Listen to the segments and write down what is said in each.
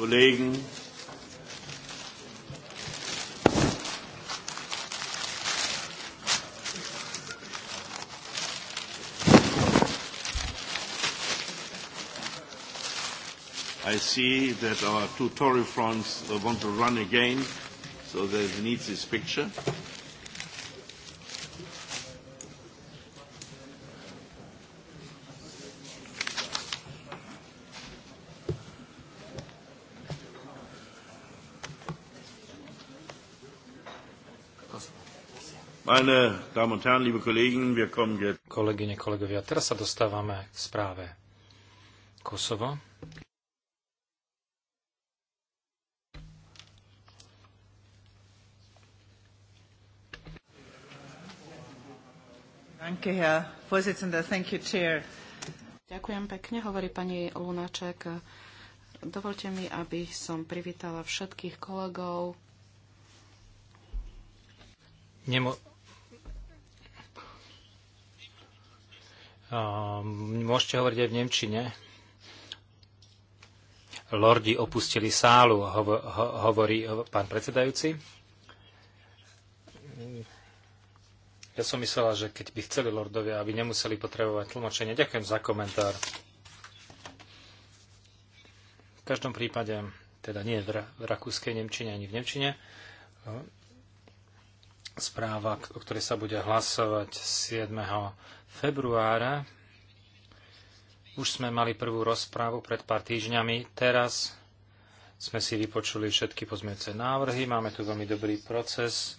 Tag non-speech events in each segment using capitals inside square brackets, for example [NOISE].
Kollegen. I see that our two Tory fronts want to run again, so they need this picture. Meine Damen und Herren, liebe Kollegen, wir kommen jetzt. Kolegyne, kolegovia, teraz sa dostávame k správe Kosovo. Danke, Herr Vorsitzender. Thank you, Chair. Ďakujem pekne, hovorí pani Lunaček. Dovolte mi, aby som privítala všetkých kolegov, Nemo- Ehm, môžete hovoriť aj v Nemčine. Lordi opustili sálu, hovorí pán predsedajúci. Ja som myslela, že keď by chceli lordovia, aby nemuseli potrebovať tlmočenie. Ďakujem za komentár. V každom prípade, teda nie v rakúskej Nemčine ani v Nemčine, no, správa, o ktorej sa bude hlasovať 7. februára. Už sme mali prvú rozprávu pred pár týždňami. Teraz sme si vypočuli všetky pozmiece návrhy. Máme tu veľmi dobrý proces.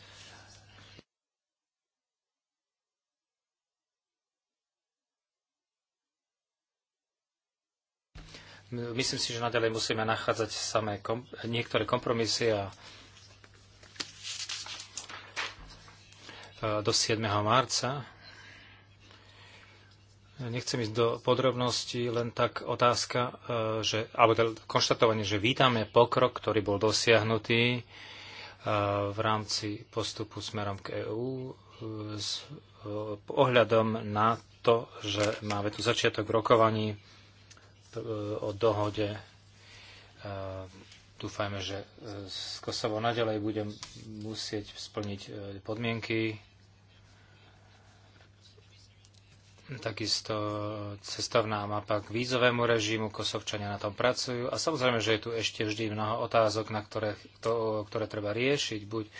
Myslím si, že naďalej musíme nachádzať samé kom- niektoré kompromisy a E, do 7. marca. Nechcem ísť do podrobností, len tak otázka, e, že, alebo teda konštatovanie, že vítame pokrok, ktorý bol dosiahnutý e, v rámci postupu smerom k EÚ s ohľadom na to, že máme tu začiatok rokovaní o dohode. Dúfajme, že z Kosovo nadalej budem musieť splniť podmienky takisto cestovná mapa k vízovému režimu, kosovčania na tom pracujú a samozrejme, že je tu ešte vždy mnoho otázok, na ktoré, to, ktoré treba riešiť, buď e,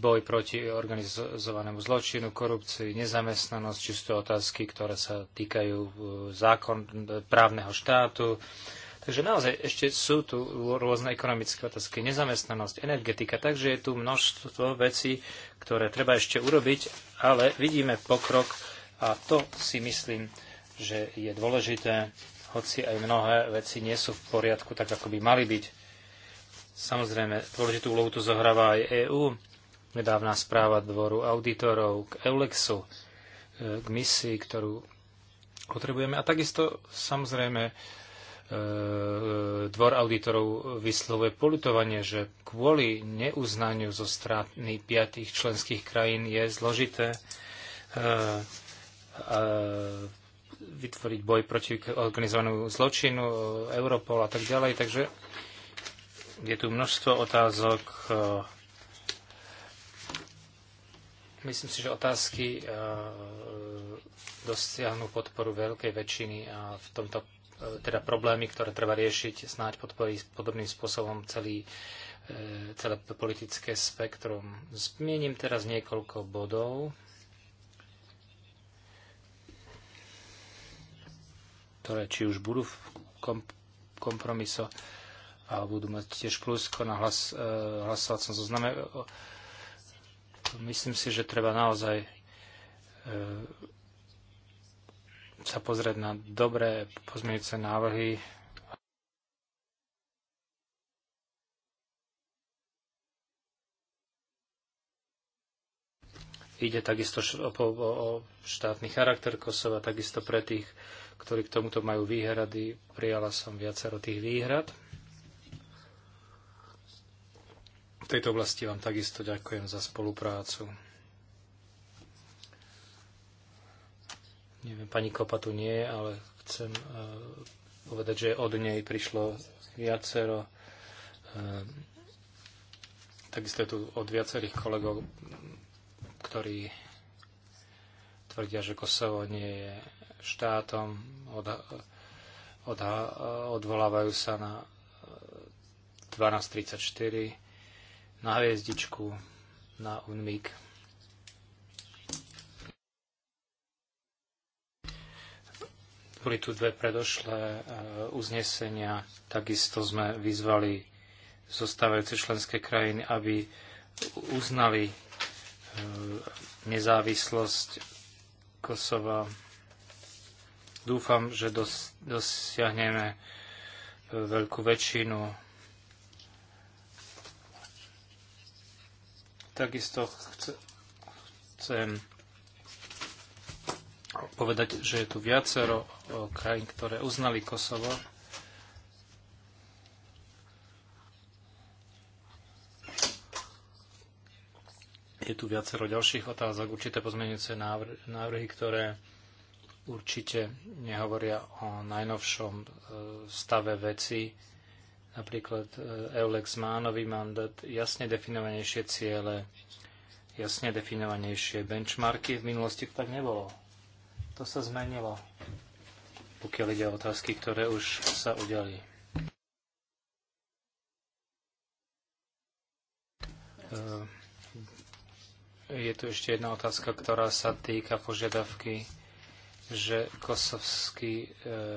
boj proti organizovanému zločinu, korupcii, nezamestnanosť, či to otázky, ktoré sa týkajú e, zákon e, právneho štátu. Takže naozaj ešte sú tu rôzne ekonomické otázky, nezamestnanosť, energetika, takže je tu množstvo vecí, ktoré treba ešte urobiť, ale vidíme pokrok a to si myslím, že je dôležité, hoci aj mnohé veci nie sú v poriadku tak, ako by mali byť. Samozrejme, dôležitú úlohu tu zohráva aj EÚ, nedávna správa dvoru auditorov k Eulexu, e, k misii, ktorú potrebujeme. A takisto, samozrejme, e, e, dvor auditorov vyslovuje polutovanie, že kvôli neuznaniu zo strany piatých členských krajín je zložité E, vytvoriť boj proti organizovanému zločinu, e, Europol a tak ďalej. Takže je tu množstvo otázok. E, myslím si, že otázky dosiahnu podporu veľkej väčšiny a v tomto teda problémy, ktoré treba riešiť, snáď podporí podobným spôsobom celý, celé politické spektrum. Zmiením teraz niekoľko bodov. ktoré či už budú v kompromiso, a budú mať tiež plusko na hlas, e, hlasovacom zozname. Myslím si, že treba naozaj e, sa pozrieť na dobré pozmeňujúce návrhy. Ide takisto o, o, o štátny charakter Kosova, takisto pre tých, ktorí k tomuto majú výhrady. Prijala som viacero tých výhrad. V tejto oblasti vám takisto ďakujem za spoluprácu. Neviem, pani Kopa tu nie, ale chcem eh, povedať, že od nej prišlo viacero eh, Takisto je tu od viacerých kolegov, ktorí tvrdia, že Kosovo nie je štátom, od, od, odvolávajú sa na 12.34, eh, na hviezdičku, na UNMIG. Boli tu dve predošlé eh, uznesenia. Takisto sme vyzvali zostávajúce členské krajiny, aby uznali eh, nezávislosť Kosova Dúfam, že dos- dosiahneme e, veľkú väčšinu. Takisto chcem povedať, že je tu viacero e, krajín, ktoré uznali Kosovo. Je tu viacero ďalších otázok, určité pozmeňujúce návrhy, ktoré určite nehovoria o najnovšom e, stave veci. Napríklad e, Eulex má nový mandát, jasne definovanejšie ciele, jasne definovanejšie benchmarky. V minulosti to tak nebolo. To sa zmenilo, pokiaľ ide o otázky, ktoré už sa udali. E, je tu ešte jedna otázka, ktorá sa týka požiadavky že kosovskí e,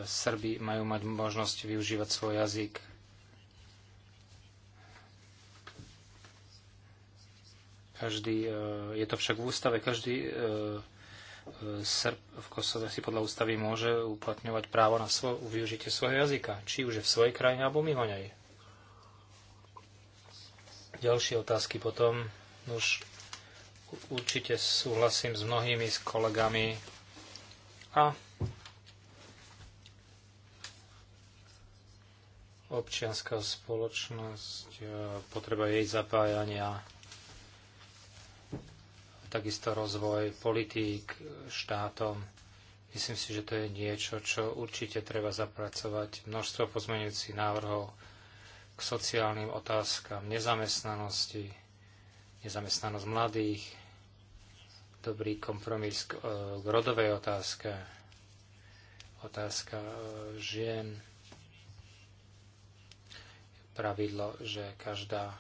Srbi majú mať možnosť využívať svoj jazyk. Každý, e, je to však v ústave, každý e, e, Srb v Kosove si podľa ústavy môže uplatňovať právo na svo- využitie svojho jazyka, či už je v svojej krajine alebo mimo nej. Ďalšie otázky potom. Už určite súhlasím s mnohými s kolegami, a občianská spoločnosť, e, potreba jej zapájania, takisto rozvoj politík štátom. Myslím si, že to je niečo, čo určite treba zapracovať. Množstvo pozmeňujúcich návrhov k sociálnym otázkam, nezamestnanosti, nezamestnanosť mladých, dobrý kompromis k, e, k rodovej otázke, otázka e, žien, pravidlo, že každá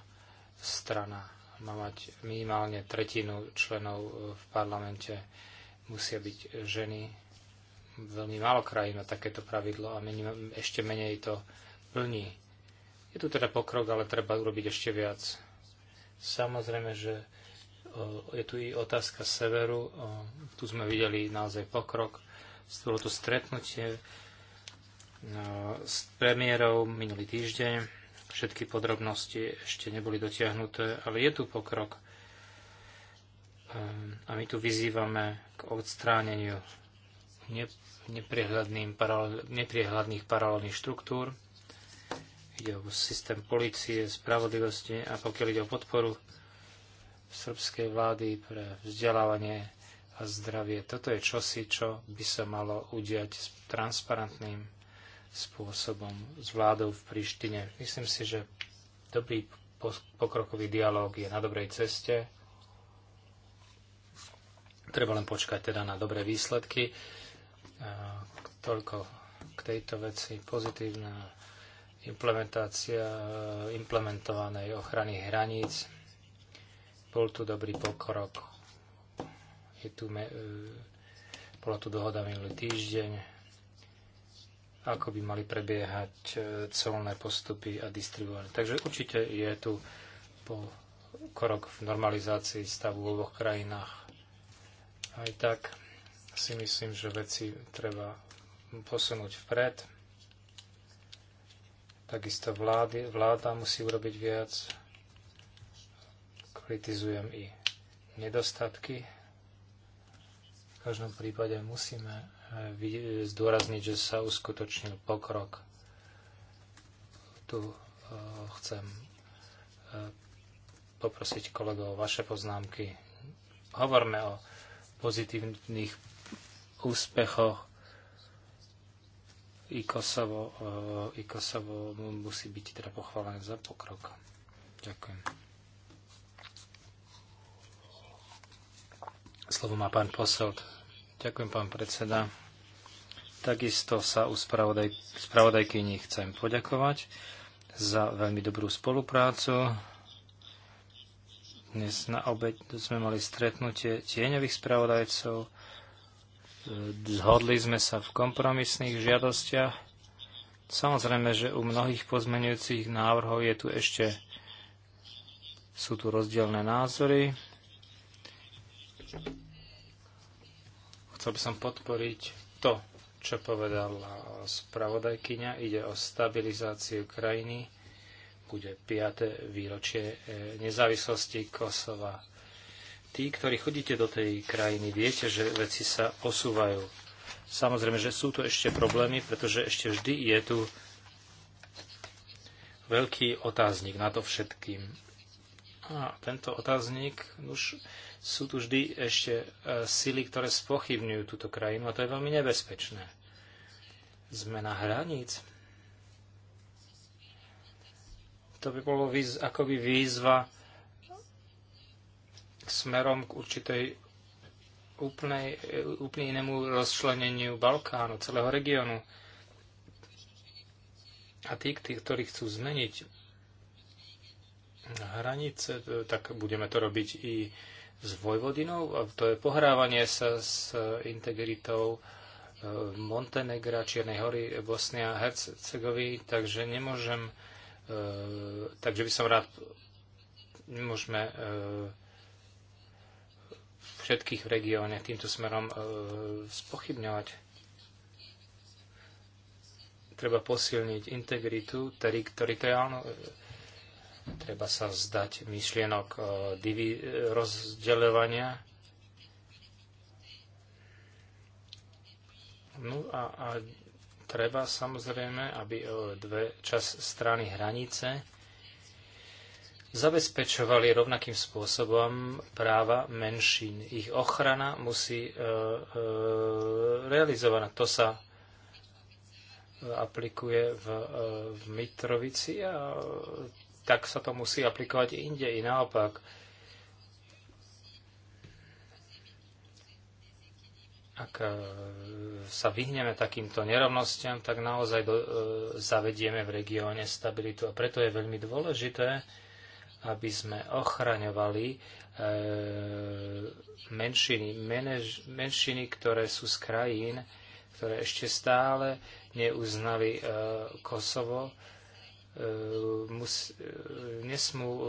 strana má mať minimálne tretinu členov e, v parlamente, musia byť ženy. Veľmi málo krajín má takéto pravidlo a menej, ešte menej to plní. Je tu teda pokrok, ale treba urobiť ešte viac. Samozrejme, že je tu i otázka severu. Tu sme videli naozaj pokrok. Bolo tu stretnutie s premiérou minulý týždeň. Všetky podrobnosti ešte neboli dotiahnuté, ale je tu pokrok. A my tu vyzývame k odstráneniu nepriehľadných paralelných štruktúr. Ide o systém policie, spravodlivosti a pokiaľ ide o podporu srbskej vlády pre vzdelávanie a zdravie. Toto je čosi, čo by sa malo udiať s transparentným spôsobom s vládou v Prištine. Myslím si, že dobrý pokrokový dialog je na dobrej ceste. Treba len počkať teda na dobré výsledky. Toľko k tejto veci. Pozitívna implementácia implementovanej ochrany hraníc bol tu dobrý pokrok. Je tu me, e, bola tu dohoda minulý týždeň, ako by mali prebiehať e, celné postupy a distribuovanie. Takže určite je tu po krok v normalizácii stavu v oboch krajinách. Aj tak si myslím, že veci treba posunúť vpred. Takisto vlády, vláda musí urobiť viac kritizujem i nedostatky. V každom prípade musíme eh, zdôrazniť, že sa uskutočnil pokrok. Tu eh, chcem eh, poprosiť kolegov vaše poznámky. Hovorme o pozitívnych úspechoch. I Kosovo, I Kosovo musí byť teda pochválené za pokrok. Ďakujem. Slovo má pán posel. Ďakujem, pán predseda. Takisto sa u spravodaj, spravodajkyni chcem poďakovať za veľmi dobrú spoluprácu. Dnes na obeď sme mali stretnutie tieňových spravodajcov. Zhodli sme sa v kompromisných žiadostiach. Samozrejme, že u mnohých pozmenujúcich návrhov je tu ešte sú tu rozdielne názory. Chcel by som podporiť to, čo povedala spravodajkyňa. Ide o stabilizáciu krajiny. Bude 5. výročie e, nezávislosti Kosova. Tí, ktorí chodíte do tej krajiny, viete, že veci sa posúvajú. Samozrejme, že sú tu ešte problémy, pretože ešte vždy je tu veľký otáznik na to všetkým. A tento otáznik už sú tu vždy ešte e, sily, ktoré spochybňujú túto krajinu a to je veľmi nebezpečné. Zmena hraníc. To by bolo výz- akoby výzva smerom k určitej úplnej, e, úplne inému rozčleneniu Balkánu, celého regiónu. A tí, tí, ktorí chcú zmeniť hranice, e, tak budeme to robiť i s Vojvodinou. A to je pohrávanie sa s e, integritou e, Montenegra, Čiernej hory, Bosnia a takže nemôžem, e, takže by som rád, nemôžeme všetkých v regióne týmto smerom spochybňovať treba posilniť integritu, teritoriálnu Treba sa vzdať myšlienok e, divi- rozdeľovania. No a, a treba samozrejme, aby e, dve čas strany hranice zabezpečovali rovnakým spôsobom práva menšín. Ich ochrana musí e, e, realizovaná. To sa e, aplikuje v, e, v Mitrovici a tak sa to musí aplikovať inde i naopak. Ak e, sa vyhneme takýmto nerovnostiam, tak naozaj do, e, zavedieme v regióne stabilitu. A preto je veľmi dôležité, aby sme ochraňovali e, menšiny, menež, menšiny, ktoré sú z krajín, ktoré ešte stále neuznali e, Kosovo, E, mus, e, nesmú e,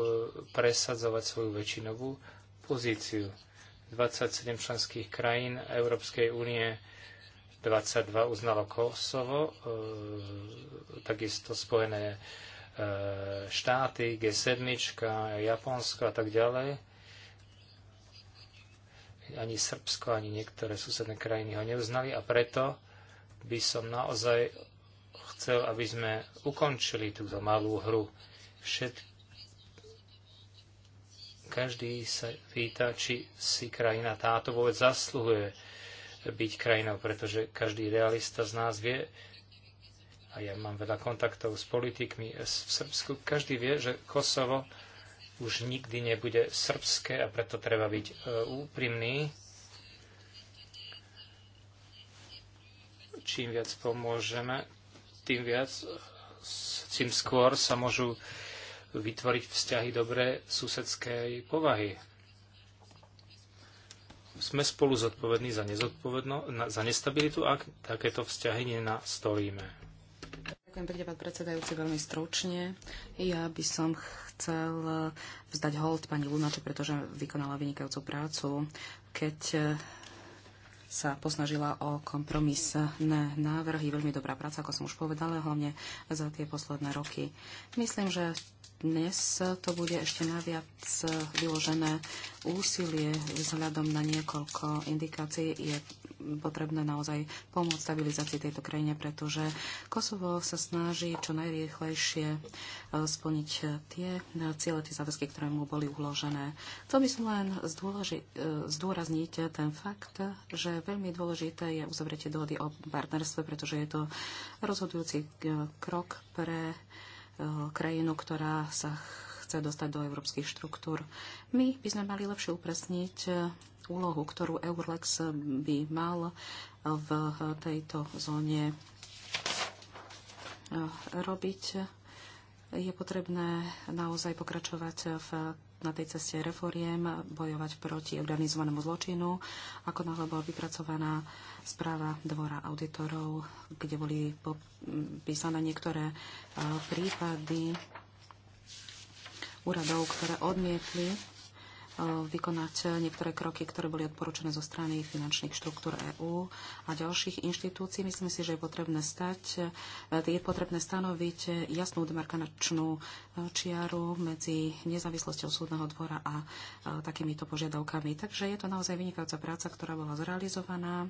presadzovať svoju väčšinovú pozíciu. 27 členských krajín Európskej únie 22 uznalo Kosovo, takisto Spojené štáty, G7, Japonsko a tak ďalej. Ani Srbsko, ani niektoré susedné krajiny ho neuznali a preto by som naozaj chcel, aby sme ukončili túto malú hru. Všet... Každý sa pýta, či si krajina táto vôbec zasluhuje byť krajinou, pretože každý realista z nás vie, a ja mám veľa kontaktov s politikmi v Srbsku, každý vie, že Kosovo už nikdy nebude srbské a preto treba byť e, úprimný. Čím viac pomôžeme, tým viac, tým skôr sa môžu vytvoriť vzťahy dobre susedskej povahy. Sme spolu zodpovední za, za nestabilitu, ak takéto vzťahy nenastolíme. Ďakujem príde pán predsedajúci, veľmi stručne. Ja by som chcel eh, vzdať hold pani Lunače, pretože vykonala vynikajúcu prácu. Keď eh, sa posnažila o kompromisné návrhy. Veľmi dobrá práca, ako som už povedala, hlavne za tie posledné roky. Myslím, že dnes to bude ešte naviac vyložené úsilie vzhľadom na niekoľko indikácií. Je potrebné naozaj pomôcť stabilizácii tejto krajine, pretože Kosovo sa snaží čo najrýchlejšie e, splniť e, tie e, ciele, tie záväzky, ktoré mu boli uložené. Chcel by som len zdôrazniť ten fakt, že veľmi dôležité je uzavretie dohody o partnerstve, pretože je to rozhodujúci krok pre krajinu, ktorá sa chce dostať do európskych štruktúr. My by sme mali lepšie upresniť úlohu, ktorú Eurlex by mal v tejto zóne robiť. Je potrebné naozaj pokračovať v na tej ceste reforiem bojovať proti organizovanému zločinu, ako náhle bola vypracovaná správa Dvora auditorov, kde boli popísané niektoré e, prípady úradov, ktoré odmietli E, vykonať niektoré kroky, ktoré boli odporúčané zo strany finančných štruktúr EÚ a ďalších inštitúcií. Myslím si, že je potrebné stať, e, je potrebné stanoviť jasnú demarkačnú e, čiaru medzi nezávislosťou súdneho dvora a takýmito požiadavkami. Takže je to naozaj vynikajúca práca, ktorá bola zrealizovaná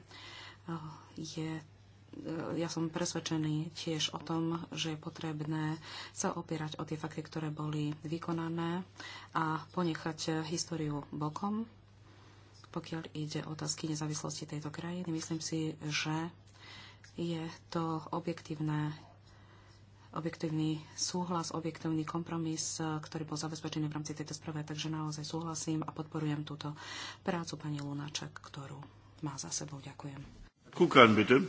je ja som presvedčený tiež o tom, že je potrebné sa opierať o tie fakty, ktoré boli vykonané a ponechať históriu bokom, pokiaľ ide o otázky nezávislosti tejto krajiny. Myslím si, že je to objektívne objektívny súhlas, objektívny kompromis, ktorý bol zabezpečený v rámci tejto sprave, takže naozaj súhlasím a podporujem túto prácu pani Lunaček, ktorú má za sebou. Ďakujem. Kúkan, bitte.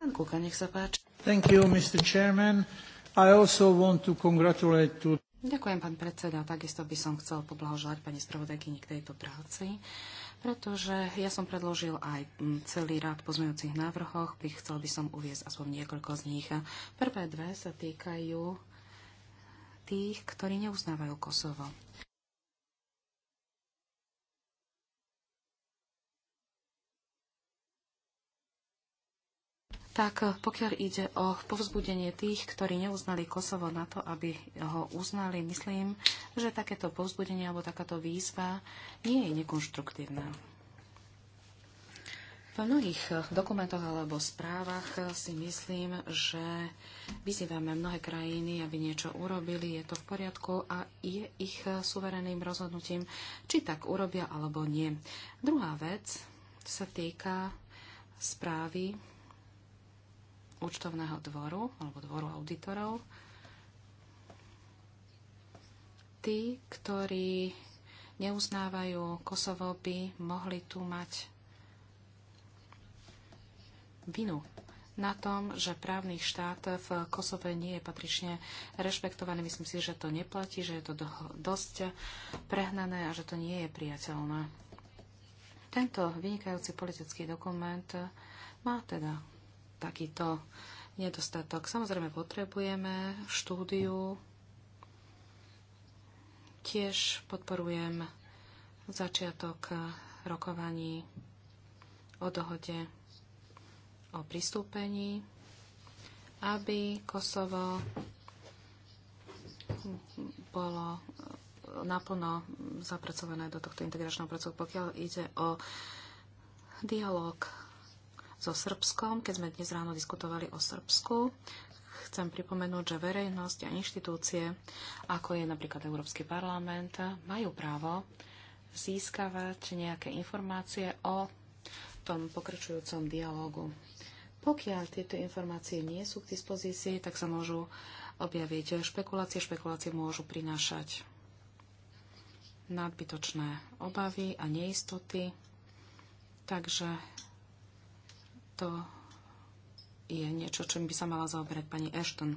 Pán Kuka, nech sa páči. Thank you, Mr. Chairman. I also want to congratulate to... Ďakujem, pán predseda. Takisto by som chcel poblahoželať pani spravodajkyni k tejto práci pretože ja som predložil aj celý rád pozmejúcich návrhoch, by chcel by som uviezť aspoň niekoľko z nich. Prvé dve sa týkajú tých, ktorí neuznávajú Kosovo. tak eh, pokiaľ ide o povzbudenie tých, ktorí neuznali Kosovo na to, aby ho uznali, myslím, že takéto povzbudenie alebo takáto výzva nie je nekonštruktívna. V mnohých eh, dokumentoch alebo správach eh, si myslím, že vyzývame mnohé krajiny, aby niečo urobili, je to v poriadku a je ich suvereným rozhodnutím, či tak urobia alebo nie. Druhá vec sa týka správy účtovného dvoru alebo dvoru auditorov. Tí, ktorí neuznávajú Kosovo, by mohli tu mať vinu na tom, že právny štát v Kosove nie je patrične rešpektovaný. Myslím si, že to neplatí, že je to dosť prehnané a že to nie je priateľné. Tento vynikajúci politický dokument má teda takýto nedostatok. Samozrejme, potrebujeme štúdiu. Tiež podporujem začiatok rokovaní o dohode o pristúpení, aby Kosovo bolo naplno zapracované do tohto integračného procesu, pokiaľ ide o dialog so Srbskom, keď sme dnes ráno diskutovali o Srbsku. Chcem pripomenúť, že verejnosť a inštitúcie, ako je napríklad Európsky parlament, majú právo získavať nejaké informácie o tom pokračujúcom dialogu. Pokiaľ tieto informácie nie sú k dispozícii, tak sa môžu objaviť špekulácie. Špekulácie môžu prinášať nadbytočné obavy a neistoty. Takže to je niečo, čím by sa mala zaoberať pani Ashton.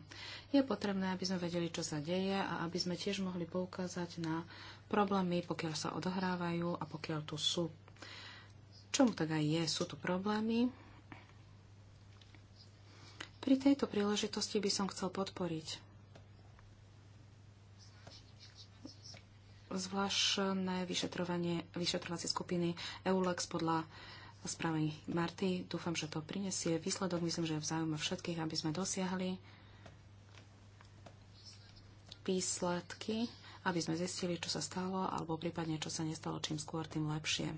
Je potrebné, aby sme vedeli, čo sa deje a aby sme tiež mohli poukázať na problémy, pokiaľ sa odohrávajú a pokiaľ tu sú. Čomu tak teda aj je, sú tu problémy. Pri tejto príležitosti by som chcel podporiť zvláštne vyšetrovanie, vyšetrovacie skupiny EULEX podľa správy Marty. Dúfam, že to prinesie výsledok. Myslím, že je v záujme všetkých, aby sme dosiahli výsledky, aby sme zistili, čo sa stalo, alebo prípadne, čo sa nestalo, čím skôr, tým lepšie.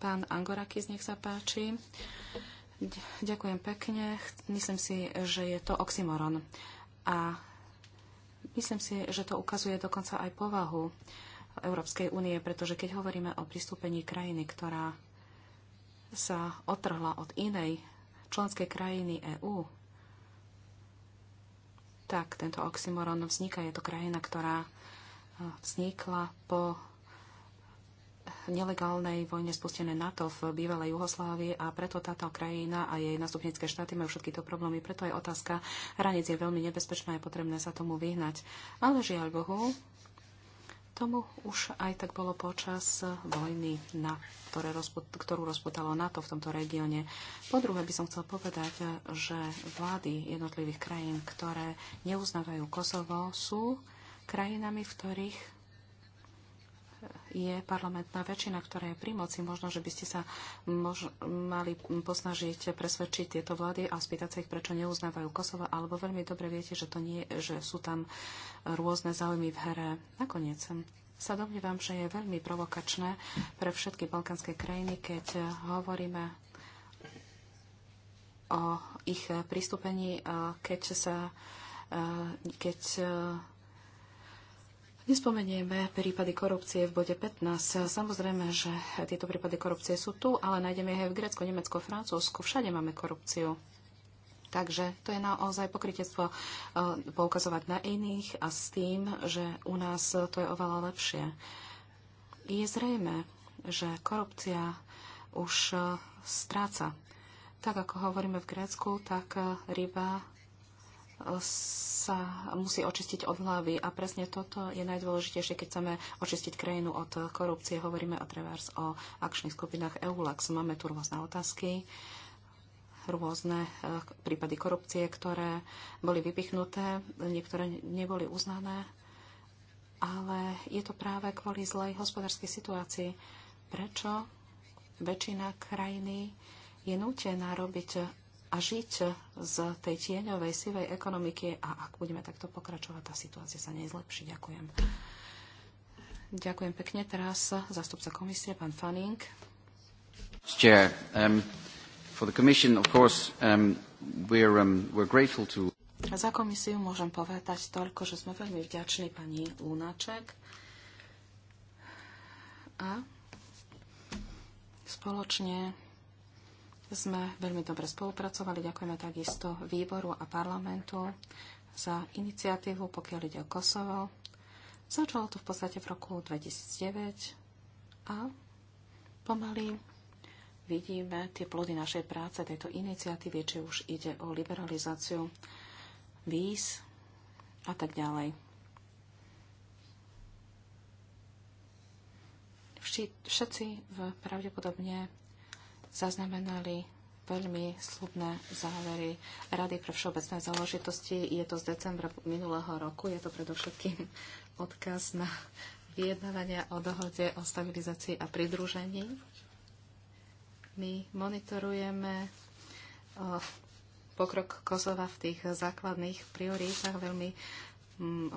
Pán Angorakis, nech sa páči. Ďakujem pekne. Myslím si, že je to oxymoron. A myslím si, že to ukazuje dokonca aj povahu Európskej únie, pretože keď hovoríme o pristúpení krajiny, ktorá sa otrhla od inej členskej krajiny EÚ, tak tento oxymoron vzniká. Je to krajina, ktorá e, vznikla po nelegálnej vojne spustené NATO v bývalej Juhoslávii a preto táto krajina a jej nastupnícke štáty majú všetky to problémy. Preto aj otázka hraníc je veľmi nebezpečná, a je potrebné sa tomu vyhnať. Ale žiaľ Bohu, Tomu už aj tak bolo počas vojny, na, ktoré ktorú rozputalo NATO v tomto regióne. Po druhé by som chcel povedať, že vlády jednotlivých krajín, ktoré neuznávajú Kosovo, sú krajinami, v ktorých je parlamentná väčšina, ktorá je pri moci. Možno, že by ste sa mož- mali posnažiť presvedčiť tieto vlády a spýtať sa ich, prečo neuznávajú Kosovo, alebo veľmi dobre viete, že, to nie, že sú tam rôzne záujmy v hre. Nakoniec sa domnívam, že je veľmi provokačné pre všetky balkánske krajiny, keď hovoríme o ich pristúpení, keď sa keď Nespomenieme prípady korupcie v bode 15. Samozrejme, že tieto prípady korupcie sú tu, ale nájdeme ich aj v Grécku, Nemecku, Francúzsku. Všade máme korupciu. Takže to je naozaj pokrytectvo eh, poukazovať na iných a s tým, že u nás to je oveľa lepšie. Je zrejme, že korupcia už eh, stráca. Tak ako hovoríme v Grécku, tak eh, ryba sa musí očistiť od hlavy a presne toto je najdôležitejšie, keď chceme očistiť krajinu od korupcie. Hovoríme o Trevers, o akčných skupinách EULAX. Máme tu rôzne otázky rôzne eh, prípady korupcie, ktoré boli vypichnuté, niektoré neboli uznané, ale je to práve kvôli zlej hospodárskej situácii. Prečo väčšina krajiny je nútená robiť a žiť z tej tieňovej sivej ekonomiky a ak budeme takto pokračovať, tá situácia sa nezlepší. Ďakujem. Ďakujem pekne. Teraz zastupca komisie, pán Fanning. Chair, um, for the commission, of course, um, we're, um, we're grateful to... Za komisiu môžem povedať toľko, že sme veľmi vďační pani Lunaček. a spoločne sme veľmi dobre spolupracovali. Ďakujeme takisto výboru a parlamentu za iniciatívu, pokiaľ ide o Kosovo. Začalo to v podstate v roku 2009 a pomaly vidíme tie plody našej práce, tejto iniciatívy, či už ide o liberalizáciu víz a tak ďalej. Všetci pravdepodobne zaznamenali veľmi slubné závery Rady pre všeobecné záležitosti. Je to z decembra minulého roku. Je to predovšetkým [LAUGHS] odkaz na vyjednávania o dohode o stabilizácii a pridružení. My monitorujeme pokrok Kosova v tých základných prioritách veľmi mm,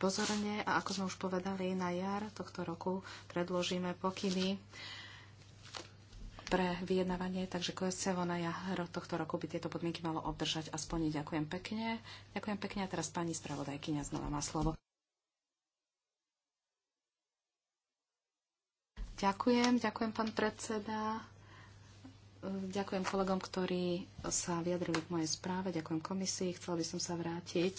pozorne a ako sme už povedali na jar tohto roku predložíme pokyny pre vyjednávanie, takže KSCV na jaro tohto roku by tieto podmienky malo obdržať a splniť. Ďakujem pekne. Ďakujem pekne a teraz pani spravodajkyňa znova má slovo. Ďakujem, ďakujem pán predseda. Ďakujem kolegom, ktorí sa vyjadrili k mojej správe, ďakujem komisii, chcela by som sa vrátiť.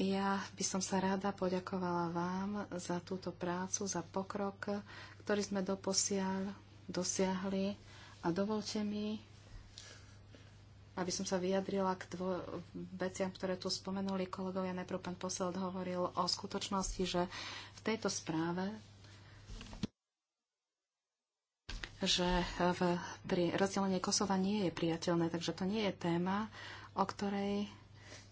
Ja by som sa rada poďakovala vám za túto prácu, za pokrok, ktorý sme doposiaľ dosiahli. A dovolte mi, aby som sa vyjadrila k dvo- veciam, ktoré tu spomenuli kolegovia. Najprv pán Poseld hovoril o skutočnosti, že v tejto správe že v, pri rozdelenie Kosova nie je priateľné, takže to nie je téma, o ktorej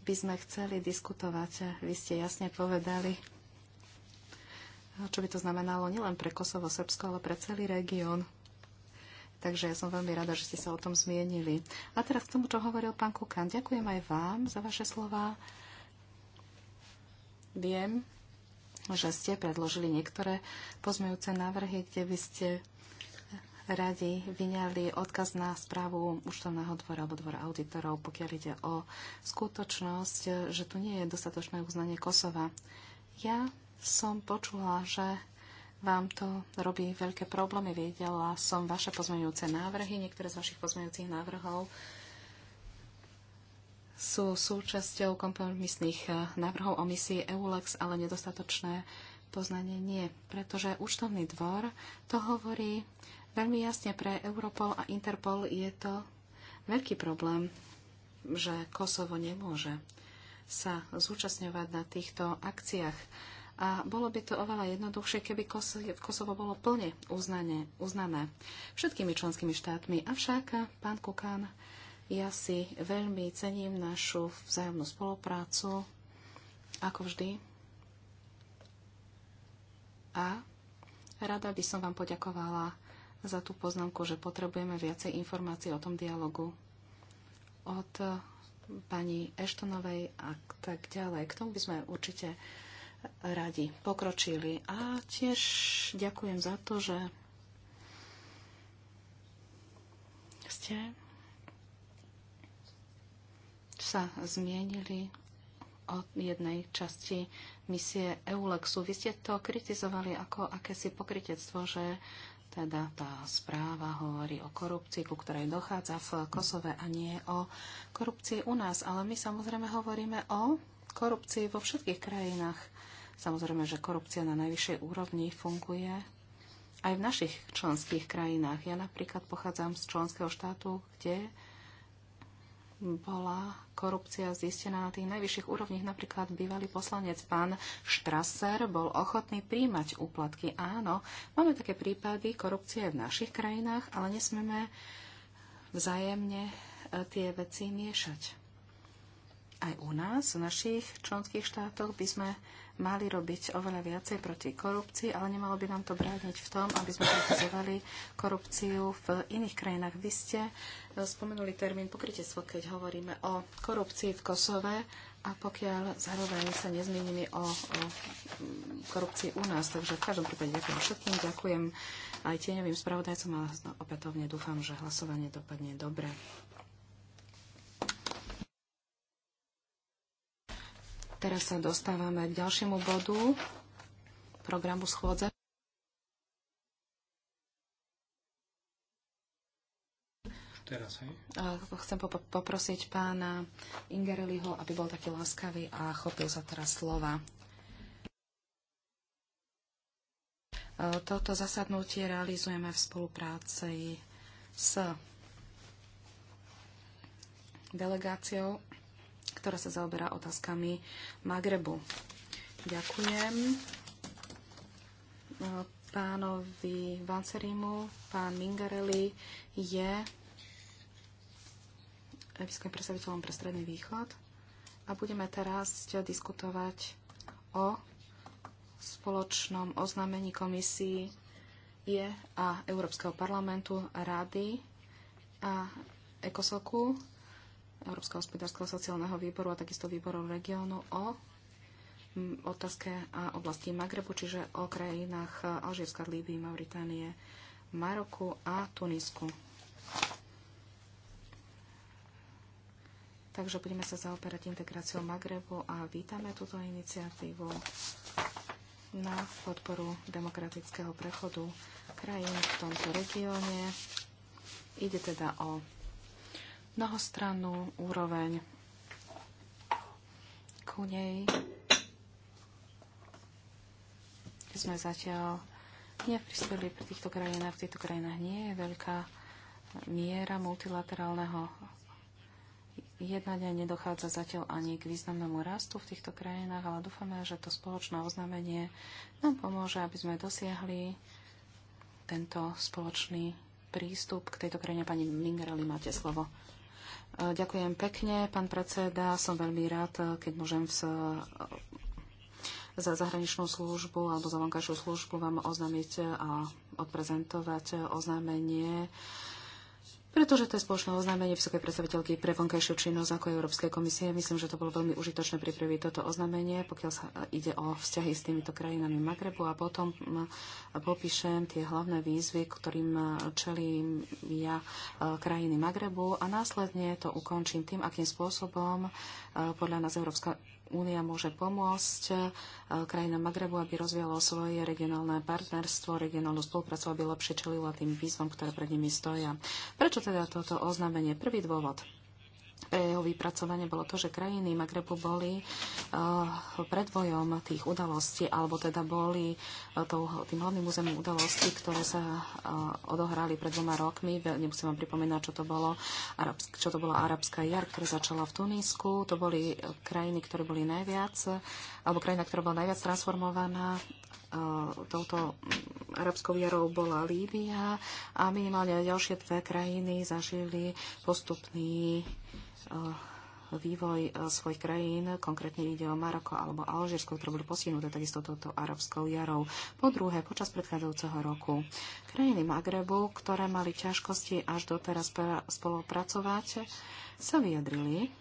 by sme chceli diskutovať. Vy ste jasne povedali, čo by to znamenalo nielen pre Kosovo, Srbsko, ale pre celý región. Takže ja som veľmi rada, že ste sa o tom zmienili. A teraz k tomu, čo hovoril pán Kukan. Ďakujem aj vám za vaše slova. Viem, že ste predložili niektoré pozmejúce návrhy, kde by ste radi vyňali odkaz na správu účtovného dvora alebo dvora auditorov, pokiaľ ide o skutočnosť, že tu nie je dostatočné uznanie Kosova. Ja som počula, že vám to robí veľké problémy. Videla som vaše pozmeňujúce návrhy, niektoré z vašich pozmeňujúcich návrhov sú súčasťou kompromisných eh, návrhov o misii EULEX, ale nedostatočné poznanie nie, pretože účtovný dvor to hovorí veľmi jasne pre Europol a Interpol je to veľký problém, že Kosovo nemôže sa zúčastňovať na týchto akciách a bolo by to oveľa jednoduchšie, keby Kosovo bolo plne uznane, uznané všetkými členskými štátmi. Avšak, pán Kukán, ja si veľmi cením našu vzájomnú spoluprácu, ako vždy. A rada by som vám poďakovala za tú poznámku, že potrebujeme viacej informácií o tom dialogu od pani Eštonovej a tak ďalej. K tomu by sme určite radi pokročili. A tiež ďakujem za to, že ste sa zmienili o jednej časti misie Eulexu. Vy ste to kritizovali ako akési pokritectvo, že teda tá správa hovorí o korupcii, ku ktorej dochádza v Kosove a nie o korupcii u nás. Ale my samozrejme hovoríme o korupcii vo všetkých krajinách. Samozrejme, že korupcia na najvyššej úrovni funguje aj v našich členských krajinách. Ja napríklad pochádzam z členského štátu, kde bola korupcia zistená na tých najvyšších úrovniach. Napríklad bývalý poslanec pán Štraser bol ochotný príjmať úplatky. Áno, máme také prípady korupcie v našich krajinách, ale nesmeme vzájemne e, tie veci miešať aj u nás, v našich členských štátoch, by sme mali robiť oveľa viacej proti korupcii, ale nemalo by nám to brániť v tom, aby sme kritizovali korupciu v iných krajinách. Vy ste e, spomenuli termín pokrytectvo, keď hovoríme o korupcii v Kosove a pokiaľ zároveň sa nezmienili o, o korupcii u nás. Takže v každom prípade ďakujem všetkým, ďakujem aj tieňovým spravodajcom a opätovne dúfam, že hlasovanie dopadne dobre. Teraz sa dostávame k ďalšiemu bodu programu schôdze. Teraz, hej? Chcem poprosiť pána Ingereliho, aby bol taký láskavý a chopil sa teraz slova. Toto zasadnutie realizujeme v spolupráci s delegáciou ktorá sa zaoberá otázkami Magrebu. Ďakujem e, pánovi Vancerimu. Pán Mingarelli je vyským predstaviteľom pre Stredný východ a budeme teraz diskutovať o spoločnom oznámení komisii je a Európskeho parlamentu, rady a ECOSOKu Európskeho hospodárskeho sociálneho výboru a takisto výborov regiónu o otázke a oblasti Magrebu, čiže o krajinách Alžírska, Líbii, Mauritánie, Maroku a Tunisku. Takže budeme sa zaoperať integráciou Magrebu a vítame túto iniciatívu na podporu demokratického prechodu krajín v tomto regióne. Ide teda o mnohostrannú úroveň. Ku nej sme zatiaľ neprispeli pri týchto krajinách. V týchto krajinách nie je veľká miera multilaterálneho jednania nedochádza zatiaľ ani k významnému rastu v týchto krajinách, ale dúfame, že to spoločné oznámenie nám pomôže, aby sme dosiahli tento spoločný prístup k tejto krajine. Pani Mingreli, máte slovo. Eh, ďakujem pekne, pán predseda. Som veľmi rád, eh, keď môžem v eh, za zahraničnú službu alebo za vonkajšiu službu vám oznámiť a odprezentovať oznámenie pretože to je spoločné oznámenie vysokej predstaviteľky pre vonkajšiu činnosť ako Európskej komisie. Myslím, že to bolo veľmi užitočné pripraviť toto oznámenie, pokiaľ sa ide o vzťahy s týmito krajinami Magrebu a potom hm, popíšem tie hlavné výzvy, ktorým čelím ja eh, krajiny Magrebu a následne to ukončím tým, akým spôsobom eh, podľa nás Európska Únia môže pomôcť e, krajinám Magrebu, aby rozvíjalo svoje regionálne partnerstvo, regionálnu spoluprácu, aby lepšie čelila tým výzvom, ktoré pred nimi stoja. Prečo teda toto oznámenie? Prvý dôvod pre jeho vypracovanie bolo to, že krajiny Magrebu boli uh, predvojom tých udalostí, alebo teda boli uh, tou, tým hlavným územím udalostí, ktoré sa uh, odohrali pred dvoma rokmi. Nemusím vám pripomínať, čo to, bolo, arabsk, čo to bola arabská jar, ktorá začala v Tunísku. To boli krajiny, ktoré boli najviac, alebo krajina, ktorá bola najviac transformovaná touto mm, arabskou jarou bola Líbia a minimálne ďalšie dve krajiny zažili postupný Eh, vývoj eh, svojich krajín, konkrétne ide o Maroko alebo Alžírsko, ktoré boli postihnuté takisto touto arabskou jarou. Po druhé, počas predchádzajúceho roku krajiny Magrebu, ktoré mali ťažkosti až doteraz spolupracovať, sa vyjadrili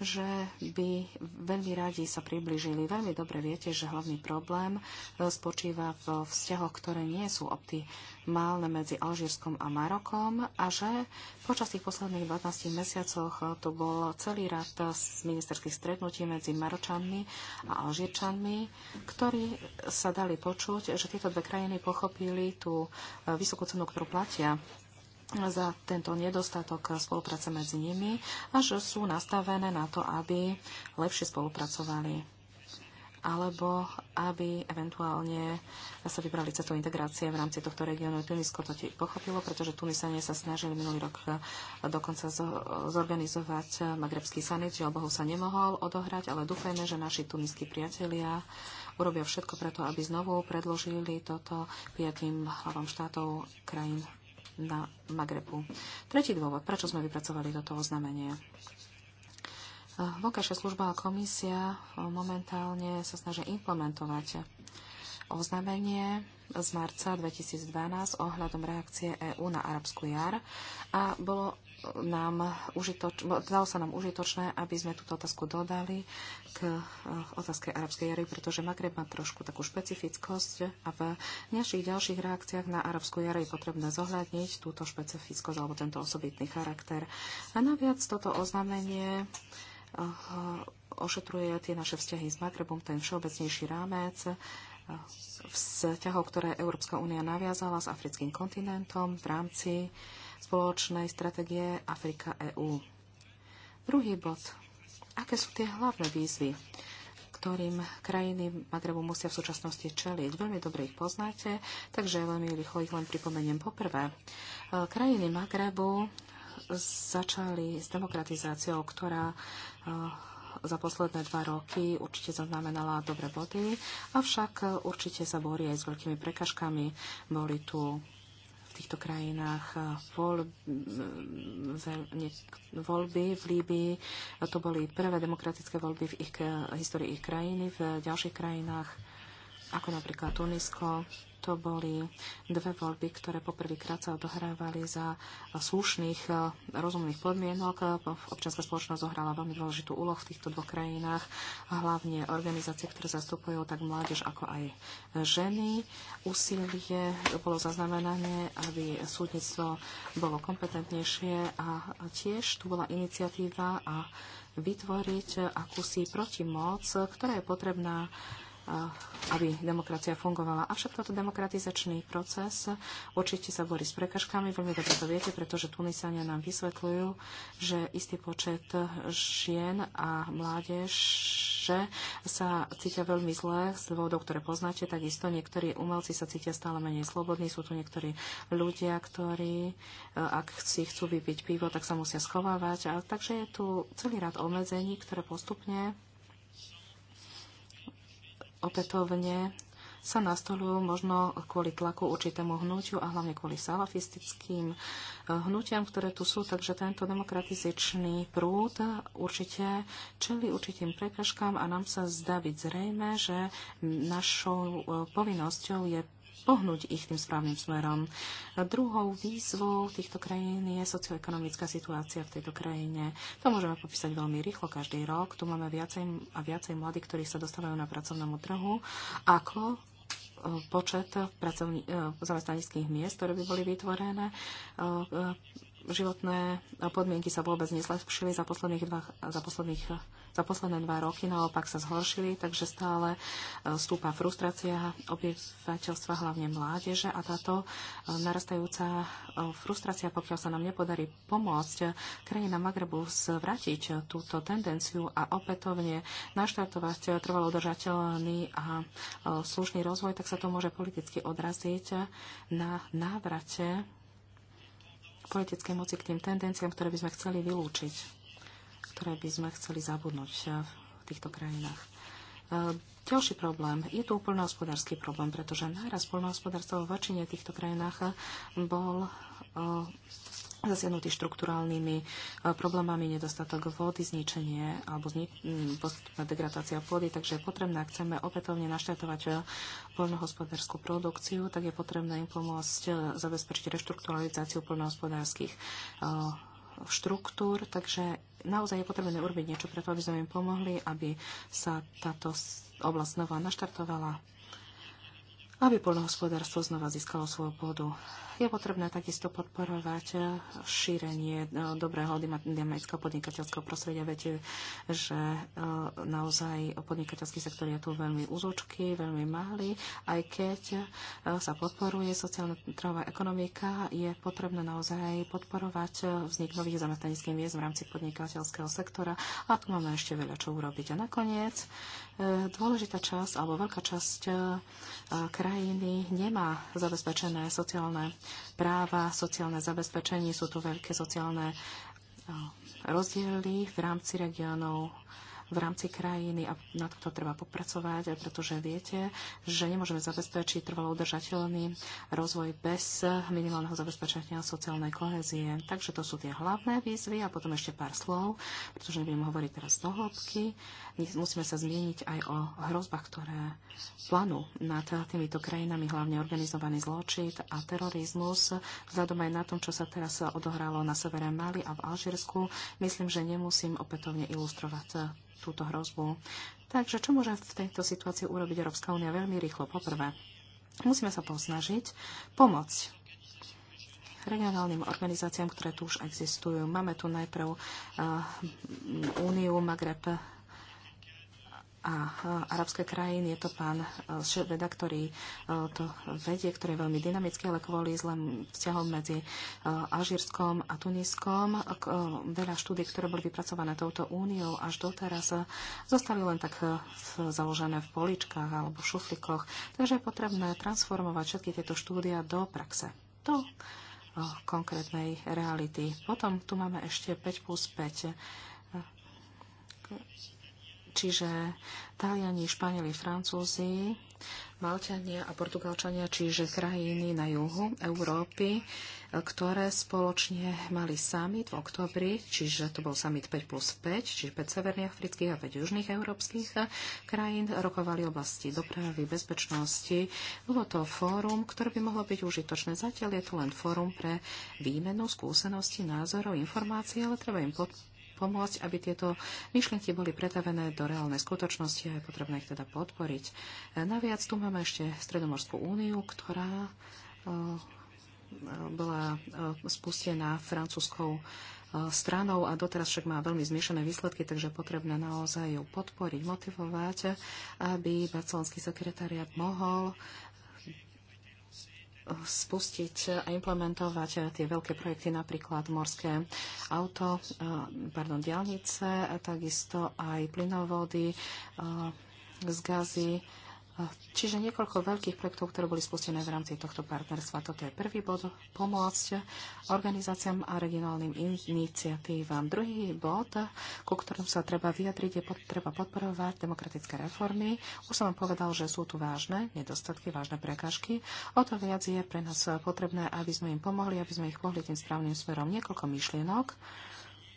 že by veľmi radi sa približili. Veľmi dobre viete, že hlavný problém e, spočíva v vzťahoch, ktoré nie sú optimálne medzi Alžírskom a Marokom a že počas tých posledných 12 mesiacoch e, tu bol celý rad e, ministerských stretnutí medzi Maročanmi a Alžírčanmi, ktorí sa dali počuť, že tieto dve krajiny pochopili tú vysokú cenu, ktorú platia za tento nedostatok spolupráce medzi nimi a že sú nastavené na to, aby lepšie spolupracovali alebo aby eventuálne sa vybrali cestou integrácie v rámci tohto regiónu. Tunisko to tiež pochopilo, pretože Tunisanie sa snažili minulý rok dokonca zorganizovať magrebský sanit, že Bohu sa nemohol odohrať, ale dúfajme, že naši tuniskí priatelia urobia všetko preto, aby znovu predložili toto piatým hlavom štátov krajín na Magrebu. Tretí dôvod, prečo sme vypracovali toto oznámenie. Vokáša služba a komisia eh, momentálne sa snažia implementovať oznámenie z marca 2012 ohľadom reakcie EÚ na arabskú jar a bolo nám užitoč, dalo sa nám užitočné, aby sme túto otázku dodali k e, otázke arabskej jary, pretože Magreb má trošku takú špecifickosť a v našich ďalších reakciách na arabskú jar je potrebné zohľadniť túto špecifickosť alebo tento osobitný charakter. A naviac toto oznámenie e, ošetruje tie naše vzťahy s Magrebom, ten všeobecnejší rámec vzťahov, ktoré Európska únia naviazala s africkým kontinentom v rámci spoločnej stratégie Afrika-EU. Druhý bod. Aké sú tie hlavné výzvy, ktorým krajiny Magrebu musia v súčasnosti čeliť? Veľmi dobre ich poznáte, takže veľmi rýchlo ich len pripomeniem. Poprvé, e, krajiny Magrebu začali s demokratizáciou, ktorá e, za posledné dva roky určite zaznamenala dobré body, avšak určite sa borí aj s veľkými prekažkami. Boli tu v týchto krajinách eh, eh, voľby v Líbii. To boli prvé demokratické voľby v ich, eh, histórii ich krajiny, v ďalších krajinách, ako napríklad Tunisko, to boli dve voľby, ktoré poprvýkrát sa odohrávali za slušných, eh, rozumných podmienok. Občianská spoločnosť zohrala veľmi dôležitú úlohu v týchto dvoch krajinách, hlavne organizácie, ktoré zastupujú tak mládež ako aj ženy. Úsilie bolo zaznamenané, aby súdnictvo bolo kompetentnejšie a tiež tu bola iniciatíva a vytvoriť akúsi protimoc, ktorá je potrebná aby demokracia fungovala. Avšak toto demokratizačný proces určite sa borí s prekažkami, veľmi dobre to viete, pretože Tunisania nám vysvetľujú, že istý počet žien a mládeže sa cítia veľmi zle z dôvodov, ktoré poznáte. Takisto niektorí umelci sa cítia stále menej slobodní. Sú tu niektorí ľudia, ktorí, e, ak si chcú vypiť pivo, tak sa musia schovávať. A, takže je tu celý rad obmedzení, ktoré postupne opätovne sa nastolujú možno kvôli tlaku určitému hnutiu a hlavne kvôli salafistickým eh, hnutiam, ktoré tu sú. Takže tento demokratizičný prúd určite čeli určitým prekažkám a nám sa zdá byť zrejme, že našou eh, povinnosťou je pohnúť ich tým správnym smerom. A druhou výzvou týchto krajín je socioekonomická situácia v tejto krajine. To môžeme popísať veľmi rýchlo každý rok. Tu máme viacej a viacej mladých, ktorí sa dostávajú na pracovnému trhu, ako e, počet pracovní, e, zamestnaneckých miest, ktoré by boli vytvorené e, životné podmienky sa vôbec nezlepšili za, posledných dva, za, posledných, za posledné dva roky, naopak sa zhoršili, takže stále e, stúpa frustrácia obyvateľstva, hlavne mládeže a táto e, narastajúca e, frustrácia, pokiaľ sa nám nepodarí pomôcť krajina Magrebu zvrátiť túto tendenciu a opätovne naštartovať trvalo a slušný rozvoj, tak sa to môže politicky odraziť na návrate politickej moci k tým tendenciám, ktoré by sme chceli vylúčiť, ktoré by sme chceli zabudnúť eh, v týchto krajinách. Eh, ďalší problém je tu poľnohospodársky problém, pretože náraz poľnohospodárstva vo väčšine týchto krajinách eh, bol zasiahnutí štruktúrálnymi e, problémami, nedostatok vody, zničenie alebo zni- mm, postupná degradácia pôdy. Takže je potrebné, ak chceme opätovne naštartovať e, poľnohospodárskú produkciu, tak je potrebné im pomôcť e, zabezpečiť reštrukturalizáciu poľnohospodárskych štruktúr. Takže naozaj je potrebné urobiť niečo preto, aby sme im pomohli, aby sa táto oblasť znova naštartovala aby polnohospodárstvo znova získalo svoju pôdu. Je potrebné takisto podporovať šírenie e, dobrého dynamického podnikateľského prostredia. Viete, že e, naozaj podnikateľský sektor je tu veľmi úzočký, veľmi malý. Aj keď e, sa podporuje sociálna trhová ekonomika, je potrebné naozaj podporovať vznik nových zamestnaneckých miest v rámci podnikateľského sektora. A tu máme ešte veľa čo urobiť. A nakoniec dôležitá časť alebo veľká časť e, krajiny nemá zabezpečené sociálne práva, sociálne zabezpečenie. Sú tu veľké sociálne e, rozdiely v rámci regionov v rámci krajiny a na to treba popracovať, pretože viete, že nemôžeme zabezpečiť trvalo udržateľný rozvoj bez minimálneho zabezpečenia sociálnej kohezie. Takže to sú tie hlavné výzvy a potom ešte pár slov, pretože nebudem hovoriť teraz do hĺbky. Musíme sa zmieniť aj o hrozbách, ktoré planu nad týmito krajinami, hlavne organizovaný zločin a terorizmus. Vzhľadom aj na tom, čo sa teraz odohralo na severe Mali a v Alžírsku, myslím, že nemusím opätovne ilustrovať túto hrozbu. Takže čo môže v tejto situácii urobiť Európska únia veľmi rýchlo? Poprvé, musíme sa posnažiť pomôcť regionálnym organizáciám, ktoré tu už existujú. Máme tu najprv eh, Úniu uh, Magreb a arabské krajiny. Je to pán e, Ševeda, ktorý e, to vedie, ktorý je veľmi dynamický, ale kvôli zlem vzťahom medzi e, Alžírskom a Tuniskom. Veľa štúdí, ktoré boli vypracované touto úniou až doteraz, zostali len tak založené v poličkách alebo v šuflikoch. Takže je potrebné transformovať všetky tieto štúdia do praxe. Do konkrétnej reality. Potom tu máme ešte 5 plus 5 Čiže Taliani, Španieli, Francúzi, Malťania a Portugalčania, čiže krajiny na juhu Európy, ktoré spoločne mali summit v oktobri, čiže to bol summit 5 plus 5, čiže 5 severných afrických a 5 južných európskych krajín, rokovali oblasti dopravy, bezpečnosti. Bolo to fórum, ktoré by mohlo byť užitočné. Zatiaľ je to len fórum pre výmenu skúseností, názorov, informácií, ale treba im pod pomôcť, aby tieto myšlienky boli pretavené do reálnej skutočnosti a je potrebné ich teda podporiť. E, naviac tu máme ešte Stredomorskú úniu, ktorá e, e, bola spustená francúzskou stranou a doteraz však má veľmi zmiešané výsledky, takže potrebné naozaj ju podporiť, motivovať, aby barcelonský sekretariat mohol spustiť a implementovať tie veľké projekty, napríklad morské auto, e, pardon, diálnice, takisto aj plynovody e, z gazy Čiže niekoľko veľkých projektov, ktoré boli spustené v rámci tohto partnerstva. Toto je prvý bod, pomôcť organizáciám a regionálnym iniciatívam. Druhý bod, ku ktorým sa treba vyjadriť, je treba podporovať demokratické reformy. Už som vám povedal, že sú tu vážne nedostatky, vážne prekážky. O to viac je pre nás potrebné, aby sme im pomohli, aby sme ich pohli tým správnym smerom. Niekoľko myšlienok.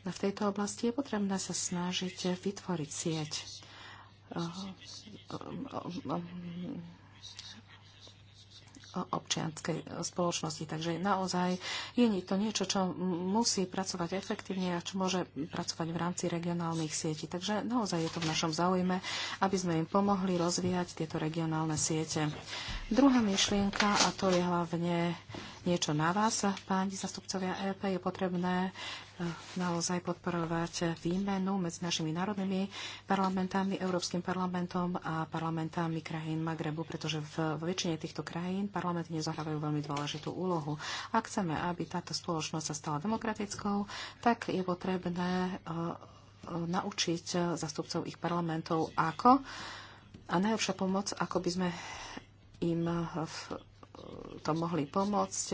V tejto oblasti je potrebné sa snažiť vytvoriť sieť občianskej spoločnosti. Takže naozaj je to niečo, čo musí pracovať efektívne a čo môže pracovať v rámci regionálnych sietí. Takže naozaj je to v našom záujme, aby sme im pomohli rozvíjať tieto regionálne siete. Druhá myšlienka, a to je hlavne niečo na vás, páni zastupcovia EP, je potrebné naozaj podporovať výmenu medzi našimi národnými parlamentami, Európskym parlamentom a parlamentami krajín Magrebu, pretože v väčšine týchto krajín parlamenty nezohrávajú veľmi dôležitú úlohu. Ak chceme, aby táto spoločnosť sa stala demokratickou, tak je potrebné e, e, naučiť zastupcov ich parlamentov ako. A najlepšia pomoc, ako by sme im v to mohli pomôcť,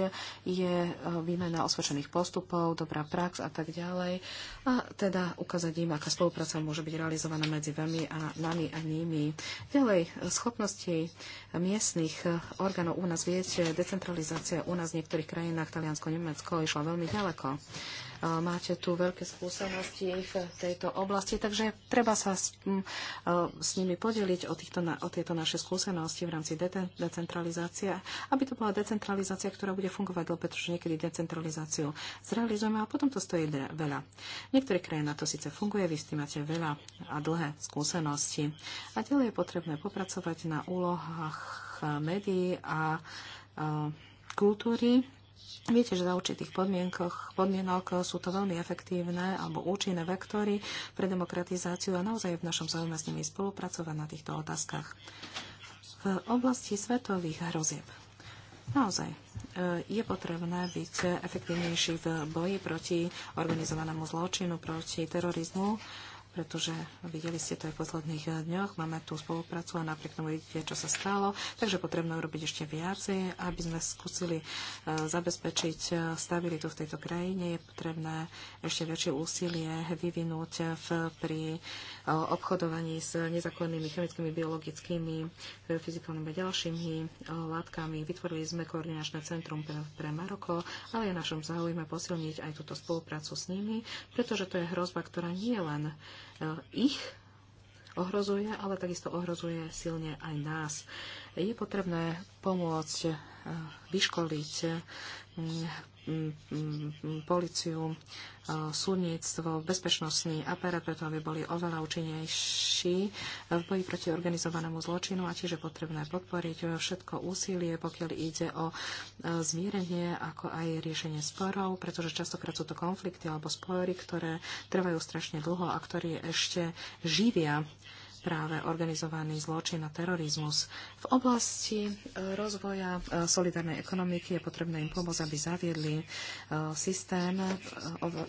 je e, výmena osvedčených postupov, dobrá prax a tak ďalej. A teda ukázať im, aká spolupráca môže byť realizovaná medzi vami a nami a nimi. Ďalej, schopnosti miestnych orgánov u nás, viete, decentralizácia u nás v niektorých krajinách, Taliansko, Nemecko, išla veľmi ďaleko Máte tu veľké skúsenosti v tejto oblasti, takže treba sa s, e, s nimi podeliť o, týchto, o tieto naše skúsenosti v rámci de- decentralizácie, aby to bola decentralizácia, ktorá bude fungovať, lebo pretože niekedy decentralizáciu zrealizujeme a potom to stojí veľa. V niektorých krajinách to síce funguje, vy s tým máte veľa a dlhé skúsenosti. A ďalej je potrebné popracovať na úlohách médií a, a e, kultúry Viete, že za určitých podmienok sú to veľmi efektívne alebo účinné vektory pre demokratizáciu a naozaj je v našom záujme s nimi spolupracovať na týchto otázkach. V oblasti svetových hrozieb naozaj e, je potrebné byť efektívnejší v boji proti organizovanému zločinu, proti terorizmu pretože videli ste to aj v posledných eh, dňoch. Máme tú spoluprácu a napriek tomu vidíte, čo sa stalo. Takže potrebno urobiť ešte viacej, aby sme skúsili eh, zabezpečiť eh, stabilitu v tejto krajine. Je potrebné ešte väčšie úsilie vyvinúť v, pri obchodovaní s nezákonnými chemickými, biologickými, fyzikálnymi a ďalšími látkami. Vytvorili sme koordinačné centrum pre, pre Maroko, ale je našom záujme posilniť aj túto spoluprácu s nimi, pretože to je hrozba, ktorá nie len e, ich ohrozuje, ale takisto ohrozuje silne aj nás. Je potrebné pomôcť e, vyškoliť policiu, e, súdnictvo, bezpečnostní a preto aby boli oveľa účinnejší v boji proti organizovanému zločinu a tiež je potrebné podporiť všetko úsilie, pokiaľ ide o e, zmierenie, ako aj riešenie sporov, pretože častokrát sú to konflikty alebo spory, ktoré trvajú strašne dlho a ktorí ešte živia práve organizovaný zločin a terorizmus. V oblasti e, rozvoja e, solidárnej ekonomiky je potrebné im pomôcť, aby zaviedli e, systém,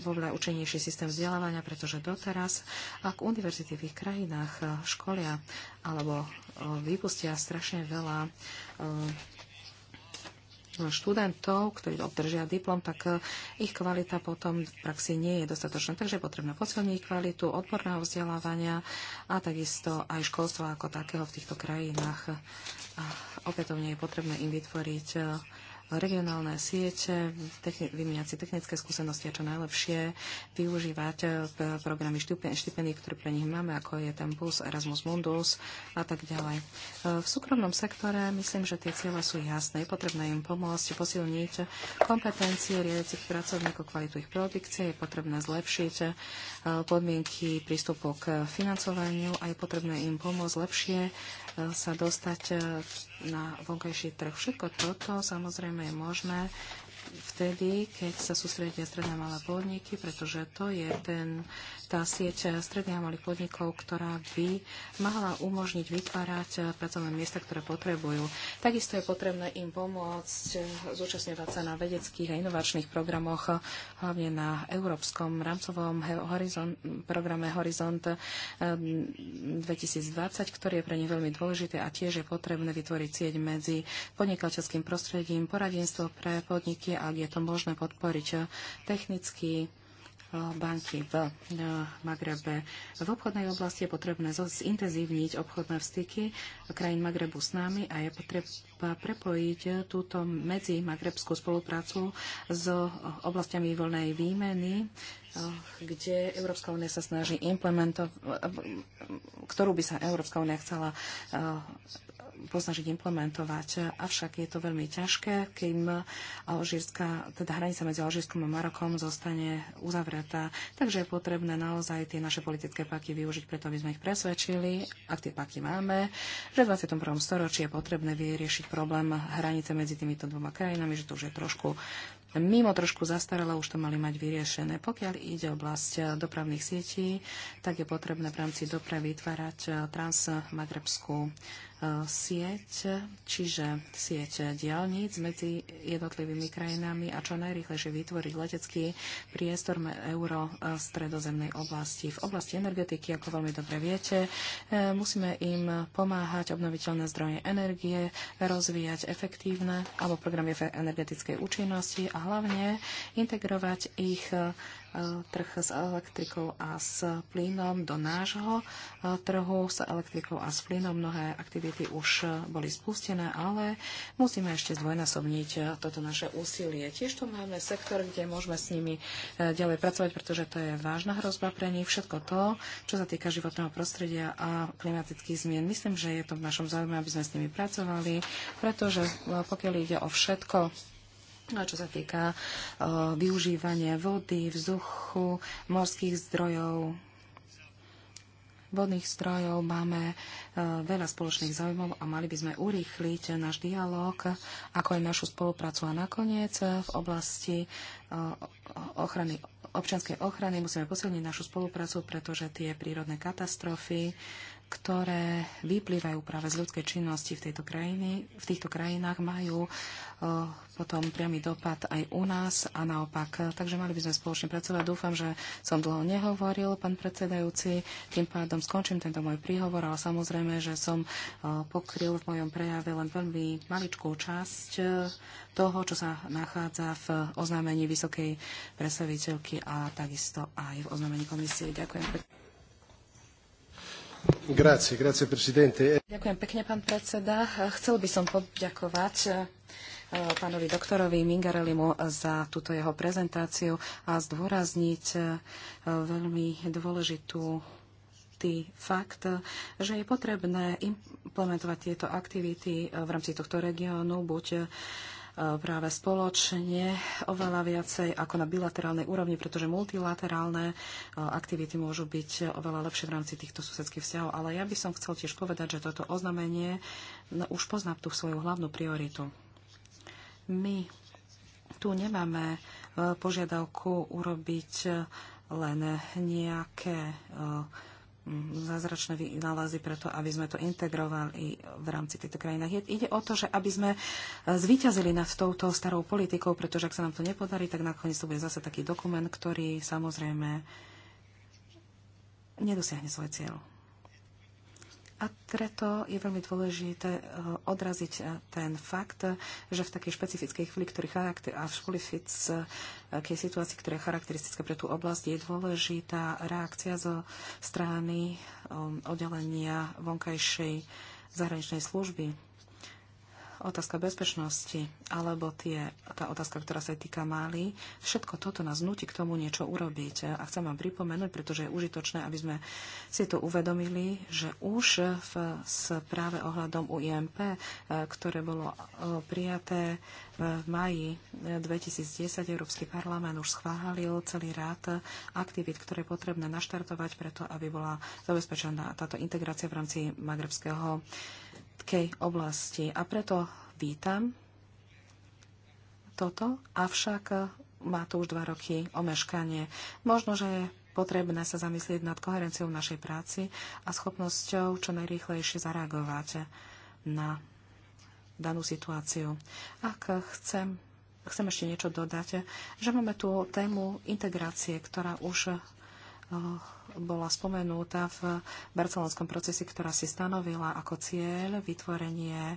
oveľa účinnejší systém vzdelávania, pretože doteraz, ak univerzity v ich krajinách školia alebo vypustia strašne veľa študentov, ktorí obdržia diplom, tak eh, ich kvalita potom v praxi nie je dostatočná. Takže je potrebné posilniť kvalitu odborného vzdelávania a takisto aj školstva ako takého v týchto krajinách. A opätovne je potrebné im vytvoriť eh, regionálne siete, techni- vymieňať si technické skúsenosti a čo najlepšie využívať e, programy štipen- štipendií, ktoré pre nich máme, ako je Tempus, Erasmus Mundus a tak ďalej. E, v súkromnom sektore myslím, že tie cieľa sú jasné. Je potrebné im pomôcť posilniť kompetencie riadiacich pracovníkov, kvalitu ich produkcie, je potrebné zlepšiť e, podmienky prístupu k financovaniu a je potrebné im pomôcť lepšie sa dostať eh, na vonkajší trh. Všetko toto samozrejme je možné vtedy, keď sa sústredia stredná malé podniky, pretože to je ten, tá sieť stredných a malých podnikov, ktorá by mala umožniť vytvárať pracovné miesta, ktoré potrebujú. Takisto je potrebné im pomôcť zúčastňovať sa na vedeckých a inovačných programoch, hlavne na európskom rámcovom horizont, programe Horizont 2020, eh, ktorý je pre ne veľmi dôležité a tiež je potrebné vytvoriť sieť medzi podnikateľským prostredím, poradenstvo pre podniky ak je to možné podporiť eh, technicky eh, banky v eh, Magrebe. V obchodnej oblasti je potrebné zintenzívniť obchodné vstyky krajín Magrebu s nami a je potreba prepojiť túto medzi magrebskú spoluprácu s oblastiami voľnej výmeny, kde Európska únia sa snaží implementovať, ktorú by sa Európska únia chcela posnažiť implementovať. Avšak je to veľmi ťažké, kým Alžírska, teda hranica medzi Alžírskom a Marokom zostane uzavretá. Takže je potrebné naozaj tie naše politické paky využiť preto, aby sme ich presvedčili, ak tie paky máme, že v 21. storočí je potrebné vyriešiť problém hranice medzi týmito dvoma krajinami, že to už je trošku mimo trošku zastarala, už to mali mať vyriešené. Pokiaľ ide oblasť dopravných sietí, tak je potrebné v rámci dopravy vytvárať transmagrebskú sieť, čiže sieť diálnic medzi jednotlivými krajinami a čo najrychlejšie vytvoriť letecký priestor euro e, stredozemnej oblasti. V oblasti energetiky, ako veľmi dobre viete, e, musíme im pomáhať obnoviteľné zdroje energie, rozvíjať efektívne alebo programy energetickej účinnosti a hlavne integrovať ich e, trh s elektrikou a s plynom do nášho e, trhu s elektrikou a s plynom. Mnohé aktivity už boli spustené, ale musíme ešte zdvojnásobniť e, toto naše úsilie. Tiež tu máme sektor, kde môžeme s nimi e, ďalej pracovať, pretože to je vážna hrozba pre nich. Všetko to, čo sa týka životného prostredia a klimatických zmien. Myslím, že je to v našom záujme, aby sme s nimi pracovali, pretože pokiaľ ide o všetko, a čo sa týka využívania vody, vzduchu, morských zdrojov, vodných zdrojov máme veľa spoločných zaujímav a mali by sme urýchliť náš dialog, ako aj našu spoluprácu. A nakoniec e, v oblasti ochrany, občianskej ochrany musíme posilniť našu spoluprácu, pretože tie prírodné katastrofy ktoré vyplývajú práve z ľudskej činnosti v, tejto krajiny, v týchto krajinách, majú e, potom priamy dopad aj u nás a naopak. Takže mali by sme spoločne pracovať. Dúfam, že som dlho nehovoril, pán predsedajúci. Tým pádom skončím tento môj príhovor, ale samozrejme, že som e, pokryl v mojom prejave len veľmi maličkú časť e, toho, čo sa nachádza v oznámení vysokej predstaviteľky a takisto aj v oznámení komisie. Ďakujem. Ďakujem pekne, pán predseda. Chcel by som poďakovať eh, pánovi doktorovi Mingarelimu za túto jeho prezentáciu a zdôrazniť eh, veľmi dôležitú fakt, že je potrebné implementovať tieto aktivity eh, v rámci tohto regiónu, buď práve spoločne oveľa viacej ako na bilaterálnej úrovni, pretože multilaterálne e, aktivity môžu byť oveľa lepšie v rámci týchto susedských vzťahov. Ale ja by som chcel tiež povedať, že toto oznamenie no, už pozná tú svoju hlavnú prioritu. My tu nemáme e, požiadavku urobiť e, len nejaké uh, zázračné nálezy preto, aby sme to integrovali v rámci týchto krajinách. Ide o to, že aby sme eh, zvíťazili nad touto starou politikou, pretože ak sa nám to nepodarí, tak nakoniec to bude zase taký dokument, ktorý samozrejme nedosiahne svoj cieľ. A preto je veľmi dôležité eh, odraziť eh, ten fakt, eh, že v takej špecifickej chvíli, ktorý charakter, a v špecifickej situácii, ktorá je charakteristická pre tú oblasť, je dôležitá reakcia zo strany oddelenia vonkajšej zahraničnej služby otázka bezpečnosti alebo tie, tá otázka, ktorá sa týka Mali, všetko toto nás nutí k tomu niečo urobiť. A chcem vám pripomenúť, pretože je užitočné, aby sme si to uvedomili, že už v správe ohľadom UIMP, e, ktoré bolo e, prijaté v maji 2010, e, Európsky parlament už schválil celý rád aktivít, ktoré je potrebné naštartovať preto, aby bola zabezpečená táto integrácia v rámci magrebského kej oblasti. A preto vítam toto, avšak e, má to už dva roky omeškanie. Možno, že je potrebné sa zamyslieť nad koherenciou našej práci a schopnosťou čo najrýchlejšie zareagovať na danú situáciu. Ak chcem, chcem ešte niečo dodať, že máme tu tému integrácie, ktorá už e, bola spomenutá v barcelonskom procese, ktorá si stanovila ako cieľ vytvorenie e,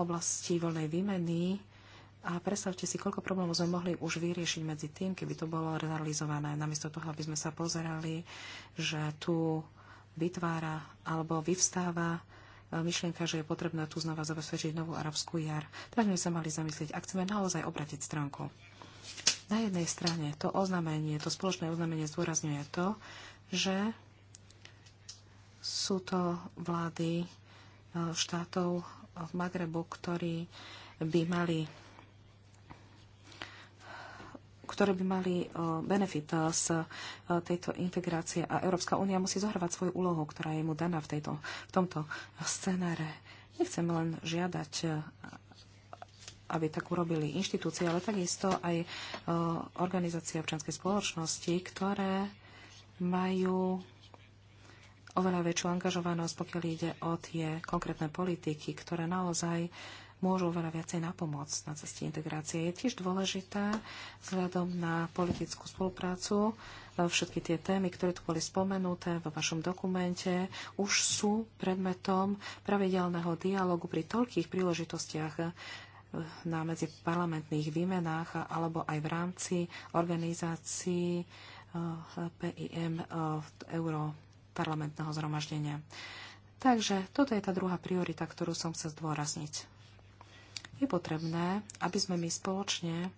oblasti voľnej výmeny. A predstavte si, koľko problémov sme mohli už vyriešiť medzi tým, keby to bolo realizované. Namiesto toho, aby sme sa pozerali, že tu vytvára alebo vyvstáva e, myšlienka, že je potrebné tu znova zabezpečiť novú arabskú jar. Tak sme sa mali zamyslieť, ak chceme naozaj obratiť stránku na jednej strane to oznamenie, to spoločné oznamenie zdôrazňuje to, že sú to vlády e, štátov v Magrebu, ktorí by mali ktoré by mali e, benefit z e, tejto integrácie a Európska únia musí zohrávať svoju úlohu, ktorá je mu daná v, tejto, v tomto scenáre. Nechcem len žiadať aby tak urobili inštitúcie, ale takisto aj e, organizácie občanskej spoločnosti, ktoré majú oveľa väčšiu angažovanosť, pokiaľ ide o tie konkrétne politiky, ktoré naozaj môžu oveľa viacej napomôcť na ceste integrácie. Je tiež dôležité vzhľadom na politickú spoluprácu. E, všetky tie témy, ktoré tu boli spomenuté vo vašom dokumente, už sú predmetom pravidelného dialogu pri toľkých príležitostiach na medziparlamentných výmenách alebo aj v rámci organizácií eh, PIM eh, Europarlamentného zhromaždenia. Takže toto je tá druhá priorita, ktorú som chcel zdôrazniť. Je potrebné, aby sme my spoločne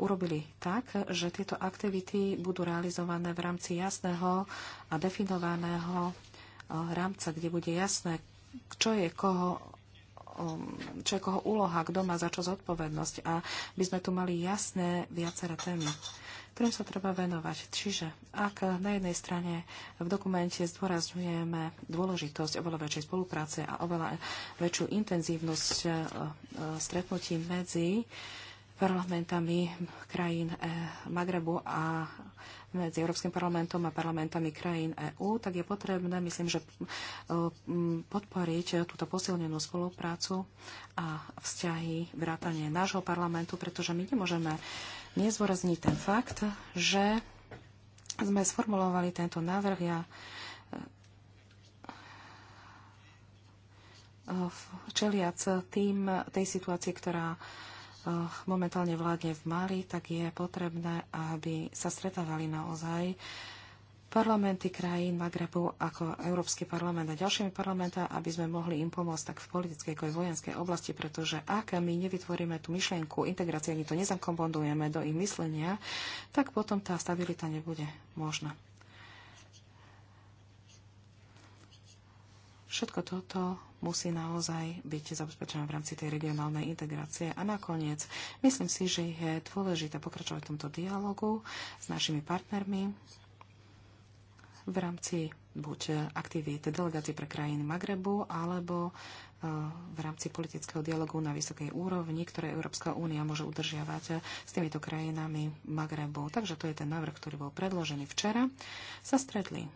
urobili tak, že tieto aktivity budú realizované v rámci jasného a definovaného eh, rámca, kde bude jasné, čo je koho Um, čo je koho úloha, kto má za čo zodpovednosť a by sme tu mali jasné viaceré témy ktorým sa treba venovať. Čiže ak na jednej strane v dokumente zdôrazňujeme dôležitosť oveľa väčšej spolupráce a oveľa väčšiu intenzívnosť e, e, stretnutí medzi parlamentami krajín e, Magrebu a medzi Európskym parlamentom a parlamentami krajín EÚ, tak je potrebné, myslím, že podporiť túto posilnenú spoluprácu a vzťahy vrátanie nášho parlamentu, pretože my nemôžeme nezvorazniť ten fakt, že sme sformulovali tento návrh a e, čeliac tým, tej situácii, ktorá Eh, momentálne vládne v Mali, tak je potrebné, aby sa stretávali naozaj parlamenty krajín Magrebu ako Európsky parlament a ďalšími parlamenta, aby sme mohli im pomôcť tak v politickej ako aj vojenskej oblasti, pretože ak my nevytvoríme tú myšlienku integrácie, ani to nezakombondujeme do ich myslenia, tak potom tá stabilita nebude možná. Všetko toto musí naozaj byť zabezpečené v rámci tej regionálnej integrácie. A nakoniec, myslím si, že je dôležité pokračovať v tomto dialogu s našimi partnermi v rámci buď aktivít delegácie pre krajiny Magrebu, alebo e, v rámci politického dialogu na vysokej úrovni, ktoré Európska únia môže udržiavať s týmito krajinami Magrebu. Takže to je ten návrh, ktorý bol predložený včera. Sa stretli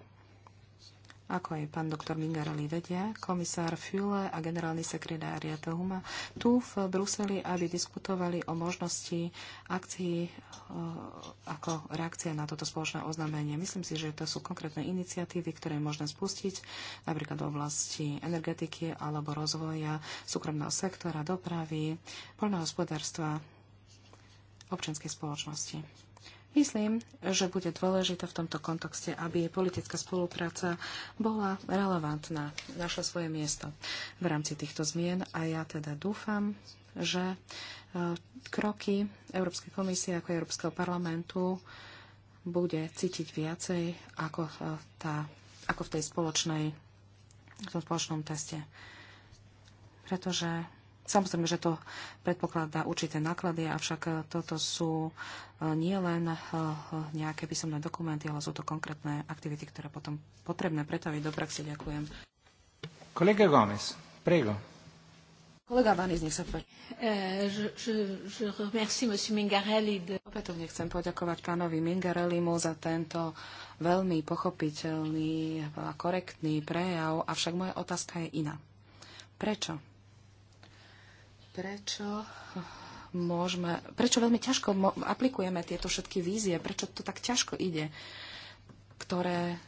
ako aj pán doktor Mingarelli vedia, komisár Fühle a generálny sekretár Jatohuma tu v Bruseli, aby diskutovali o možnosti akcií e, ako reakcia na toto spoločné oznámenie. Myslím si, že to sú konkrétne iniciatívy, ktoré je možné spustiť napríklad v oblasti energetiky alebo rozvoja súkromného sektora, dopravy, poľnohospodárstva, občianskej spoločnosti. Myslím, že bude dôležité v tomto kontexte, aby politická spolupráca bola relevantná, našla svoje miesto v rámci týchto zmien a ja teda dúfam, že e, kroky Európskej komisie ako Európskeho parlamentu bude cítiť viacej ako, e, tá, ako v tej spoločnej, v tom spoločnom teste. Pretože Samozrejme, že to predpokladá určité náklady, avšak e, toto sú e, nie len e, nejaké písomné dokumenty, ale sú to konkrétne aktivity, ktoré potom potrebné pretaviť do praxe. Ďakujem. Kolega Gómez, prego. Kolega Vanis, nech sa páči. Opätovne chcem poďakovať pánovi Mingarelimu za tento veľmi pochopiteľný a korektný prejav, avšak moja otázka je iná. Prečo prečo môžeme, prečo veľmi ťažko aplikujeme tieto všetky vízie, prečo to tak ťažko ide, ktoré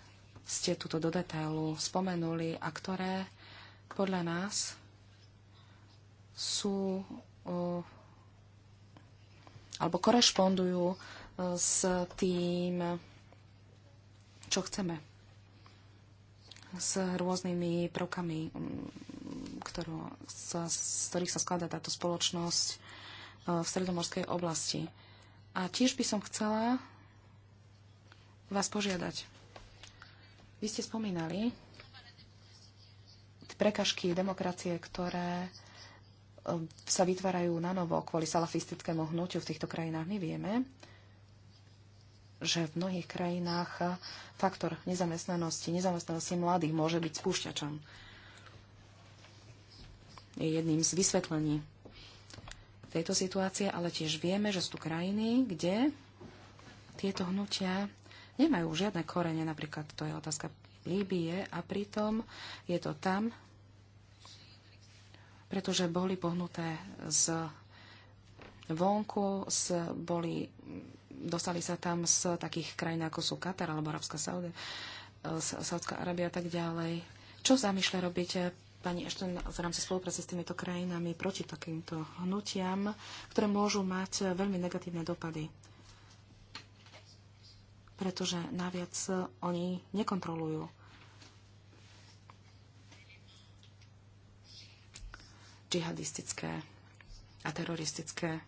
ste tuto do detailu spomenuli a ktoré podľa nás sú alebo korešpondujú s tým, čo chceme s rôznymi prvkami ktorú sa, z ktorých sa skladá táto spoločnosť e, v stredomorskej oblasti. A tiež by som chcela vás požiadať. Vy ste spomínali prekažky demokracie, ktoré e, sa vytvárajú na novo kvôli salafistickému hnutiu v týchto krajinách. My vieme, že v mnohých krajinách faktor nezamestnanosti, nezamestnanosti mladých môže byť spúšťačom je jedným z vysvetlení tejto situácie, ale tiež vieme, že sú tu krajiny, kde tieto hnutia nemajú žiadne korene, napríklad to je otázka Líbie a pritom je to tam, pretože boli pohnuté z vonku, z, boli, dostali sa tam z takých krajín ako sú Katar alebo Arabská Saudia, e, Saudská Arábia a tak ďalej. Čo zamýšľa robiť pani Ešten v rámci spolupráce s týmito krajinami proti takýmto hnutiam, ktoré môžu mať veľmi negatívne dopady. Pretože naviac oni nekontrolujú džihadistické a teroristické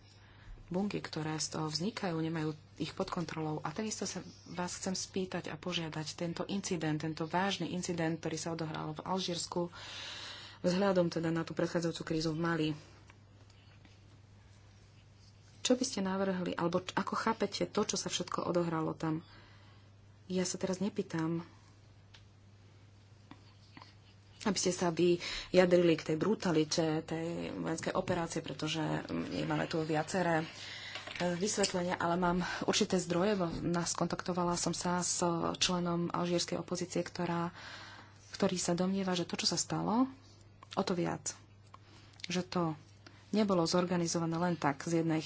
bunky, ktoré z toho vznikajú, nemajú ich pod kontrolou. A takisto sa vás chcem spýtať a požiadať tento incident, tento vážny incident, ktorý sa odohral v Alžírsku, vzhľadom teda na tú predchádzajúcu krízu v Mali. Čo by ste navrhli, alebo ako chápete to, čo sa všetko odohralo tam? Ja sa teraz nepýtam, aby ste sa vyjadrili k tej brutalite tej vojenskej operácie, pretože mm, máme tu viaceré e, vysvetlenia, ale mám určité zdroje. Nás kontaktovala som sa s členom alžírskej opozície, ktorá, ktorý sa domnieva, že to, čo sa stalo, O to viac, že to nebolo zorganizované len tak z jednej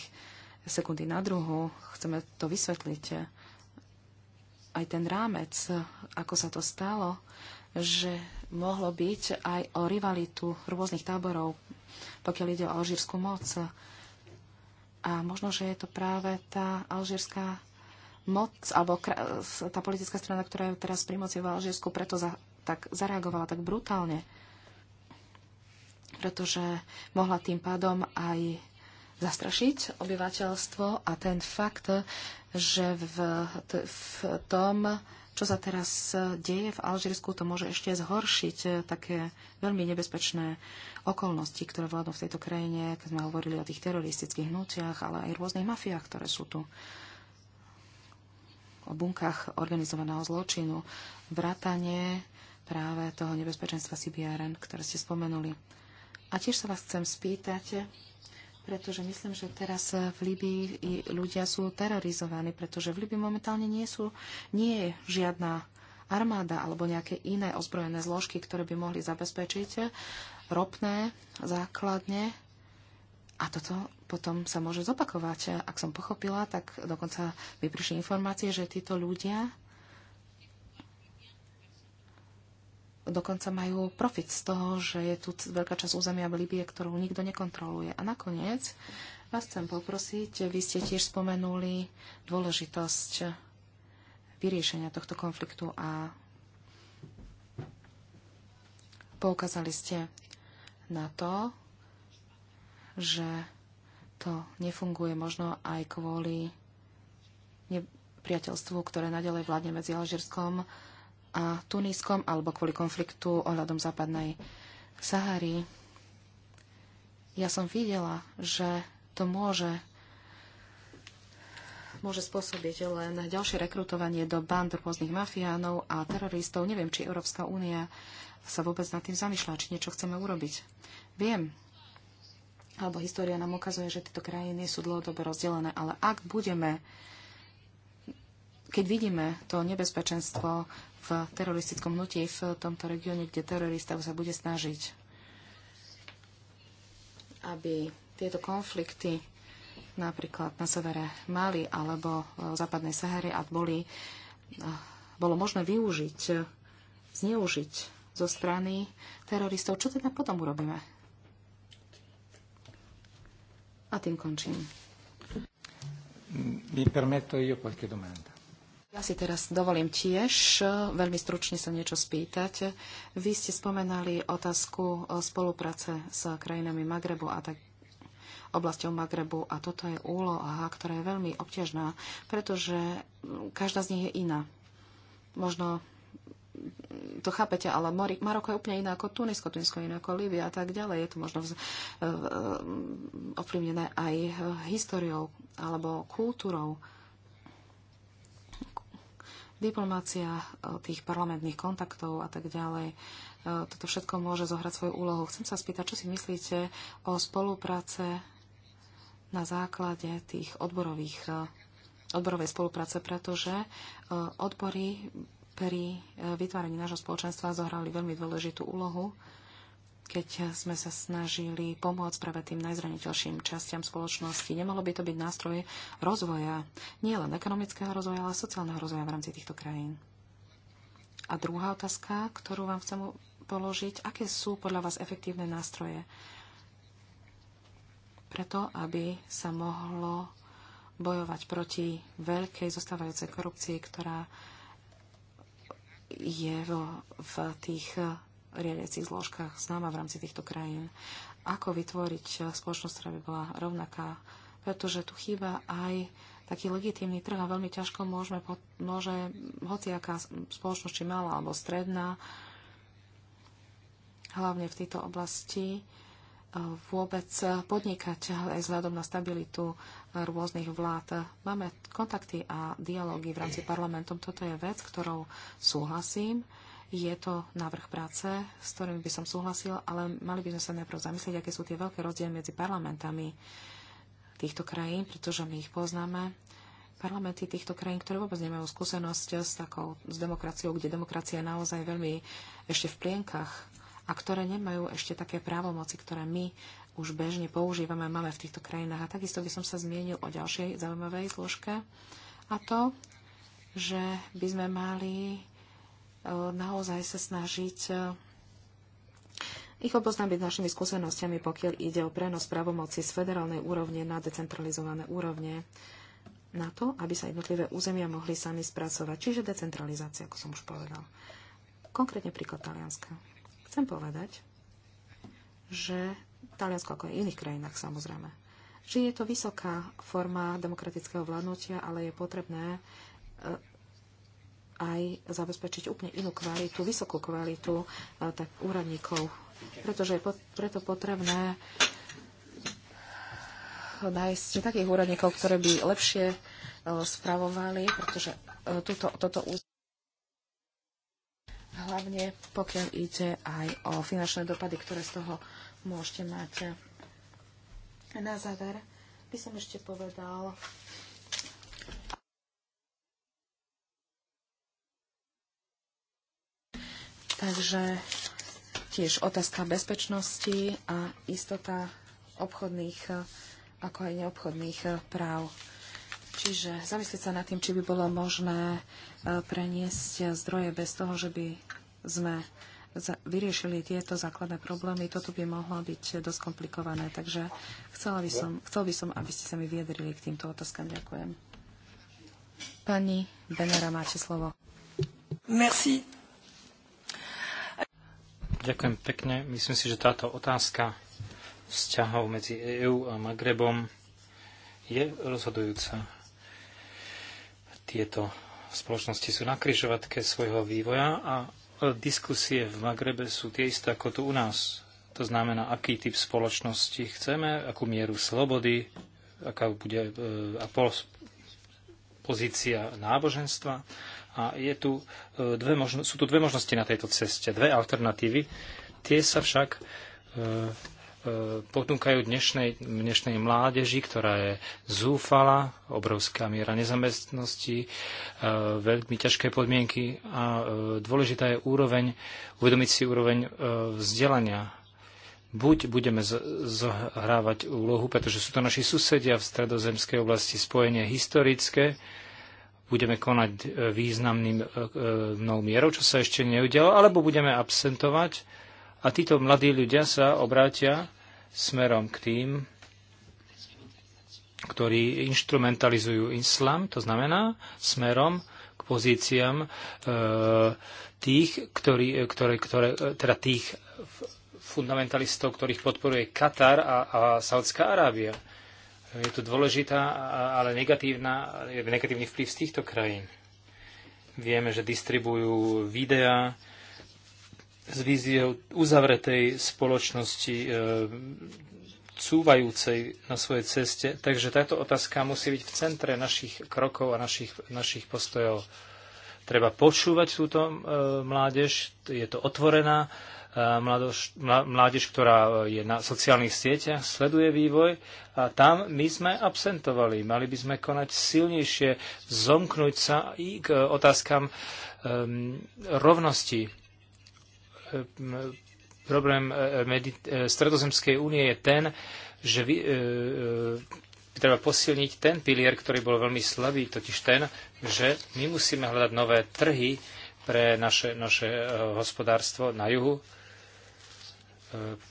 sekundy na druhú. Chceme to vysvetliť. Eh, aj ten rámec, ako sa to stalo, že mohlo byť aj o rivalitu rôznych táborov, pokiaľ ide o alžírskú moc. A možno, že je to práve tá alžírska moc, alebo tá politická strana, ktorá je teraz pri moci v Alžírsku, preto za, tak zareagovala tak brutálne pretože mohla tým pádom aj zastrašiť obyvateľstvo a ten fakt, že v, v tom, čo sa teraz deje v Alžírsku, to môže ešte zhoršiť také veľmi nebezpečné okolnosti, ktoré vládnu v tejto krajine, keď sme hovorili o tých teroristických hnutiach, ale aj rôznych mafiách, ktoré sú tu o bunkách organizovaného zločinu, vrátanie práve toho nebezpečenstva CBRN, ktoré ste spomenuli. A tiež sa vás chcem spýtať, pretože myslím, že teraz v Libii ľudia sú terorizovaní, pretože v Libii momentálne nie, sú, nie je žiadna armáda alebo nejaké iné ozbrojené zložky, ktoré by mohli zabezpečiť ropné základne. A toto potom sa môže zopakovať. Ak som pochopila, tak dokonca mi prišli informácie, že títo ľudia dokonca majú profit z toho, že je tu veľká časť územia v Libie, ktorú nikto nekontroluje. A nakoniec vás chcem poprosiť, vy ste tiež spomenuli dôležitosť vyriešenia tohto konfliktu a poukázali ste na to, že to nefunguje možno aj kvôli priateľstvu, ktoré nadalej vládne medzi Alžírskom a Tuniskom alebo kvôli konfliktu ohľadom západnej Sahary. Ja som videla, že to môže môže spôsobiť len ďalšie rekrutovanie do band rôznych mafiánov a teroristov. Neviem, či Európska únia sa vôbec nad tým zamýšľa, či niečo chceme urobiť. Viem, alebo história nám ukazuje, že tieto krajiny sú dlhodobo rozdelené, ale ak budeme keď vidíme to nebezpečenstvo v teroristickom hnutí v tomto regióne, kde terorista sa bude snažiť, aby tieto konflikty napríklad na severe Mali alebo v západnej Sahare a boli, bolo možné využiť, zneužiť zo strany teroristov. Čo teda potom urobíme? A tým končím. Mi permetto io qualche domanda. Ja si teraz dovolím tiež e, veľmi stručne sa niečo spýtať. Vy ste spomenali otázku e, spolupráce s krajinami Magrebu a tak oblasťou Magrebu a toto je úloha, ktorá je veľmi obťažná, pretože každá z nich je iná. Možno to chápete, ale Maroko je úplne iné ako Tunisko, Tunisko je iné ako Líbia a tak ďalej. Je to možno e, ovplyvnené aj históriou alebo kultúrou diplomácia e, tých parlamentných kontaktov a tak ďalej. E, toto všetko môže zohrať svoju úlohu. Chcem sa spýtať, čo si myslíte o spolupráce na základe tých odborových, e, odborovej spolupráce, pretože odbory pri vytváraní nášho spoločenstva zohrali veľmi dôležitú úlohu keď sme sa snažili pomôcť práve tým najzraniteľším častiam spoločnosti. Nemalo by to byť nástroj rozvoja, nielen ekonomického rozvoja, ale sociálneho rozvoja v rámci týchto krajín. A druhá otázka, ktorú vám chcem položiť, aké sú podľa vás efektívne nástroje preto, aby sa mohlo bojovať proti veľkej zostávajúcej korupcii, ktorá je v, v tých riadiacich zložkách známa v rámci týchto krajín. Ako vytvoriť spoločnosť, ktorá by bola rovnaká, pretože tu chýba aj taký legitímny trh a veľmi ťažko môžeme, môže hociaká spoločnosť, či malá alebo stredná, hlavne v tejto oblasti, e, vôbec podnikať aj vzhľadom na stabilitu rôznych vlád. Máme kontakty a dialógy v rámci parlamentom. Toto je vec, ktorou súhlasím je to návrh práce, s ktorým by som súhlasil, ale mali by sme sa najprv zamyslieť, aké sú tie veľké rozdiely medzi parlamentami týchto krajín, pretože my ich poznáme. Parlamenty týchto krajín, ktoré vôbec nemajú skúsenosť s, takou, s demokraciou, kde demokracia je naozaj veľmi ešte v plienkach a ktoré nemajú ešte také právomoci, ktoré my už bežne používame, máme v týchto krajinách. A takisto by som sa zmienil o ďalšej zaujímavej zložke a to, že by sme mali naozaj sa snažiť e, ich oboznámiť našimi skúsenostiami, pokiaľ ide o prenos pravomoci z federálnej úrovne na decentralizované úrovne na to, aby sa jednotlivé územia mohli sami spracovať. Čiže decentralizácia, ako som už povedal. Konkrétne príklad Talianska. Chcem povedať, že Taliansko ako aj v iných krajinách samozrejme, že je to vysoká forma demokratického vládnutia, ale je potrebné e, aj zabezpečiť úplne inú kvalitu, vysokú kvalitu e, tak úradníkov. Pretože je pot, preto potrebné nájsť takých úradníkov, ktoré by lepšie e, spravovali, pretože e, túto, toto hlavne pokiaľ ide aj o finančné dopady, ktoré z toho môžete mať. Na záver by som ešte povedal, Takže tiež otázka bezpečnosti a istota obchodných eh, ako aj neobchodných eh, práv. Čiže zamyslieť sa nad tým, či by bolo možné eh, preniesť zdroje bez toho, že by sme vyriešili tieto základné problémy, toto by mohlo byť dosť komplikované. Takže chcela by som, chcel by som, aby ste sa mi vyjadrili k týmto otázkam. Ďakujem. Pani Benera, máte slovo. Merci. Ďakujem pekne. Myslím si, že táto otázka vzťahov medzi EÚ a Magrebom je rozhodujúca. Tieto spoločnosti sú na križovatke svojho vývoja a diskusie v Magrebe sú tie isté ako tu u nás. To znamená, aký typ spoločnosti chceme, akú mieru slobody, aká bude, e, a pozícia náboženstva. A je tu e, dve možno, sú tu dve možnosti na tejto ceste, dve alternatívy. Tie sa však e, e, ponúkajú dnešnej, dnešnej mládeži, ktorá je zúfala, obrovská miera nezamestnosti, veľmi ťažké podmienky a dôležitá je úroveň, uvedomiť si úroveň vzdelania buď budeme zohrávať úlohu, pretože sú to naši susedia v stredozemskej oblasti spojenie historické, budeme konať e, významným e, e, mnou mierou, čo sa ešte neudialo, alebo budeme absentovať a títo mladí ľudia sa obrátia smerom k tým, ktorí instrumentalizujú islám, to znamená smerom k pozíciám e, tých, ktorí, ktoré, ktoré, teda tých fundamentalistov, ktorých podporuje Katar a, a Saudská Arábia. Je to dôležitá, ale negatívna, je negatívny vplyv z týchto krajín. Vieme, že distribujú videá s víziou uzavretej spoločnosti, e, cúvajúcej na svojej ceste. Takže táto otázka musí byť v centre našich krokov a našich, našich postojov. Treba počúvať túto e, mládež, je to otvorená mládež, ktorá je na sociálnych sieťach, sleduje vývoj a tam my sme absentovali. Mali by sme konať silnejšie, zomknúť sa i k otázkam um, rovnosti. Ehm, problém eh, eh, Stredozemskej únie je ten, že vy, e, e, treba posilniť ten pilier, ktorý bol veľmi slabý, totiž ten, že my musíme hľadať nové trhy pre naše, naše hospodárstvo na juhu,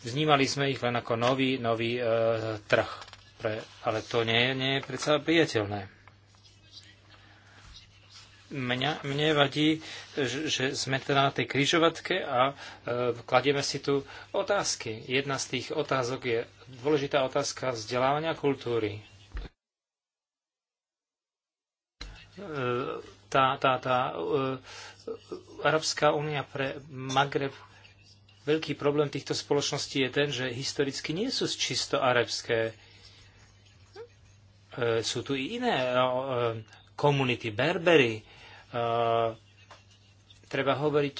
Vnímali sme ich len ako nový, nový e, trh. Pre, ale to nie, nie je predsa priateľné. Mňa, mne vadí, že, že sme teda na tej kryžovatke a e, kladieme si tu otázky. Jedna z tých otázok je dôležitá otázka vzdelávania kultúry. E, tá, tá, tá e, Arabská únia pre Magreb Veľký problém týchto spoločností je ten, že historicky nie sú čisto arabské. E, sú tu i iné e, komunity, berbery. E, treba hovoriť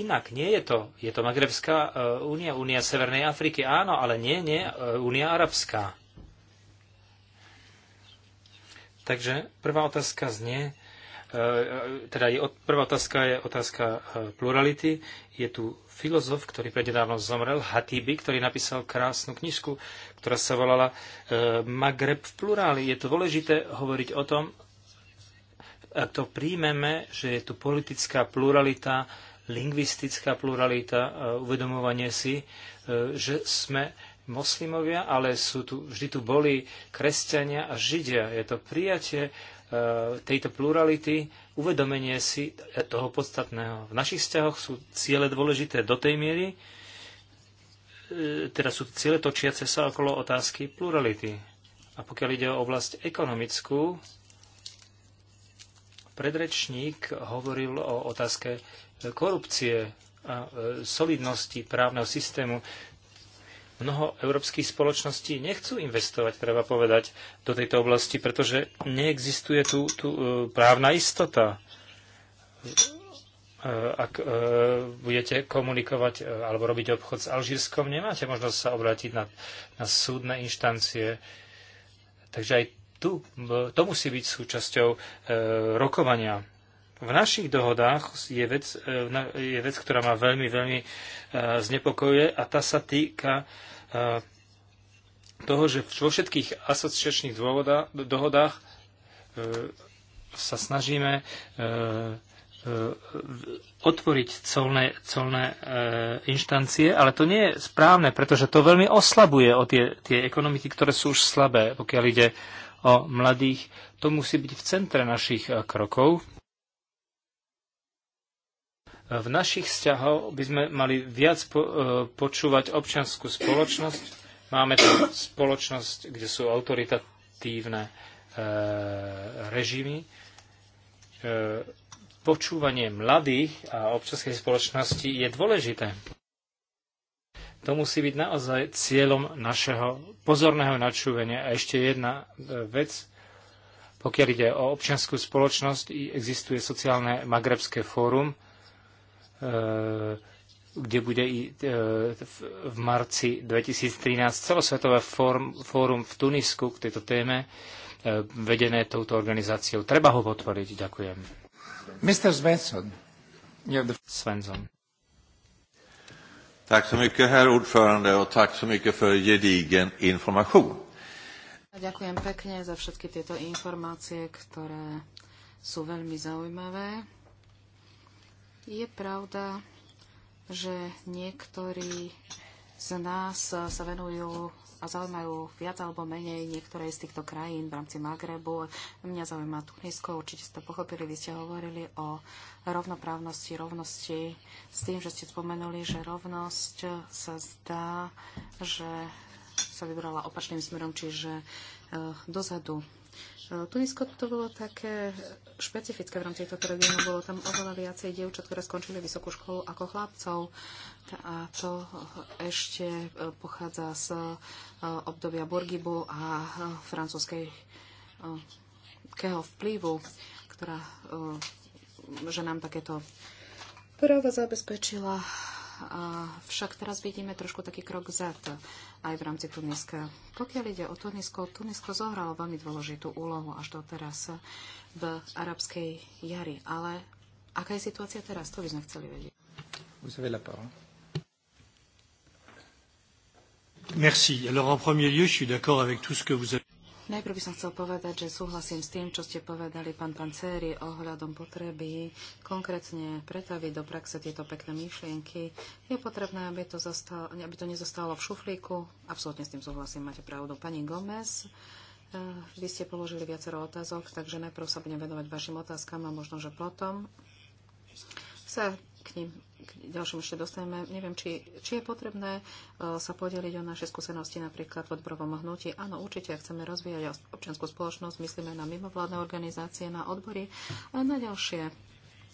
inak. Nie je to. Je to Magrebská únia, únia Severnej Afriky, áno, ale nie, nie, únia arabská. Takže prvá otázka znie, E, teda je, prvá otázka je otázka e, plurality. Je tu filozof, ktorý prednedávno zomrel, Hatibi, ktorý napísal krásnu knižku, ktorá sa volala e, Magreb v plurali. Je to dôležité hovoriť o tom, ak to príjmeme, že je tu politická pluralita, lingvistická pluralita, uvedomovanie si, že sme moslimovia, ale sú tu, vždy tu boli kresťania a židia. Je to prijatie E, tejto plurality, uvedomenie si toho podstatného. V našich vzťahoch sú ciele dôležité do tej miery, e, teda sú ciele točiace sa okolo otázky plurality. A pokiaľ ide o oblasť ekonomickú, predrečník hovoril o otázke korupcie a e, solidnosti právneho systému. Mnoho európskych spoločností nechcú investovať, treba povedať, do tejto oblasti, pretože neexistuje tu, tu e, právna istota. E, ak e, budete komunikovať alebo robiť obchod s Alžírskom, nemáte možnosť sa obrátiť na, na súdne inštancie. Takže aj tu, to musí byť súčasťou rokovania v našich dohodách je vec, e, je vec ktorá ma veľmi, veľmi e, znepokojuje a tá sa týka e, toho, že vo všetkých asociačných dohodách sa snažíme otvoriť colné, colné inštancie, ale to nie je správne, pretože to veľmi oslabuje o tie, tie ekonomiky, ktoré sú už slabé, pokiaľ ide o mladých. To musí byť v centre našich krokov. V našich vzťahoch by sme mali viac po, e, počúvať občianskú spoločnosť. Máme tu spoločnosť, kde sú autoritatívne e, režimy. E, počúvanie mladých a občianskej spoločnosti je dôležité. To musí byť naozaj cieľom našeho pozorného načúvenia. A ešte jedna e, vec. Pokiaľ ide o občianskú spoločnosť, existuje sociálne magrebské fórum, E, kde bude i e, v marci 2013 celosvetové fórum v Tunisku k tejto téme e, vedené touto organizáciou. Treba ho potvoriť. Ďakujem. Mr. Svensson. Svensson. Tak så mycket, herr ordförande, a tak så mycket för gedigen information. Ďakujem pekne za všetky tieto informácie, ktoré sú veľmi zaujímavé. Je pravda, že niektorí z nás sa venujú a zaujímajú viac alebo menej niektoré z týchto krajín v rámci Magrebu. Mňa zaujíma Tunisko, určite ste to pochopili, vy ste hovorili o rovnoprávnosti, rovnosti s tým, že ste spomenuli, že rovnosť sa zdá, že sa vybrala opačným smerom, čiže eh, dozadu Eh, Tunisko to bolo také špecifické v rámci tohto regiónu. Bolo tam oveľa viacej dievčat, ktoré skončili vysokú školu ako chlapcov. A to ešte eh, pochádza z eh, obdobia Burgibu a francúzskej keho vplyvu, ktorá že nám takéto práva zabezpečila však teraz vidíme trošku taký krok zad aj v rámci Tuniska. Pokiaľ ide o Tunisko, Tunisko zohralo veľmi dôležitú úlohu až doteraz v arabskej jari. Ale aká je situácia teraz? To by sme chceli vedieť. Merci. Alors en premier lieu, je suis d'accord avec tout ce que vous avez Najprv by som chcel povedať, že súhlasím s tým, čo ste povedali, pán Pancéry, ohľadom potreby konkrétne pretaviť do praxe tieto pekné myšlienky. Je potrebné, aby to, zostalo, aby to nezostalo v šuflíku. Absolútne s tým súhlasím, máte pravdu. Pani Gomez, eh, vy ste položili viacero otázok, takže najprv sa budem venovať vašim otázkam a možno, že potom sa k ním k ďalším ešte dostaneme. Neviem, či, či je potrebné e, sa podeliť o naše skúsenosti napríklad v odborovom hnutí. Áno, určite, ak chceme rozvíjať občianskú spoločnosť, myslíme na mimovládne organizácie, na odbory a na ďalšie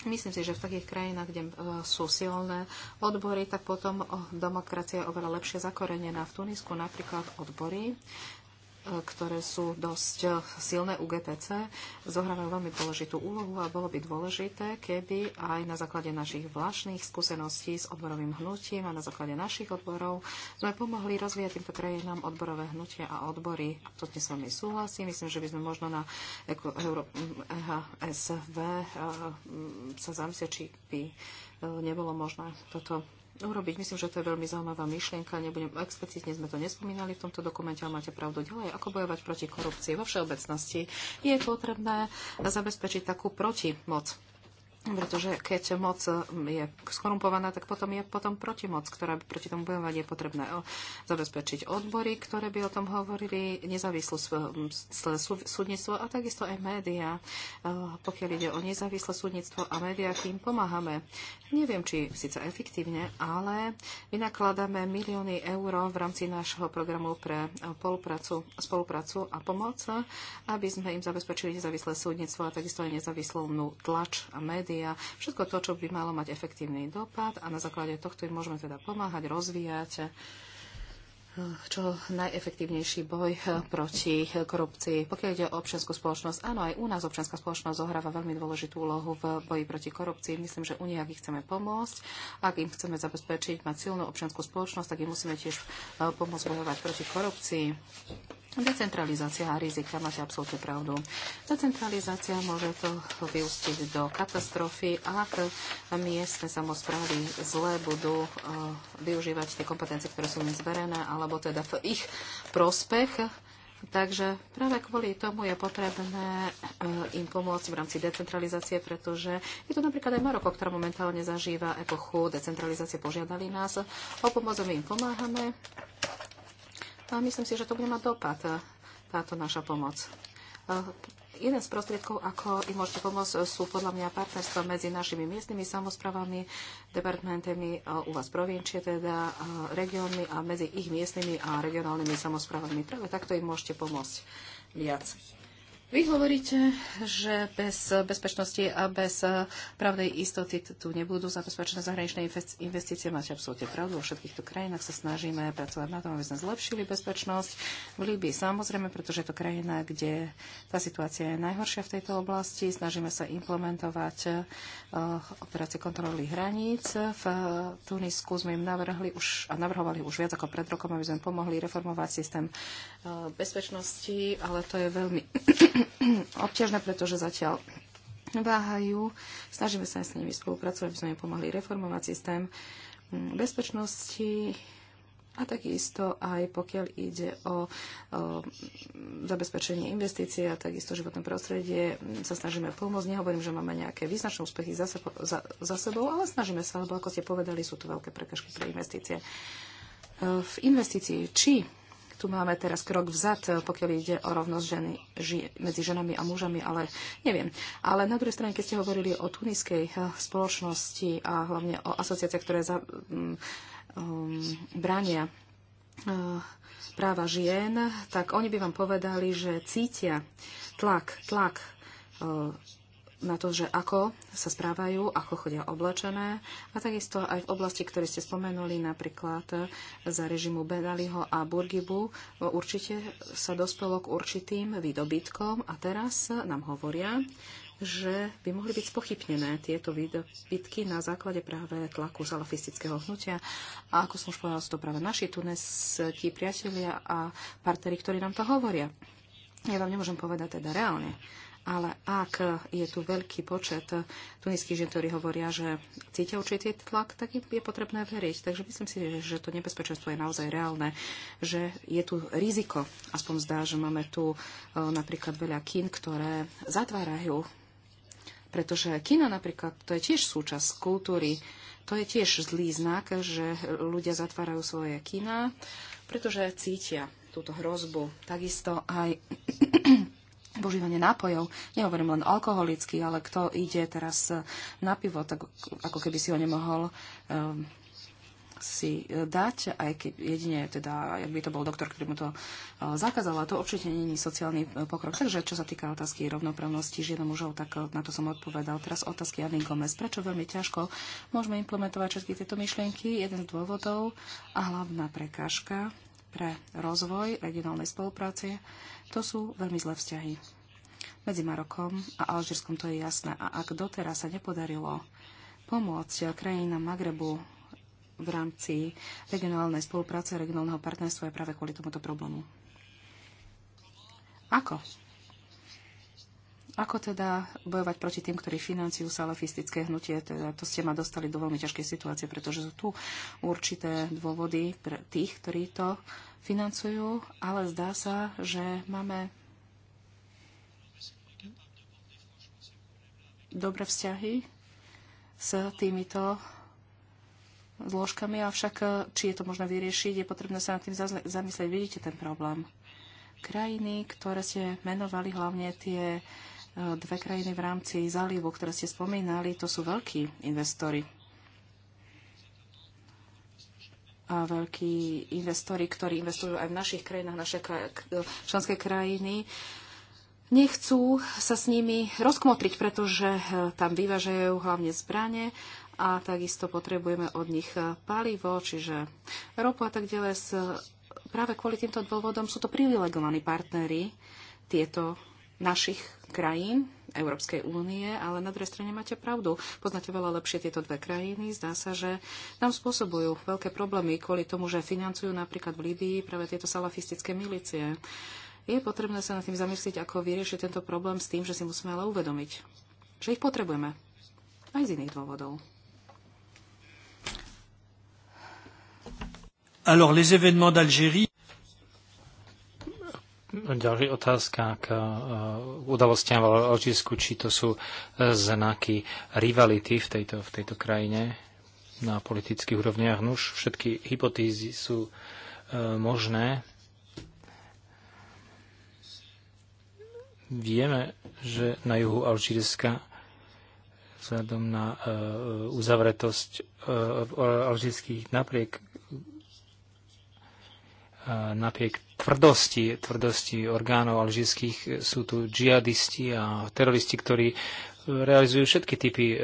Myslím si, že v takých krajinách, kde e, sú silné odbory, tak potom demokracia je oveľa lepšie zakorenená. V Tunisku napríklad odbory ktoré sú dosť eh, silné u GTC, zohrávajú veľmi dôležitú úlohu a bolo by dôležité, keby aj na základe našich vlastných skúseností s odborovým hnutím a na základe našich odborov sme pomohli rozvíjať týmto krajinám odborové hnutia a odbory. dnes s vami súhlasím. Myslím, že by sme možno na EHSV sa zamyslieť, či by eh, nebolo možné toto urobiť. Myslím, že to je veľmi zaujímavá myšlienka. Nebudem, explicitne sme to nespomínali v tomto dokumente, ale máte pravdu ďalej. Ako bojovať proti korupcii vo všeobecnosti? Je potrebné zabezpečiť takú protimoc pretože keď moc eh, je skorumpovaná, tak potom je potom protimoc, ktorá by proti tomu bojovať je potrebné zabezpečiť odbory, ktoré by o tom hovorili, nezávislú eh, súdnictvo a takisto aj médiá. Eh, pokiaľ ide o nezávislé súdnictvo a médiá, tým pomáhame. Neviem, či síce efektívne, ale vynakladáme milióny eur v rámci nášho programu pre spoluprácu, spoluprácu a pomoc, aby sme im zabezpečili nezávislé súdnictvo a takisto aj nezávislú tlač a médiá médiá, všetko to, čo by malo mať efektívny dopad a na základe tohto im môžeme teda pomáhať, rozvíjať eh, čo najefektívnejší boj eh, proti korupcii. Pokiaľ ide o občianskú spoločnosť, áno, aj u nás občianská spoločnosť zohráva veľmi dôležitú úlohu v boji proti korupcii. Myslím, že u nich, ak ich chceme pomôcť, ak im chceme zabezpečiť mať silnú občianskú spoločnosť, tak im musíme tiež eh, pomôcť bojovať proti korupcii. Decentralizácia a rizika, máte absolútne pravdu. Decentralizácia môže to vyústiť do katastrofy, ak miestne samozprávy zle budú e, využívať tie kompetencie, ktoré sú im zverené, alebo teda v ich prospech. Takže práve kvôli tomu je potrebné e, im pomôcť v rámci decentralizácie, pretože je to napríklad aj Maroko, ktorá momentálne zažíva epochu decentralizácie. Požiadali nás o pomoc, my im pomáhame a myslím si, že to bude mať dopad, e, táto naša pomoc. E, jeden z prostriedkov, ako im môžete pomôcť, e, sú podľa mňa partnerstva medzi našimi miestnymi samozprávami, departmentami u vás provincie, teda regiónmi a medzi ich miestnymi a regionálnymi samozprávami. Práve takto im môžete pomôcť viac. Vy hovoríte, že bez bezpečnosti a bez pravdej istoty tu nebudú zabezpečené zahraničné investície. Máte absolútne pravdu, vo všetkých tu krajinách sa snažíme pracovať na tom, aby sme zlepšili bezpečnosť. V Líbii samozrejme, pretože je to krajina, kde tá situácia je najhoršia v tejto oblasti. Snažíme sa implementovať eh, operácie kontroly hraníc. V Tunisku sme im navrhli už, a navrhovali už viac ako pred rokom, aby sme pomohli reformovať systém eh, bezpečnosti, ale to je veľmi [CLEARS THROAT] obťažné, pretože zatiaľ váhajú. Snažíme sa s nimi spolupracovať, aby sme im pomohli reformovať systém mm, bezpečnosti a takisto aj pokiaľ ide o, o zabezpečenie investície a takisto životné prostredie, mm, sa snažíme pomôcť. Nehovorím, že máme nejaké význačné úspechy za, sebo, za, za sebou, ale snažíme sa, lebo ako ste povedali, sú tu veľké prekažky pre investície. E, v investícii, či tu máme teraz krok vzad, eh, pokiaľ ide o rovnosť ženy, ži, medzi ženami a mužami, ale neviem. Ale na druhej strane, keď ste hovorili o tuniskej eh, spoločnosti a hlavne o asociáciách, ktoré za, um, um, bránia uh, práva žien, tak oni by vám povedali, že cítia tlak, tlak na to, že ako sa správajú, ako chodia oblečené a takisto aj v oblasti, ktoré ste spomenuli, napríklad za režimu Benaliho a Burgibu, určite sa dospelo k určitým výdobytkom a teraz nám hovoria, že by mohli byť spochybnené tieto výdobytky na základe práve tlaku salafistického hnutia. A ako som už povedal, sú to práve naši tí priatelia a partery, ktorí nám to hovoria. Ja vám nemôžem povedať teda reálne, ale ak je tu veľký počet tuniských žien, ktorí hovoria, že cítia určitý tlak, tak je potrebné veriť. Takže myslím si, že to nebezpečenstvo je naozaj reálne, že je tu riziko. Aspoň zdá, že máme tu e, napríklad veľa kín, ktoré zatvárajú. Pretože kina napríklad, to je tiež súčasť kultúry. To je tiež zlý znak, že ľudia zatvárajú svoje kina, pretože cítia túto hrozbu. Takisto aj požívanie nápojov. Nehovorím len alkoholicky, ale kto ide teraz na pivo, tak ako keby si ho nemohol um, si e, dať, aj keď jedine teda, ak by to bol doktor, ktorý mu to e, zakázal, a to určite není sociálny e, pokrok. Takže čo sa týka otázky rovnoprávnosti žien a mužov, tak na to som odpovedal. Teraz otázky Anny Gomez. Prečo veľmi ťažko môžeme implementovať všetky tieto myšlienky? Jeden z dôvodov a hlavná prekážka pre rozvoj regionálnej spolupráce, to sú veľmi zlé vzťahy. Medzi Marokom a Alžírskom to je jasné. A ak doteraz sa nepodarilo pomôcť krajinám Magrebu v rámci regionálnej spolupráce a regionálneho partnerstva je práve kvôli tomuto problému. Ako ako teda bojovať proti tým, ktorí financiujú salafistické hnutie? Teda to ste ma dostali do veľmi ťažkej situácie, pretože sú tu určité dôvody pre tých, ktorí to financujú, ale zdá sa, že máme dobré vzťahy s týmito zložkami, avšak eh, či je to možné vyriešiť, je potrebné sa nad tým zamyslieť. Vidíte ten problém. Krajiny, ktoré ste menovali, hlavne tie Dve krajiny v rámci zálivu, ktoré ste spomínali, to sú veľkí investori. A veľkí investori, ktorí investujú aj v našich krajinách, naše členské krajiny, nechcú sa s nimi rozkmotriť, pretože eh, tam vyvážajú hlavne zbranie a takisto potrebujeme od nich eh, palivo, čiže ropu a tak ďalej. Eh, práve kvôli týmto dôvodom sú to privilegovaní partnery tieto našich krajín Európskej únie, ale na druhej strane máte pravdu. Poznáte veľa lepšie tieto dve krajiny. Zdá sa, že nám spôsobujú veľké problémy kvôli tomu, že financujú napríklad v Líbii práve tieto salafistické milície. Je potrebné sa nad tým zamyslieť, ako vyriešiť tento problém s tým, že si musíme ale uvedomiť, že ich potrebujeme. Aj z iných dôvodov. Alors, les événements d'Algérie Ďalšia otázka k e, udalostiam v Alžírsku, či to sú e, znaky rivality v tejto, v tejto krajine na politických úrovniach. Nuž, všetky hypotézy sú e, možné. Vieme, že na juhu Alžírska vzhľadom na uzavretosť alžírských napriek napriek tvrdosti, tvrdosti orgánov alžírských sú tu džihadisti a teroristi, ktorí e, realizujú všetky typy e,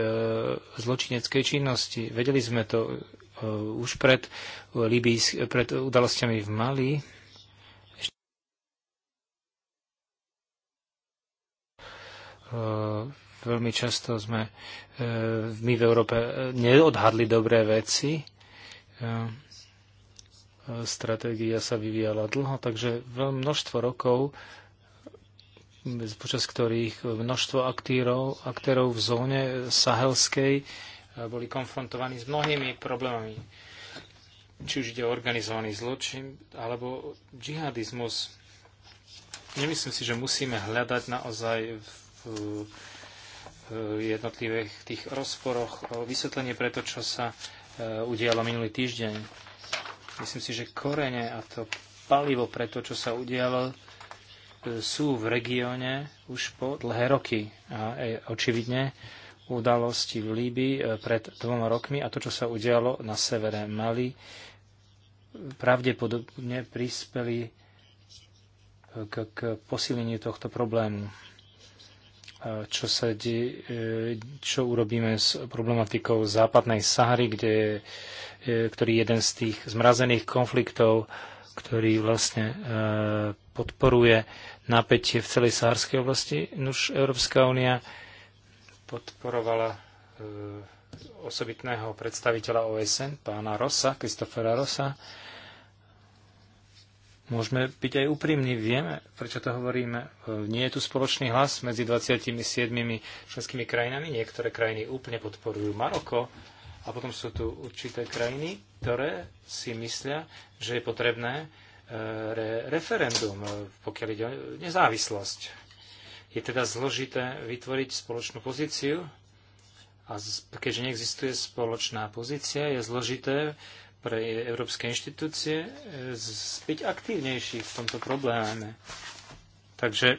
zločineckej činnosti. Vedeli sme to e, už pred, e, Libijs, pred udalosťami v Mali. Ešte... E, veľmi často sme e, my v Európe e, neodhadli dobré veci. E, stratégia sa vyvíjala dlho, takže množstvo rokov, počas ktorých množstvo aktérov, aktérov v zóne sahelskej eh, boli konfrontovaní s mnohými problémami. Či už ide o organizovaný zločin alebo džihadizmus. Nemyslím si, že musíme hľadať naozaj v jednotlivých tých rozporoch vysvetlenie pre to, čo sa eh, udialo minulý týždeň Myslím si, že korene a to palivo pre to, čo sa udialo, e, sú v regióne už po dlhé roky. A e, očividne udalosti v Líbii e, pred dvoma rokmi a to, čo sa udialo na severe Mali, pravdepodobne prispeli k, k posileniu tohto problému čo, sa de, e, čo urobíme s problematikou západnej Sahary, kde je, e, ktorý je jeden z tých zmrazených konfliktov, ktorý vlastne e, podporuje napätie v celej saharskej oblasti. Nuž Európska únia podporovala osobitného predstaviteľa OSN, pána Rosa, Kristofera Rosa, Môžeme byť aj úprimní, vieme, prečo to hovoríme. E, nie je tu spoločný hlas medzi 27 členskými krajinami. Niektoré krajiny úplne podporujú Maroko a potom sú tu určité krajiny, ktoré si myslia, že je potrebné e, re- referendum, e, pokiaľ ide o nezávislosť. Je teda zložité vytvoriť spoločnú pozíciu a keďže neexistuje spoločná pozícia, je zložité pre európske inštitúcie e, byť aktívnejší v tomto probléme. Takže e,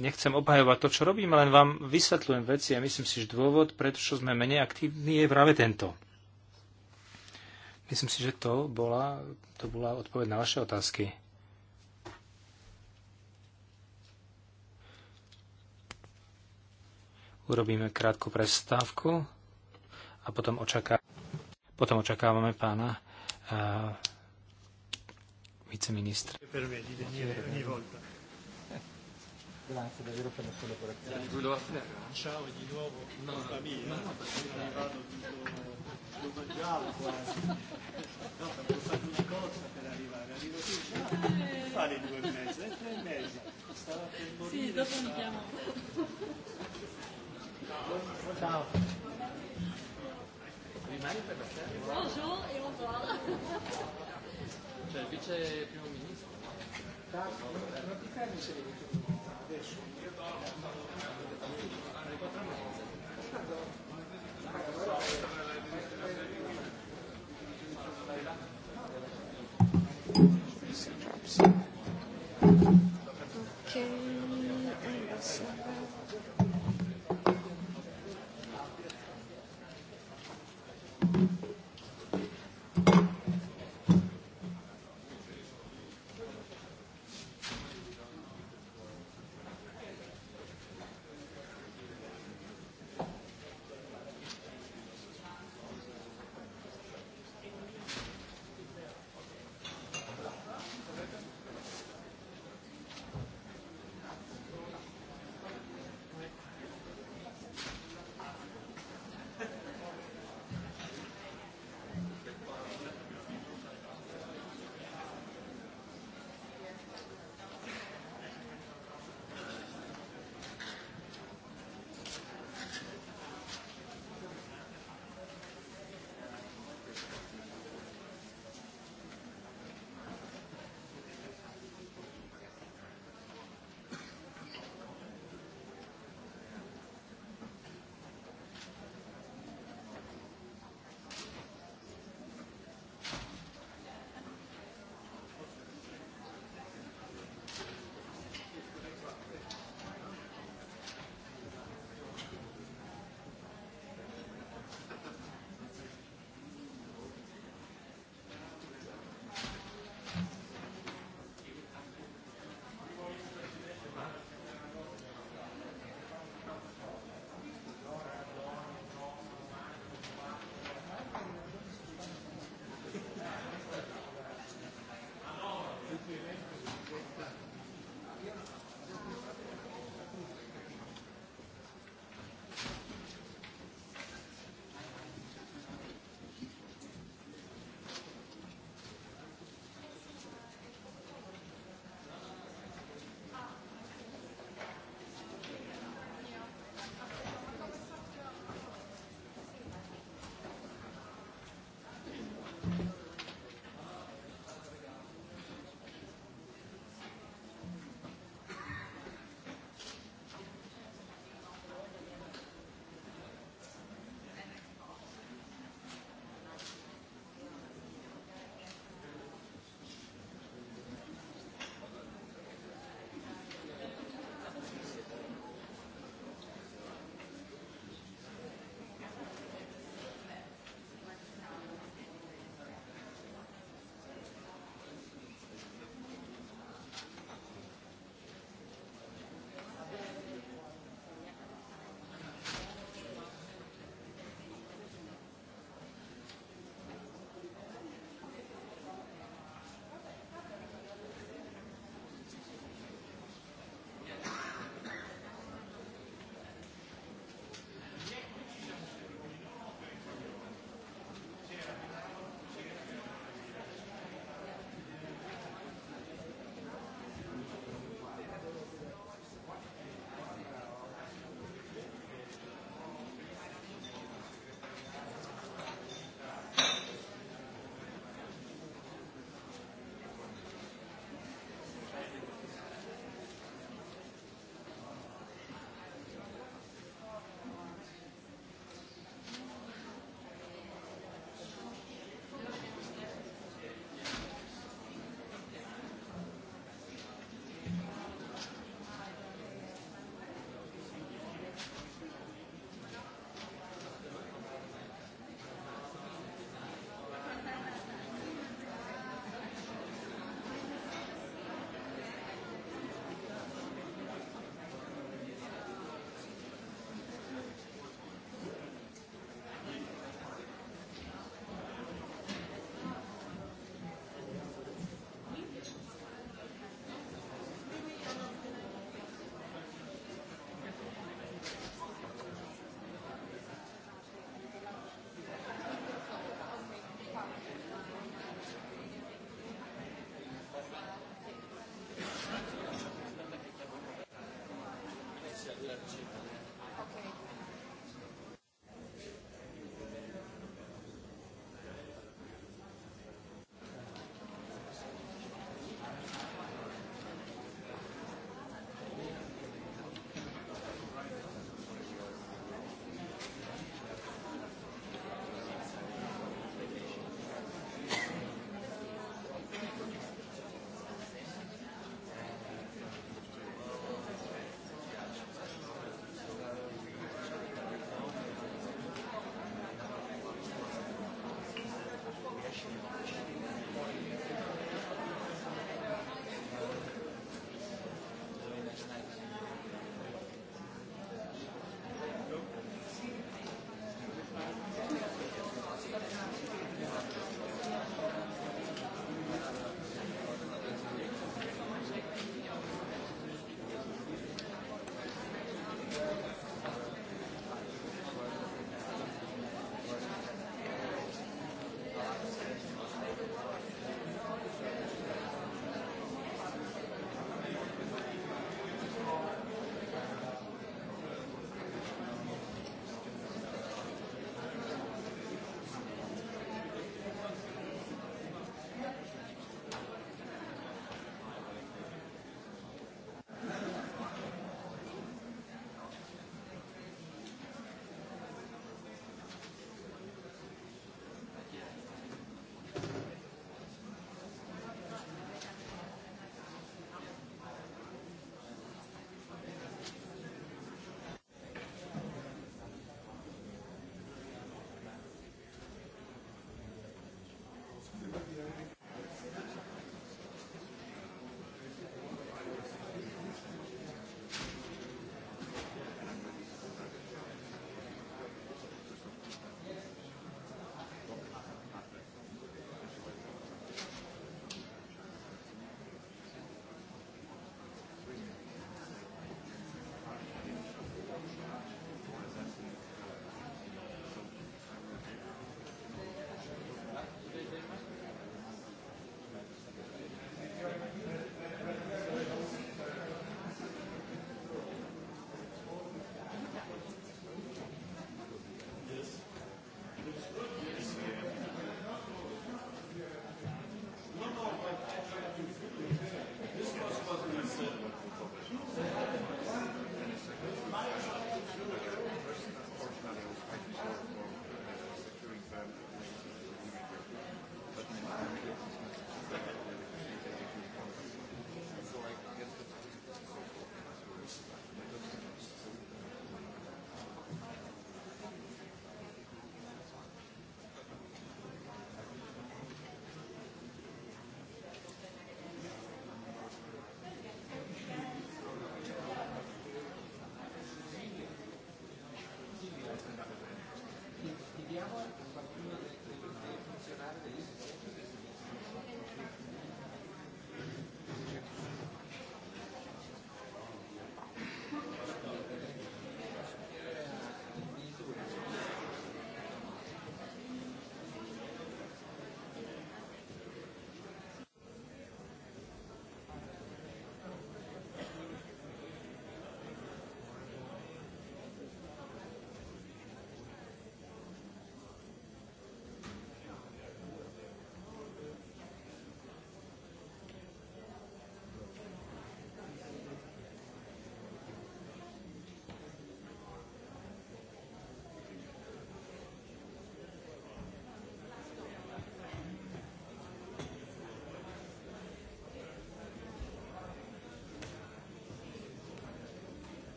nechcem obhajovať to, čo robím, len vám vysvetľujem veci a myslím si, že dôvod, prečo sme menej aktívni, je práve tento. Myslím si, že to bola, to bola odpoveď na vaše otázky. Urobíme krátku prestávku a potom očakávame. Potom očakávame pána uh, viceministra. Grazie davvero per la Ciao di nuovo no, no, mia. No, arrivato tutto mangiavo quasi. No, ho fatto una corsa per arrivare. Arrivo qui, no? Sì, dopo mi chiamo. ciao. Bonjour et bonsoir. C'è il vice primo ministro. Thank you.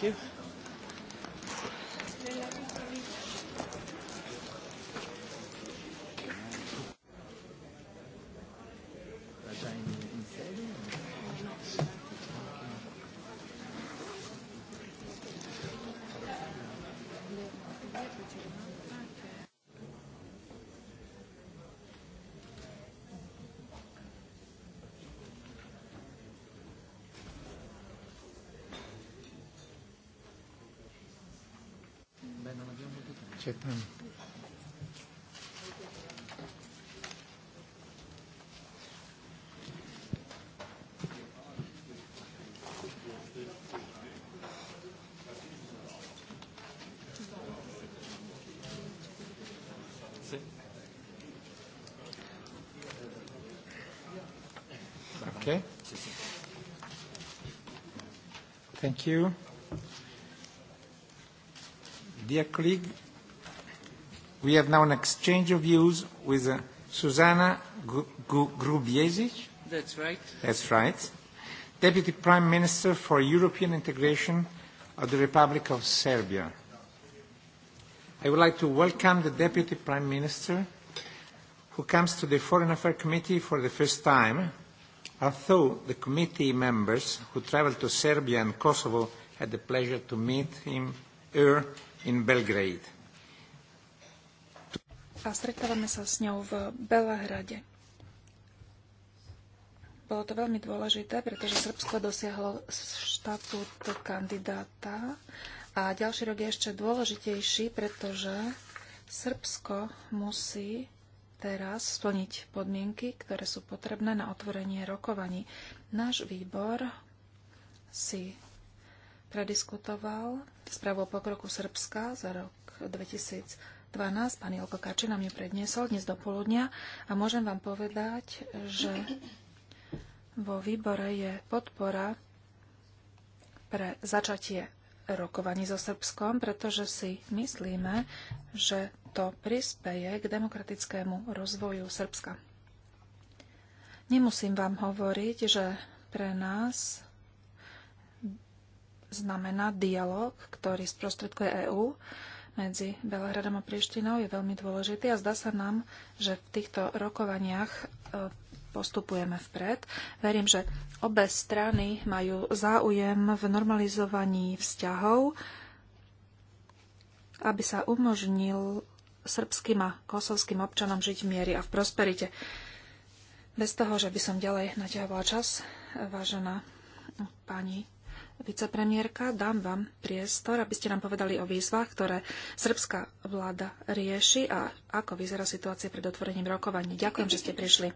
thank you. že tam Okay. Thank you. Dear colleague, We have now an exchange of views with uh, Susanna Grubiesic. That's right. That's right. Deputy Prime Minister for European Integration of the Republic of Serbia. I would like to welcome the Deputy Prime Minister who comes to the Foreign Affairs Committee for the first time, although the committee members who travelled to Serbia and Kosovo had the pleasure to meet him here in Belgrade a stretávame sa s ňou v Belehrade. Bolo to veľmi dôležité, pretože Srbsko dosiahlo štatút kandidáta a ďalší rok je ešte dôležitejší, pretože Srbsko musí teraz splniť podmienky, ktoré sú potrebné na otvorenie rokovaní. Náš výbor si prediskutoval správu o pokroku Srbska za rok 2020. 12 pán Jelko Kače nám ju predniesol dnes do poludnia a môžem vám povedať, že vo výbore je podpora pre začatie rokovaní so Srbskom, pretože si myslíme, že to prispeje k demokratickému rozvoju Srbska. Nemusím vám hovoriť, že pre nás znamená dialog, ktorý sprostredkuje EÚ medzi Belehradom a Prieštinou je veľmi dôležitý a zdá sa nám, že v týchto rokovaniach e, postupujeme vpred. Verím, že obe strany majú záujem v normalizovaní vzťahov, aby sa umožnil srbským a kosovským občanom žiť v miery a v prosperite. Bez toho, že by som ďalej naťahovala čas, vážená pani vicepremiérka, dám vám priestor, aby ste nám povedali o výzvach, ktoré srbská vláda rieši a ako vyzerá situácia pred otvorením rokovaní. Ďakujem, že ste prišli.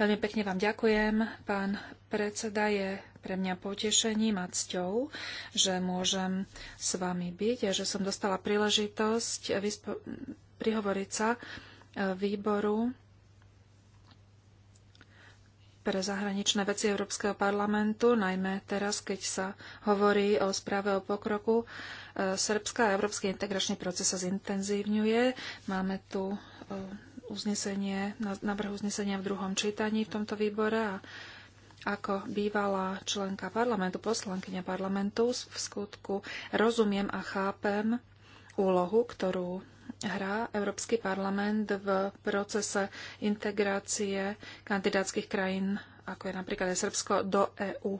Veľmi pekne vám ďakujem. Pán predseda, je pre mňa potešením a cťou, že môžem s vami byť a že som dostala príležitosť prihovoriť sa e, výboru pre zahraničné veci Európskeho parlamentu, najmä teraz, keď sa hovorí o správe o pokroku e, Srbska a Európsky integračný proces sa zintenzívňuje. Máme tu e, uznesenie, návrh uznesenia v druhom čítaní v tomto výbore a ako bývalá členka parlamentu, poslankyňa parlamentu, v skutku rozumiem a chápem úlohu, ktorú hrá Európsky parlament v procese integrácie kandidátskych krajín, ako je napríklad aj Srbsko, do EÚ?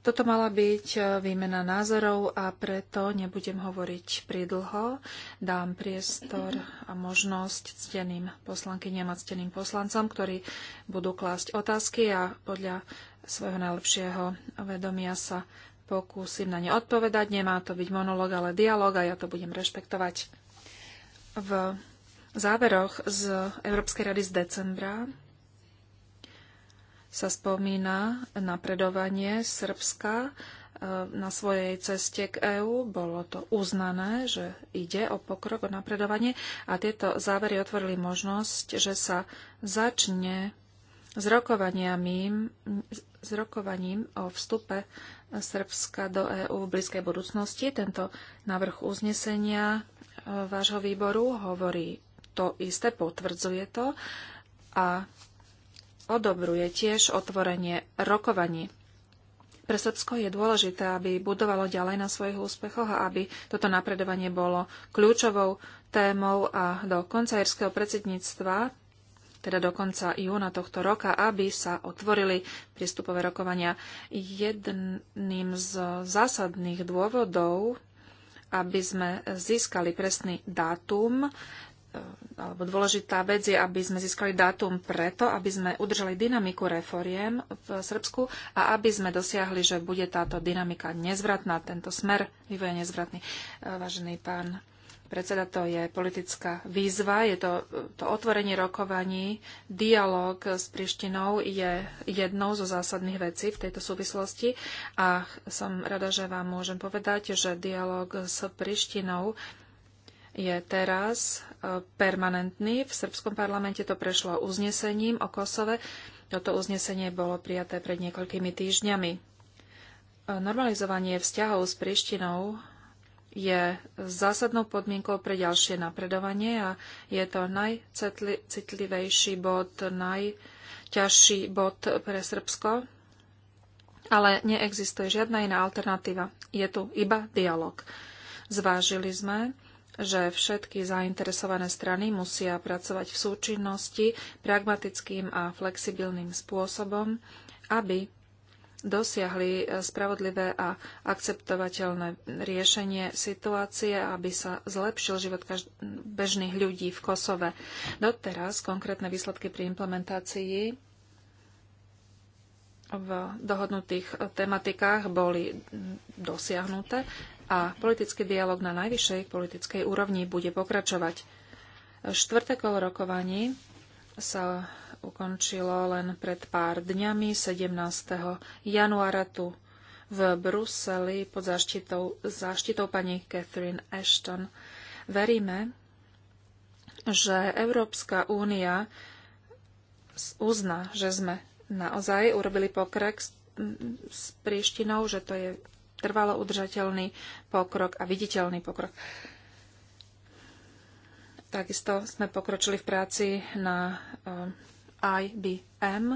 Toto mala byť e, výmena názorov a preto nebudem hovoriť pridlho. Dám priestor a možnosť cteným poslankyniam a cteným poslancom, ktorí budú klásť otázky a podľa svojho najlepšieho vedomia sa pokúsim na ne odpovedať. Nemá to byť monolog, ale dialog a ja to budem rešpektovať. V záveroch z Európskej rady z decembra sa spomína napredovanie Srbska e, na svojej ceste k EÚ. Bolo to uznané, že ide o pokrok, o napredovanie a tieto závery otvorili možnosť, že sa začne s s rokovaním o vstupe Srbska do EÚ v blízkej budúcnosti. Tento návrh uznesenia e, vášho výboru hovorí to isté, potvrdzuje to a odobruje tiež otvorenie rokovaní. Pre Srbsko je dôležité, aby budovalo ďalej na svojich úspechoch a aby toto napredovanie bolo kľúčovou témou a do koncajerského predsedníctva teda do konca júna tohto roka, aby sa otvorili prístupové rokovania. Jedným z zásadných dôvodov, aby sme získali presný dátum, e, alebo dôležitá vec je, aby sme získali dátum preto, aby sme udržali dynamiku reforiem v Srbsku a aby sme dosiahli, že bude táto dynamika nezvratná, tento smer vývoja nezvratný. E, vážený pán predseda, to je politická výzva, je to, to otvorenie rokovaní. Dialóg s Prištinou je jednou zo zásadných vecí v tejto súvislosti a som rada, že vám môžem povedať, že dialóg s Prištinou je teraz e, permanentný. V srbskom parlamente to prešlo uznesením o Kosove. Toto uznesenie bolo prijaté pred niekoľkými týždňami. E, normalizovanie vzťahov s Prištinou je zásadnou podmienkou pre ďalšie napredovanie a je to najcitlivejší bod, najťažší bod pre Srbsko. Ale neexistuje žiadna iná alternatíva. Je tu iba dialog. Zvážili sme, že všetky zainteresované strany musia pracovať v súčinnosti pragmatickým a flexibilným spôsobom, aby dosiahli e, spravodlivé a akceptovateľné riešenie situácie, aby sa zlepšil život bežných ľudí v Kosove. Doteraz konkrétne výsledky pri implementácii v dohodnutých tematikách boli dosiahnuté a politický dialog na najvyššej politickej úrovni bude pokračovať. Štvrté kolo rokovaní sa ukončilo len pred pár dňami, 17. januára tu v Bruseli pod záštitou, záštitou pani Catherine Ashton. Veríme, že Európska únia uzná, že sme naozaj urobili pokrok s, s prieštinou, že to je trvalo udržateľný pokrok a viditeľný pokrok. Takisto sme pokročili v práci na eh, IBM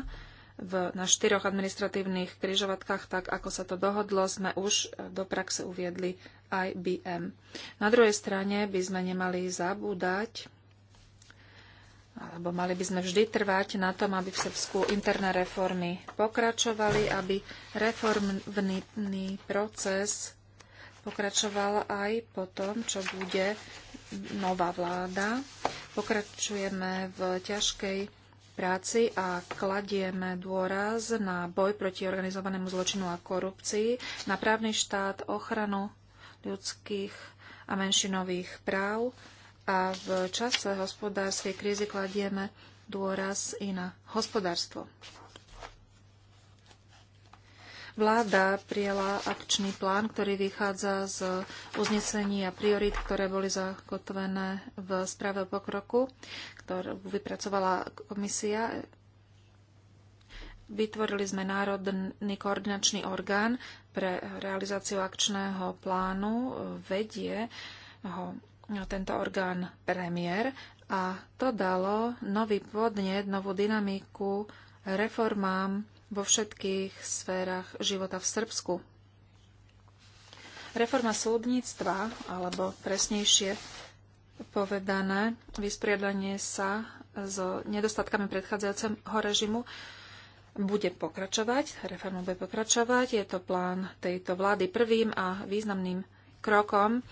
v, na štyroch administratívnych križovatkách, tak ako sa to dohodlo, sme už eh, do praxe uviedli IBM. Na druhej strane by sme nemali zabúdať, alebo mali by sme vždy trvať na tom, aby v Srbsku interné reformy pokračovali, aby reformný proces pokračoval aj po tom, čo bude nová vláda. Pokračujeme v ťažkej práci a kladieme dôraz na boj proti organizovanému zločinu a korupcii, na právny štát, ochranu ľudských a menšinových práv a v čase hospodárskej krízy kladieme dôraz i na hospodárstvo. Vláda prijala akčný plán, ktorý vychádza z uznesení a priorit, ktoré boli zakotvené v správe o pokroku, ktorú vypracovala komisia. Vytvorili sme národný koordinačný orgán pre realizáciu akčného plánu. Vedie ho tento orgán premiér a to dalo nový podnet, novú dynamiku reformám vo všetkých sférach života v Srbsku. Reforma súdnictva, alebo presnejšie povedané, vyspriadanie sa s nedostatkami predchádzajúceho režimu bude pokračovať, reforma bude pokračovať. Je to plán tejto vlády. Prvým a významným krokom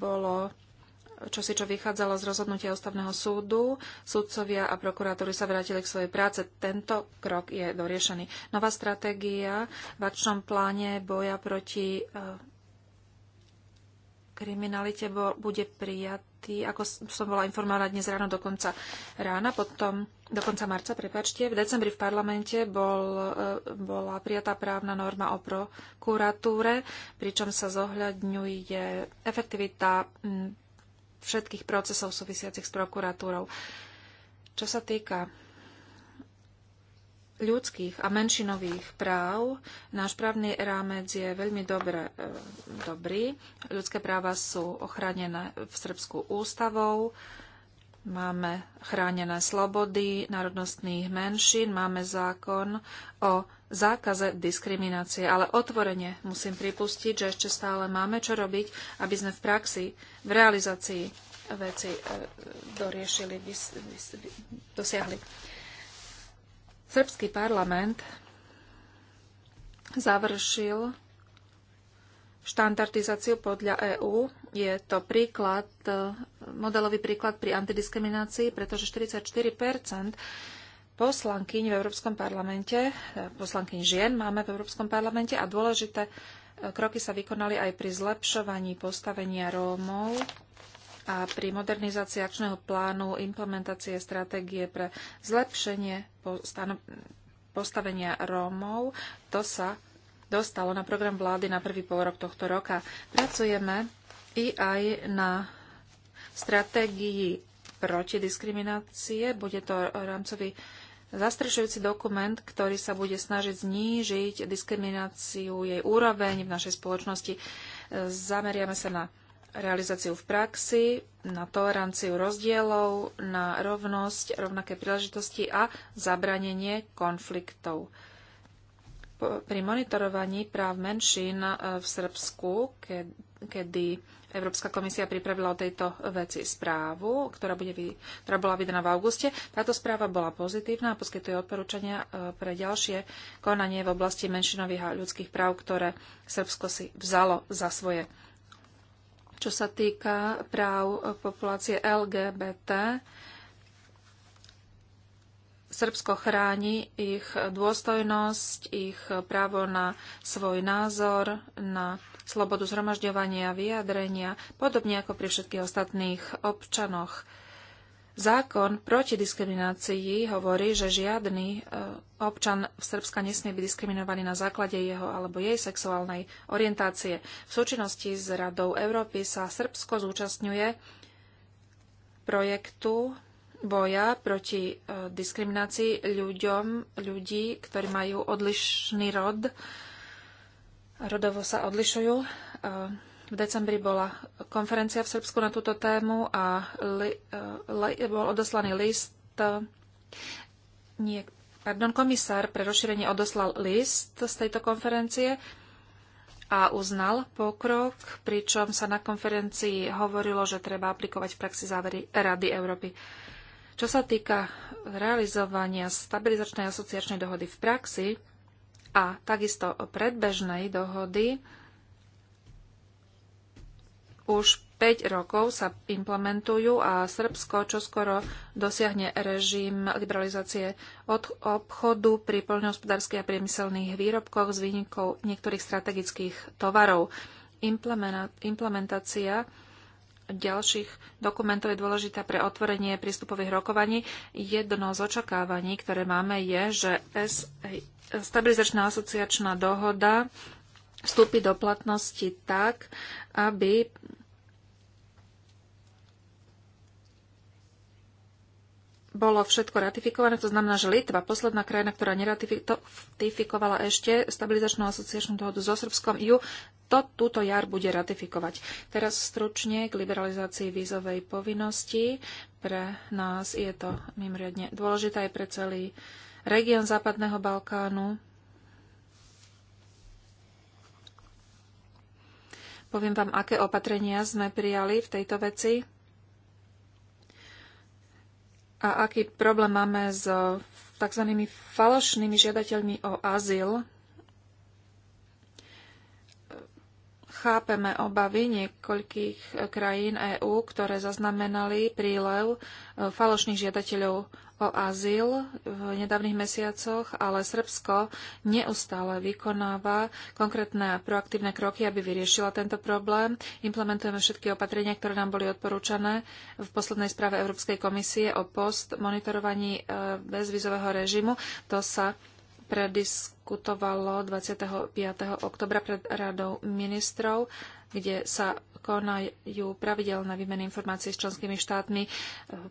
bolo čo si čo vychádzalo z rozhodnutia ústavného súdu. Súdcovia a prokurátori sa vrátili k svojej práce. Tento krok je doriešený. Nová stratégia v akčnom pláne boja proti eh, kriminalite bude prijatý, ako som bola informovaná dnes ráno do konca rána, potom do konca marca, prepačte. V decembri v parlamente bol, eh, bola prijatá právna norma o prokuratúre, pričom sa zohľadňuje efektivita hm, všetkých procesov súvisiacich s prokuratúrou. Čo sa týka ľudských a menšinových práv. Náš právny rámec je veľmi dobre, e, dobrý. Ľudské práva sú ochránené v Srbsku ústavou. Máme chránené slobody národnostných menšín, máme zákon o zákaze diskriminácie, ale otvorene musím pripustiť, že ešte stále máme čo robiť, aby sme v praxi, v realizácii veci e, doriešili, vys, vys, dosiahli. Srbský parlament završil štandardizáciu podľa EÚ je to príklad, e, modelový príklad pri antidiskriminácii, pretože 44 poslankyň v Európskom parlamente, e, poslankyň žien máme v Európskom parlamente a dôležité e, kroky sa vykonali aj pri zlepšovaní postavenia Rómov a pri modernizácii akčného plánu implementácie stratégie pre zlepšenie postavenia Rómov. To sa dostalo na program vlády na prvý pol rok tohto roka. Pracujeme i aj na stratégii proti diskriminácie. Bude to rámcový zastrešujúci dokument, ktorý sa bude snažiť znížiť diskrimináciu, jej úroveň v našej spoločnosti. Zameriame sa na realizáciu v praxi, na toleranciu rozdielov, na rovnosť, rovnaké príležitosti a zabranenie konfliktov. Pri monitorovaní práv menšín eh, v Srbsku, kedy Európska komisia pripravila o tejto veci správu, ktorá, bude, ktorá bola vydaná v auguste. Táto správa bola pozitívna a poskytuje odporúčania e, pre ďalšie konanie v oblasti menšinových a ľudských práv, ktoré Srbsko si vzalo za svoje. Čo sa týka práv populácie LGBT, Srbsko chráni ich dôstojnosť, ich právo na svoj názor, na slobodu zhromažďovania, vyjadrenia, podobne ako pri všetkých ostatných občanoch. Zákon proti diskriminácii hovorí, že žiadny e, občan v Srbska nesmie byť diskriminovaný na základe jeho alebo jej sexuálnej orientácie. V súčinnosti s Radou Európy sa Srbsko zúčastňuje projektu boja proti e, diskriminácii ľuďom, ľudí, ktorí majú odlišný rod, rodovo sa odlišujú. E, v decembri bola konferencia v Srbsku na túto tému a li, le, bol odoslaný list. E, nie, pardon, komisár pre rozšírenie odoslal list z tejto konferencie a uznal pokrok, pričom sa na konferencii hovorilo, že treba aplikovať v praxi závery Rady Európy. Čo sa týka realizovania stabilizačnej asociačnej dohody v praxi, a takisto predbežnej dohody už 5 rokov sa implementujú a Srbsko čoskoro dosiahne režim liberalizácie od obchodu pri poľnohospodárskych a priemyselných výrobkoch s výnikou niektorých strategických tovarov. Implementácia ďalších dokumentov je dôležitá pre otvorenie prístupových rokovaní. Jedno z očakávaní, ktoré máme, je, že stabilizačná asociačná dohoda vstúpi do platnosti tak, aby bolo všetko ratifikované, to znamená, že Litva, posledná krajina, ktorá neratifikovala ešte stabilizačnú asociačnú dohodu so Srbskom, ju to túto jar bude ratifikovať. Teraz stručne k liberalizácii vízovej povinnosti. Pre nás je to mimoriadne dôležité aj pre celý región Západného Balkánu. Poviem vám, aké opatrenia sme prijali v tejto veci a aký problém máme s tzv. falošnými žiadateľmi o azyl, chápeme obavy niekoľkých eh, krajín EÚ, ktoré zaznamenali prílev eh, falošných žiadateľov o azyl v nedávnych mesiacoch, ale Srbsko neustále vykonáva konkrétne proaktívne kroky, aby vyriešila tento problém. Implementujeme všetky opatrenia, ktoré nám boli odporúčané v poslednej správe Európskej komisie o post monitorovaní eh, bezvizového režimu. To sa prediskutovalo 25. oktobra pred Radou ministrov, kde sa konajú pravidelné výmeny informácií s členskými štátmi.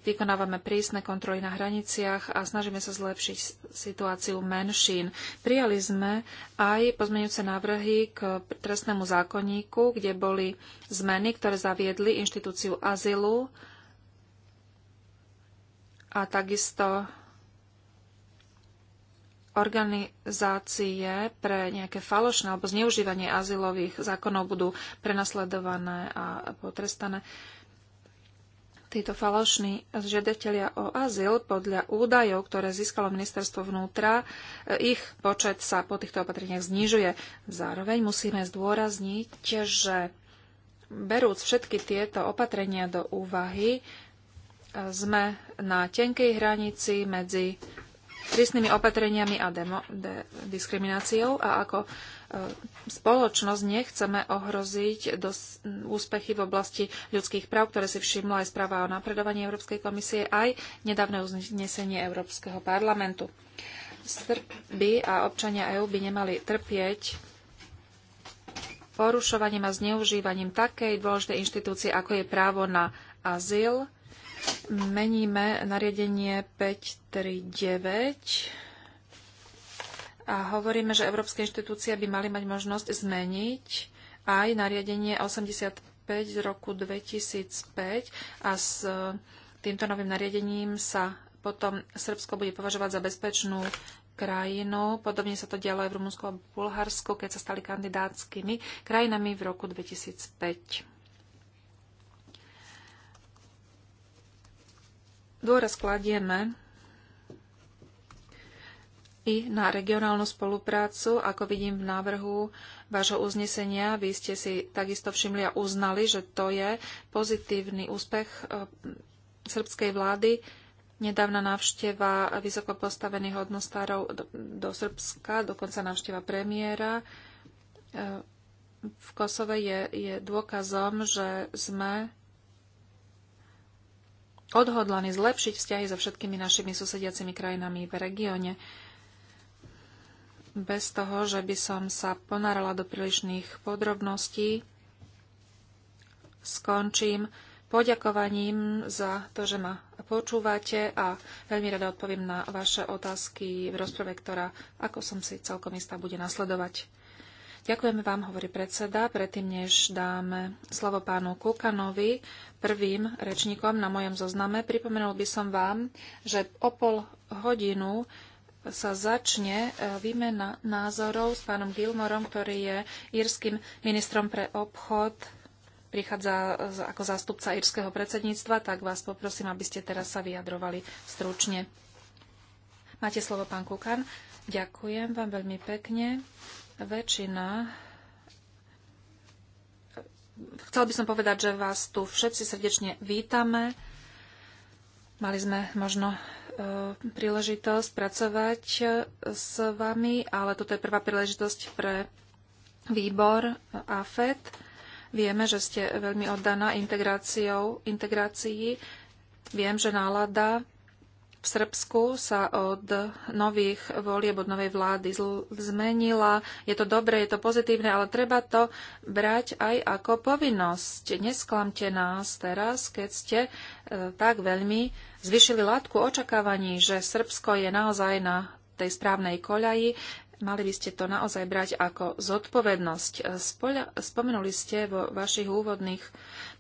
Vykonávame prísne kontroly na hraniciach a snažíme sa zlepšiť situáciu menšín. Prijali sme aj pozmeňujúce návrhy k trestnému zákonníku, kde boli zmeny, ktoré zaviedli inštitúciu azylu a takisto organizácie pre nejaké falošné alebo zneužívanie azylových zákonov budú prenasledované a potrestané. Títo falošní žiadatelia o azyl podľa údajov, ktoré získalo ministerstvo vnútra, ich počet sa po týchto opatreniach znižuje. Zároveň musíme zdôrazniť, že berúc všetky tieto opatrenia do úvahy, sme na tenkej hranici medzi prísnymi opatreniami a demo, de, diskrimináciou a ako e, spoločnosť nechceme ohroziť dos, úspechy v oblasti ľudských práv, ktoré si všimla aj správa o napredovaní Európskej komisie, aj nedávne uznesenie Európskeho parlamentu. Srby a občania EÚ by nemali trpieť porušovaním a zneužívaním takej dôležitej inštitúcie, ako je právo na azyl, meníme nariadenie 539 a hovoríme, že európske inštitúcie by mali mať možnosť zmeniť aj nariadenie 85 z roku 2005 a s týmto novým nariadením sa potom Srbsko bude považovať za bezpečnú krajinu. Podobne sa to dialo aj v Rumunsku a Bulharsku, keď sa stali kandidátskymi krajinami v roku 2005. dôraz kladieme i na regionálnu spoluprácu. Ako vidím v návrhu vášho uznesenia, vy ste si takisto všimli a uznali, že to je pozitívny úspech e, srbskej vlády. Nedávna návšteva vysoko postavených hodnostárov do, do Srbska, dokonca návšteva premiéra e, v Kosove je, je dôkazom, že sme odhodlaní zlepšiť vzťahy so všetkými našimi susediacimi krajinami v regióne. Bez toho, že by som sa ponarala do prílišných podrobností, skončím poďakovaním za to, že ma počúvate a veľmi rada odpoviem na vaše otázky v rozprave, ktorá, ako som si celkom istá, bude nasledovať. Ďakujeme vám, hovorí predseda. Predtým, než dáme slovo pánu Kukanovi, prvým rečníkom na mojom zozname, pripomenul by som vám, že o pol hodinu sa začne e, výmena názorov s pánom Gilmorom, ktorý je írským ministrom pre obchod prichádza e, ako zástupca írskeho predsedníctva, tak vás poprosím, aby ste teraz sa vyjadrovali stručne. Máte slovo, pán Kukan. Ďakujem vám veľmi pekne väčšina Chcel by som povedať, že vás tu všetci srdečne vítame. Mali sme možno e, príležitosť pracovať e, s vami, ale toto je prvá príležitosť pre výbor AFET. Vieme, že ste veľmi oddaná integráciou, integrácii. Viem, že nálada v Srbsku sa od nových volieb, od novej vlády zmenila. Je to dobre, je to pozitívne, ale treba to brať aj ako povinnosť. Nesklamte nás teraz, keď ste e, tak veľmi zvyšili látku očakávaní, že Srbsko je naozaj na tej správnej koľaji. Mali by ste to naozaj brať ako zodpovednosť. E, spoľa, spomenuli ste vo vašich úvodných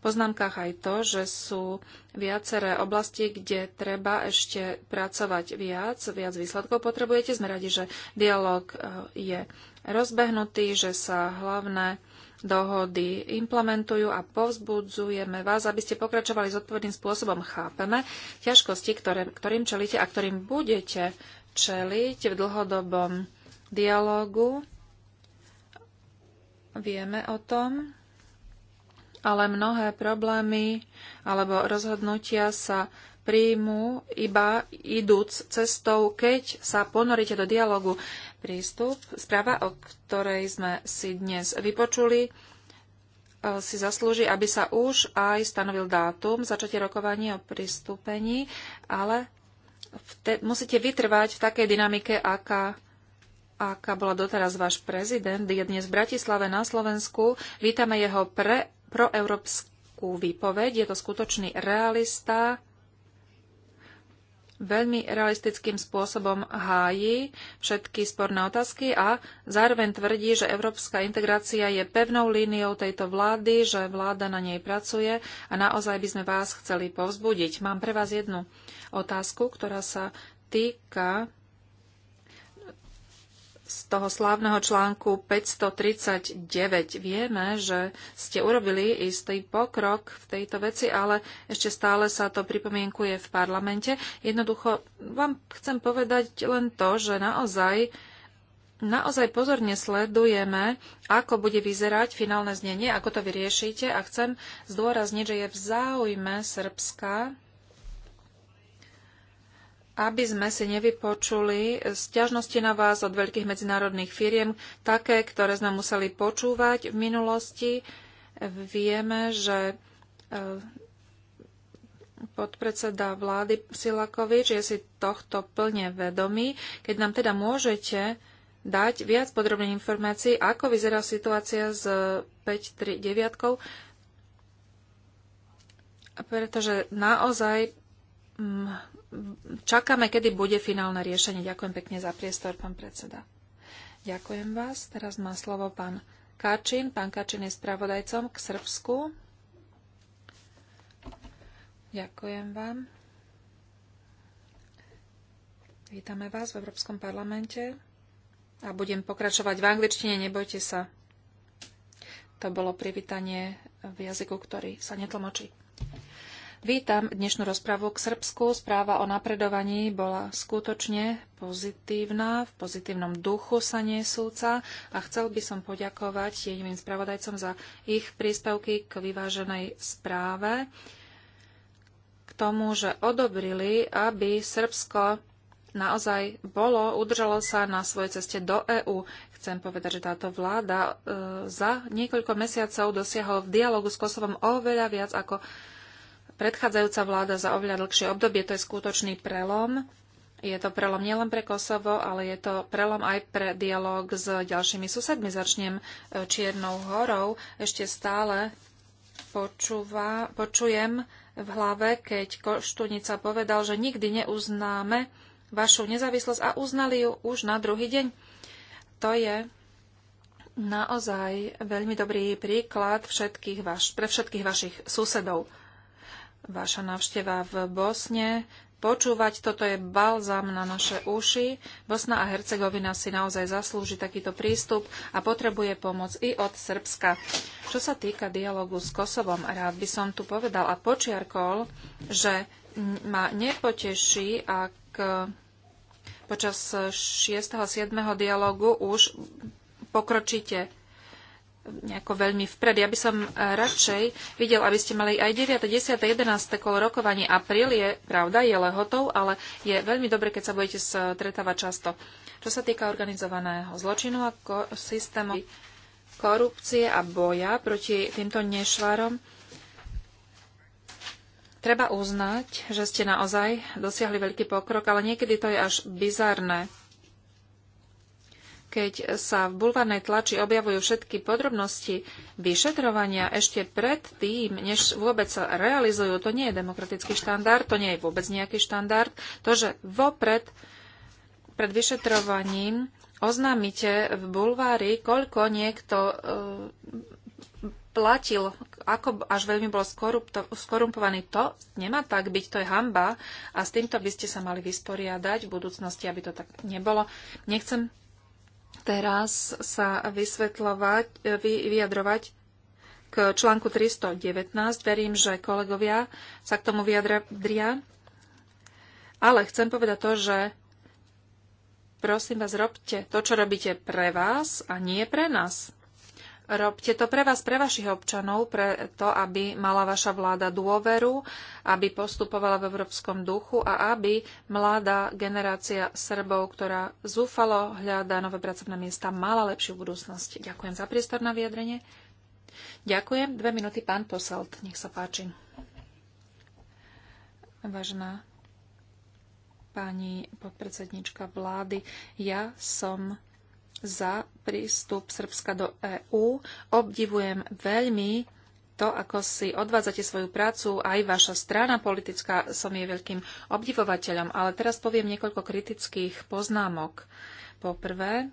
poznámkach aj to, že sú viaceré oblasti, kde treba ešte pracovať viac, viac výsledkov potrebujete. Sme radi, že dialog e, je rozbehnutý, že sa hlavné dohody implementujú a povzbudzujeme vás, aby ste pokračovali zodpovedným spôsobom. Chápeme ťažkosti, ktoré, ktorým čelíte a ktorým budete čeliť v dlhodobom dialogu. Vieme o tom ale mnohé problémy alebo rozhodnutia sa príjmu iba idúc cestou, keď sa ponoríte do dialogu. Prístup, správa, o ktorej sme si dnes vypočuli, e, si zaslúži, aby sa už aj stanovil dátum začatie rokovania o pristúpení, ale musíte vytrvať v takej dynamike, aká aká bola doteraz váš prezident, je dnes v Bratislave na Slovensku. Vítame jeho pre proeurópsku výpoveď. Je to skutočný realista, veľmi realistickým spôsobom hájí všetky sporné otázky a zároveň tvrdí, že európska integrácia je pevnou líniou tejto vlády, že vláda na nej pracuje a naozaj by sme vás chceli povzbudiť. Mám pre vás jednu otázku, ktorá sa týka z toho slávneho článku 539. Vieme, že ste urobili istý pokrok v tejto veci, ale ešte stále sa to pripomienkuje v parlamente. Jednoducho vám chcem povedať len to, že naozaj naozaj pozorne sledujeme, ako bude vyzerať finálne znenie, ako to vyriešite a chcem zdôrazniť, že je v záujme Srbska aby sme si nevypočuli sťažnosti na vás od veľkých medzinárodných firiem, také, ktoré sme museli počúvať v minulosti. Vieme, že e, podpredseda vlády Silakovič je si tohto plne vedomý. Keď nám teda môžete dať viac podrobných informácií, ako vyzerá situácia s 539, pretože naozaj mm, čakáme, kedy bude finálne riešenie. Ďakujem pekne za priestor, pán predseda. Ďakujem vás. Teraz má slovo pán Kačin. Pán Kačin je spravodajcom k Srbsku. Ďakujem vám. Vítame vás v Európskom parlamente a budem pokračovať v angličtine, nebojte sa. To bolo privítanie v jazyku, ktorý sa netlmočí. Vítam dnešnú rozpravu k Srbsku. Správa o napredovaní bola skutočne pozitívna, v pozitívnom duchu sa nesúca a chcel by som poďakovať jedným spravodajcom za ich príspevky k vyváženej správe k tomu, že odobrili, aby Srbsko naozaj bolo, udržalo sa na svojej ceste do EÚ. Chcem povedať, že táto vláda e, za niekoľko mesiacov dosiahol v dialogu s Kosovom oveľa viac, ako predchádzajúca vláda za oveľa dlhšie obdobie. To je skutočný prelom. Je to prelom nielen pre Kosovo, ale je to prelom aj pre dialog s ďalšími susedmi. Začnem e, Čiernou horou. Ešte stále počúva, počujem v hlave, keď Koštunica povedal, že nikdy neuznáme vašu nezávislosť a uznali ju už na druhý deň. To je naozaj veľmi dobrý príklad všetkých vaš, pre všetkých vašich susedov vaša návšteva v Bosne. Počúvať toto je balzam na naše uši. Bosna a Hercegovina si naozaj zaslúži takýto prístup a potrebuje pomoc i od Srbska. Čo sa týka dialogu s Kosovom, rád by som tu povedal a počiarkol, že ma nepoteší, ak počas 6. a 7. dialogu už pokročíte nejako veľmi vpred. Ja by som e, radšej videl, aby ste mali aj 9., 10., 11. kolo rokovanie. Apríl je, pravda, je lehotou, ale je veľmi dobre, keď sa budete stretávať často. Čo sa týka organizovaného zločinu a ko- systému korupcie a boja proti týmto nešvárom. treba uznať, že ste naozaj dosiahli veľký pokrok, ale niekedy to je až bizarné keď sa v bulvárnej tlači objavujú všetky podrobnosti vyšetrovania ešte pred tým, než vôbec sa realizujú, to nie je demokratický štandard, to nie je vôbec nejaký štandard. To, že vopred pred vyšetrovaním oznámite v bulvári, koľko niekto e, platil, ako až veľmi bol skorumpovaný, to nemá tak byť, to je hamba a s týmto by ste sa mali vysporiadať v budúcnosti, aby to tak nebolo. Nechcem teraz sa vysvetľovať, vyjadrovať k článku 319. Verím, že kolegovia sa k tomu vyjadria. Ale chcem povedať to, že prosím vás, robte to, čo robíte pre vás a nie pre nás. Robte to pre vás, pre vašich občanov, pre to, aby mala vaša vláda dôveru, aby postupovala v európskom duchu a aby mladá generácia Srbov, ktorá zúfalo hľadá nové pracovné miesta, mala lepšiu budúcnosť. Ďakujem za priestor na vyjadrenie. Ďakujem. Dve minúty, pán Poselt. Nech sa páči. Vážená pani podpredsednička vlády, ja som za prístup Srbska do EÚ. Obdivujem veľmi to, ako si odvádzate svoju prácu, aj vaša strana politická, som jej veľkým obdivovateľom. Ale teraz poviem niekoľko kritických poznámok. Poprvé,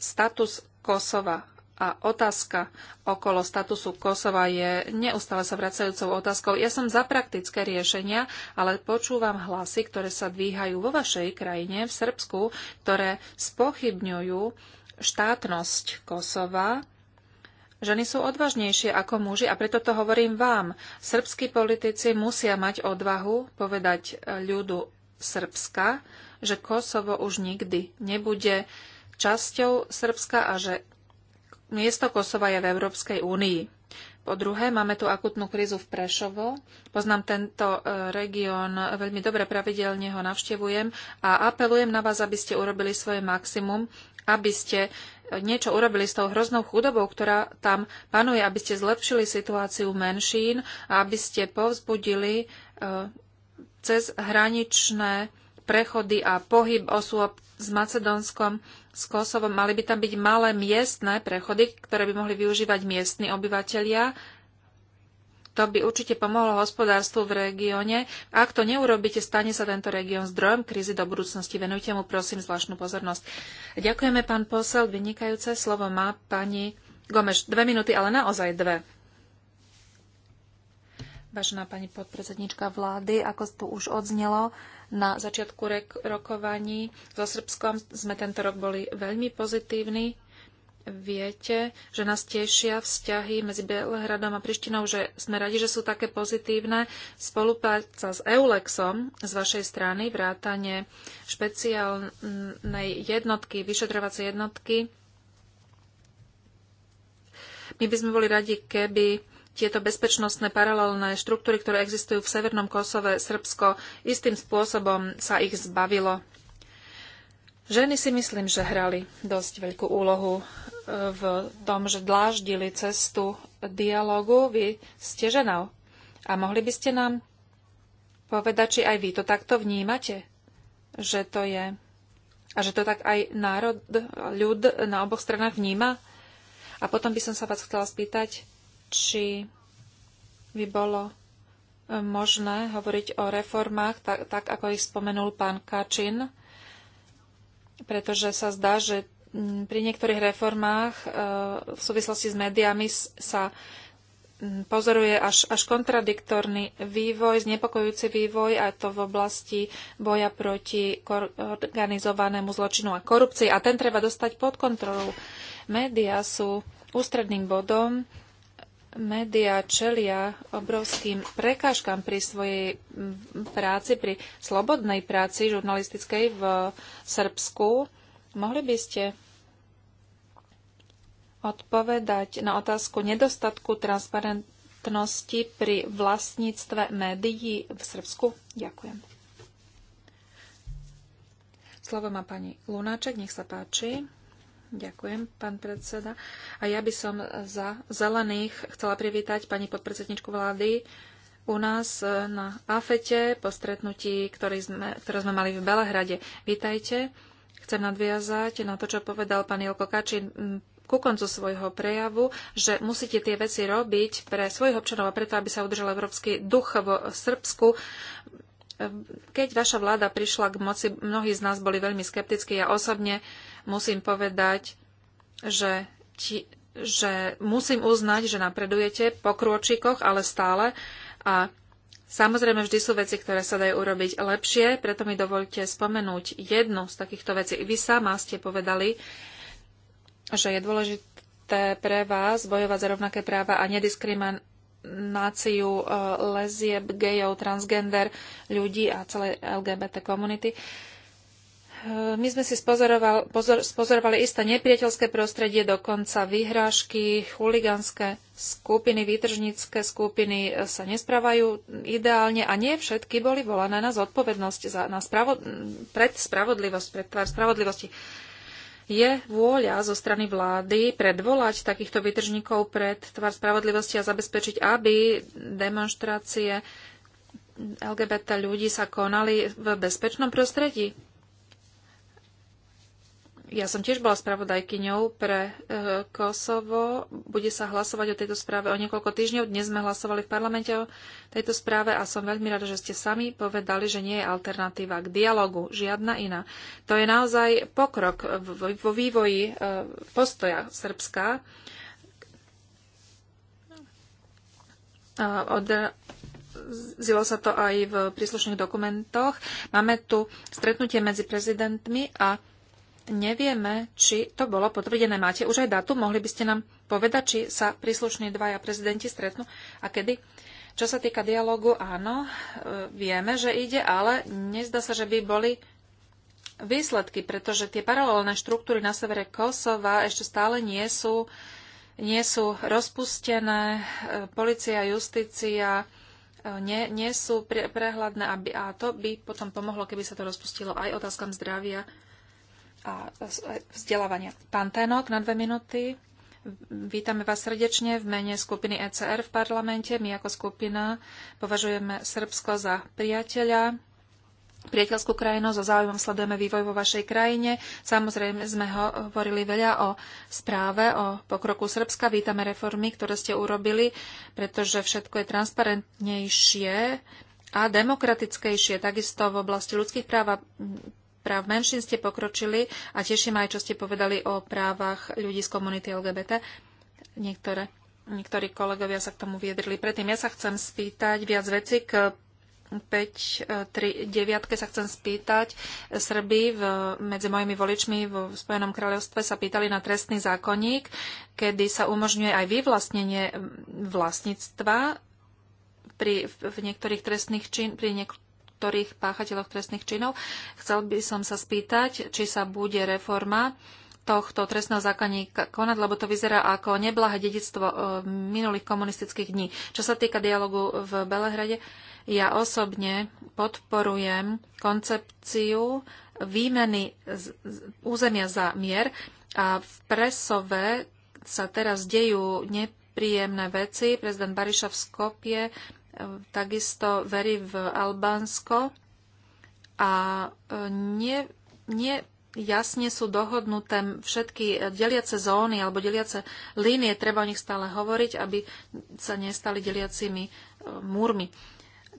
status Kosova a otázka okolo statusu Kosova je neustále sa vracajúcou otázkou. Ja som za praktické riešenia, ale počúvam hlasy, ktoré sa dvíhajú vo vašej krajine, v Srbsku, ktoré spochybňujú štátnosť Kosova. Ženy sú odvážnejšie ako muži a preto to hovorím vám. Srbskí politici musia mať odvahu povedať ľudu Srbska, že Kosovo už nikdy nebude časťou Srbska a že miesto Kosova je v Európskej únii. Po druhé, máme tu akutnú krízu v Prešovo. Poznám tento e, región veľmi dobre, pravidelne ho navštevujem a apelujem na vás, aby ste urobili svoje maximum, aby ste e, niečo urobili s tou hroznou chudobou, ktorá tam panuje, aby ste zlepšili situáciu menšín a aby ste povzbudili e, cez hraničné prechody a pohyb osôb s Macedónskom, s Kosovom. Mali by tam byť malé miestne prechody, ktoré by mohli využívať miestni obyvateľia. To by určite pomohlo hospodárstvu v regióne. Ak to neurobíte, stane sa tento región zdrojom krízy do budúcnosti. Venujte mu prosím zvláštnu pozornosť. Ďakujeme, pán posel. Vynikajúce slovo má pani Gomeš. Dve minúty, ale naozaj dve. Vážená pani podpredsednička vlády, ako tu už odznelo, na začiatku rokovaní so Srbskom sme tento rok boli veľmi pozitívni. Viete, že nás tešia vzťahy medzi Belehradom a Prištinou, že sme radi, že sú také pozitívne. Spolupráca s Eulexom z vašej strany, vrátanie špeciálnej jednotky, vyšetrovacej jednotky. My by sme boli radi, keby tieto bezpečnostné paralelné štruktúry, ktoré existujú v Severnom Kosove, Srbsko, istým spôsobom sa ich zbavilo. Ženy si myslím, že hrali dosť veľkú úlohu e, v tom, že dláždili cestu dialogu. Vy ste ženou. A mohli by ste nám povedať, či aj vy to takto vnímate? Že to je... A že to tak aj národ, ľud na oboch stranách vníma? A potom by som sa vás chcela spýtať, či by bolo e, možné hovoriť o reformách, tak, tak ako ich spomenul pán Kačin, pretože sa zdá, že pri niektorých reformách e, v súvislosti s médiami sa pozoruje až, až kontradiktorný vývoj, znepokojujúci vývoj, a to v oblasti boja proti organizovanému zločinu a korupcii. A ten treba dostať pod kontrolu. Média sú ústredným bodom médiá čelia obrovským prekážkam pri svojej práci, pri slobodnej práci žurnalistickej v Srbsku. Mohli by ste odpovedať na otázku nedostatku transparentnosti pri vlastníctve médií v Srbsku? Ďakujem. Slovo má pani Lunáček, nech sa páči. Ďakujem, pán predseda. A ja by som za zelených chcela privítať pani podpredsedničku vlády u nás e, na AFETE po stretnutí, ktoré sme, ktoré sme mali v Belehrade. Vítajte. Chcem nadviazať na to, čo povedal pán Jelko Kačin ku koncu svojho prejavu, že musíte tie veci robiť pre svojich občanov a preto, aby sa udržal európsky duch v Srbsku. Keď vaša vláda prišla k moci, mnohí z nás boli veľmi skeptickí. Ja osobne musím povedať, že, ti, že musím uznať, že napredujete po krôčikoch, ale stále. A samozrejme vždy sú veci, ktoré sa dajú urobiť lepšie, preto mi dovolte spomenúť jednu z takýchto vecí. Vy sama ste povedali, že je dôležité pre vás bojovať za rovnaké práva a nediskrimináciu eh, lezieb, gejov, transgender ľudí a celej LGBT komunity. Uh, Eh, my sme si spozoroval, pozor, spozorovali isté nepriateľské prostredie, dokonca vyhrážky, chuligánske skupiny, výtržnícke skupiny eh, sa nesprávajú ideálne a nie všetky boli volané na zodpovednosť, za, na spravo, pred spravodlivosť, pred tvár spravodlivosti. Je vôľa zo strany vlády predvolať takýchto vytržníkov pred tvár spravodlivosti a zabezpečiť, aby demonstrácie LGBT ľudí sa konali v bezpečnom prostredí? Ja som tiež bola spravodajkyňou pre e, Kosovo. Bude sa hlasovať o tejto správe o niekoľko týždňov. Dnes sme hlasovali v parlamente o tejto správe a som veľmi rada, že ste sami povedali, že nie je alternatíva k dialogu, žiadna iná. To je naozaj pokrok vo vývoji e, postoja Srbska. Od, zilo sa to aj v príslušných dokumentoch. Máme tu stretnutie medzi prezidentmi a nevieme, či to bolo potvrdené. Máte už aj dátum? Mohli by ste nám povedať, či sa príslušní dvaja prezidenti stretnú a kedy? Čo sa týka dialogu, áno, e, vieme, že ide, ale nezdá sa, že by boli výsledky, pretože tie paralelné štruktúry na severe Kosova ešte stále nie sú, nie sú rozpustené. E, Polícia, justícia, e, nie, nie sú prehľadné aby, a to by potom pomohlo, keby sa to rozpustilo aj otázkam zdravia a e, vzdelávania. Pán Tenok na dve minúty. Vítame vás srdečne v mene skupiny ECR v parlamente. My ako skupina považujeme Srbsko za priateľa, priateľskú krajinu, so záujmom sledujeme vývoj vo vašej krajine. Samozrejme sme hovorili veľa o správe, o pokroku Srbska. Vítame reformy, ktoré ste urobili, pretože všetko je transparentnejšie a demokratickejšie, takisto v oblasti ľudských práv a práv menšín ste pokročili a teším aj, čo ste povedali o právach ľudí z komunity LGBT. Niektoré, niektorí kolegovia sa k tomu viedrili. Predtým ja sa chcem spýtať viac veci k 5, 3, 9 sa chcem spýtať. Srby v, medzi mojimi voličmi v Spojenom kráľovstve sa pýtali na trestný zákonník, kedy sa umožňuje aj vyvlastnenie vlastníctva pri, v niektorých trestných čin, pri niek- niektorých páchateľoch trestných činov. Chcel by som sa spýtať, či sa bude reforma tohto trestného zákonníka konať, lebo to vyzerá ako neblahé dedictvo e, minulých komunistických dní. Čo sa týka dialogu v Belehrade, ja osobne podporujem koncepciu výmeny územia za mier a v Presove sa teraz dejú nepríjemné veci. Prezident Bariša v Skopie takisto verí v Albánsko a e, nie, nie jasne sú dohodnuté všetky deliace zóny alebo deliace línie, treba o nich stále hovoriť, aby sa nestali deliacimi e, múrmi.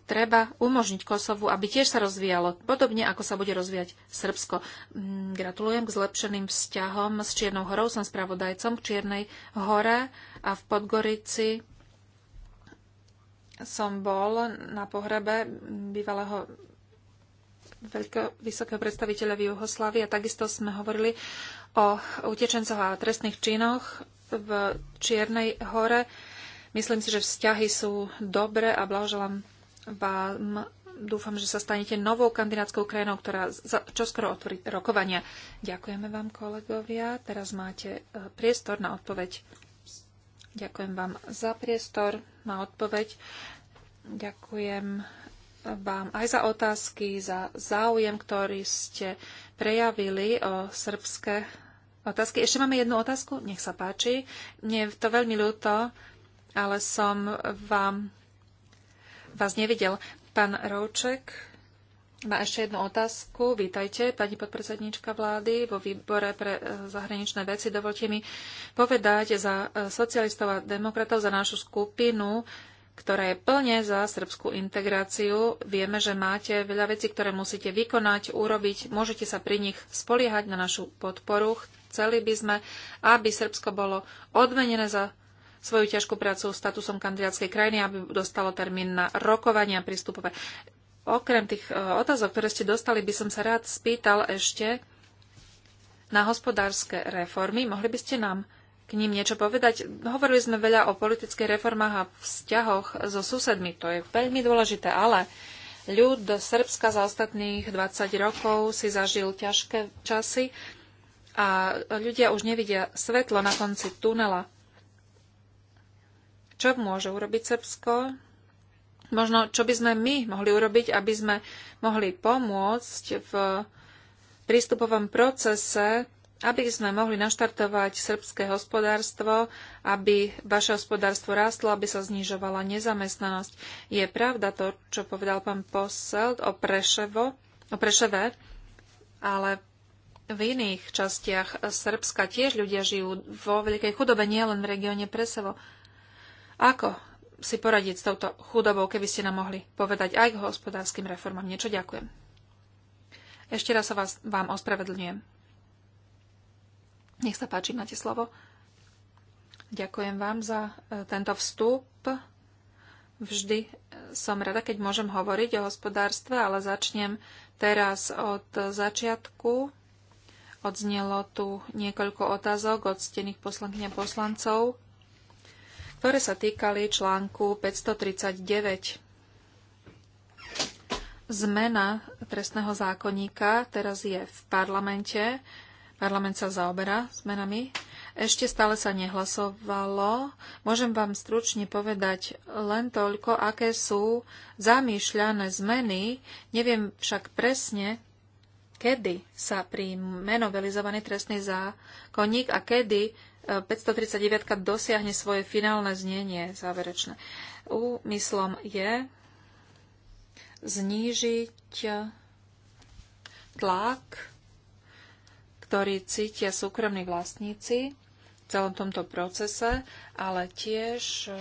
Treba umožniť Kosovu, aby tiež sa rozvíjalo, podobne ako sa bude rozvíjať Srbsko. Mm, gratulujem k zlepšeným vzťahom s Čiernou horou, som spravodajcom k Čiernej hore a v Podgorici som bol na pohrebe bývalého veľko, vysokého predstaviteľa v Juhoslávii a takisto sme hovorili o utečencoch a trestných činoch v Čiernej hore. Myslím si, že vzťahy sú dobré a blahoželám vám. Dúfam, že sa stanete novou kandidátskou krajinou, ktorá čoskoro otvorí rokovania. Ďakujeme vám, kolegovia. Teraz máte e, priestor na odpoveď Ďakujem vám za priestor na odpoveď. Ďakujem vám aj za otázky, za záujem, ktorý ste prejavili o srbské otázky. Ešte máme jednu otázku, nech sa páči. Mne je to veľmi ľúto, ale som vám vás nevidel. Pán Rouček, má ešte jednu otázku. Vítajte, pani podpredsednička vlády vo výbore pre e, zahraničné veci. Dovolte mi povedať za e, socialistov a demokratov, za našu skupinu, ktorá je plne za srbskú integráciu. Vieme, že máte veľa vecí, ktoré musíte vykonať, urobiť. Môžete sa pri nich spoliehať na našu podporu. Chceli by sme, aby Srbsko bolo odmenené za svoju ťažkú prácu statusom kandidátskej krajiny, aby dostalo termín na rokovania prístupové. Okrem tých e, otázok, ktoré ste dostali, by som sa rád spýtal ešte na hospodárske reformy. Mohli by ste nám k ním niečo povedať? Hovorili sme veľa o politických reformách a vzťahoch so susedmi. To je veľmi dôležité, ale ľud do Srbska za ostatných 20 rokov si zažil ťažké časy a ľudia už nevidia svetlo na konci tunela. Čo môže urobiť Srbsko? Možno, čo by sme my mohli urobiť, aby sme mohli pomôcť v prístupovom procese, aby sme mohli naštartovať srbské hospodárstvo, aby vaše hospodárstvo rástlo, aby sa znižovala nezamestnanosť. Je pravda to, čo povedal pán posel o, Preševo, o Preševe, ale v iných častiach Srbska tiež ľudia žijú vo veľkej chudobe, nie len v regióne Presevo. Ako si poradiť s touto chudobou, keby ste nám mohli povedať aj k hospodárskym reformám. Niečo ďakujem. Ešte raz sa vás, vám ospravedlňujem. Nech sa páči, máte slovo. Ďakujem vám za e, tento vstup. Vždy e, som rada, keď môžem hovoriť o hospodárstve, ale začnem teraz od začiatku. Odznelo tu niekoľko otázok od stených poslankyň a poslancov ktoré sa týkali článku 539. Zmena trestného zákonníka teraz je v parlamente. Parlament sa zaoberá zmenami. Ešte stále sa nehlasovalo. Môžem vám stručne povedať len toľko, aké sú zamýšľané zmeny. Neviem však presne, kedy sa príjme novelizovaný trestný zákonník a kedy 539 dosiahne svoje finálne znenie záverečné. Úmyslom je znížiť tlak, ktorý cítia súkromní vlastníci v celom tomto procese, ale tiež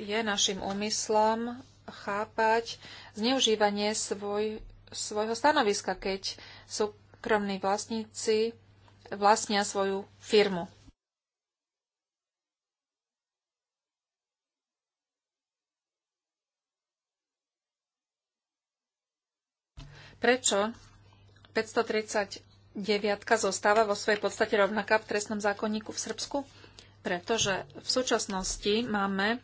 je našim úmyslom chápať zneužívanie svoj, svojho stanoviska, keď súkromní vlastníci vlastnia svoju firmu. Prečo 539 zostáva vo svojej podstate rovnaká v trestnom zákonníku v Srbsku? Pretože v súčasnosti máme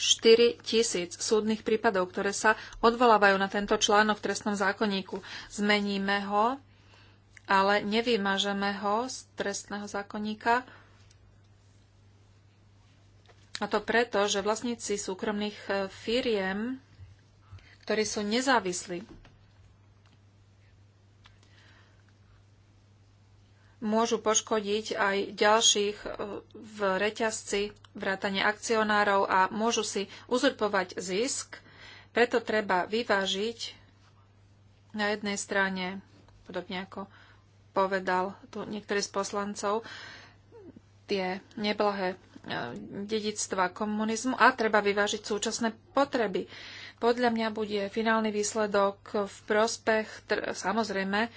4 tisíc súdnych prípadov, ktoré sa odvolávajú na tento článok v trestnom zákonníku. Zmeníme ho, ale nevymažeme ho z trestného zákonníka. A to preto, že vlastníci súkromných e, firiem, ktorí sú nezávislí môžu poškodiť aj ďalších e, v reťazci, vrátane akcionárov a môžu si uzurpovať zisk. Preto treba vyvážiť na jednej strane, podobne ako povedal tu niektorý z poslancov, tie neblahé e, dedictva komunizmu a treba vyvážiť súčasné potreby. Podľa mňa bude finálny výsledok v prospech samozrejme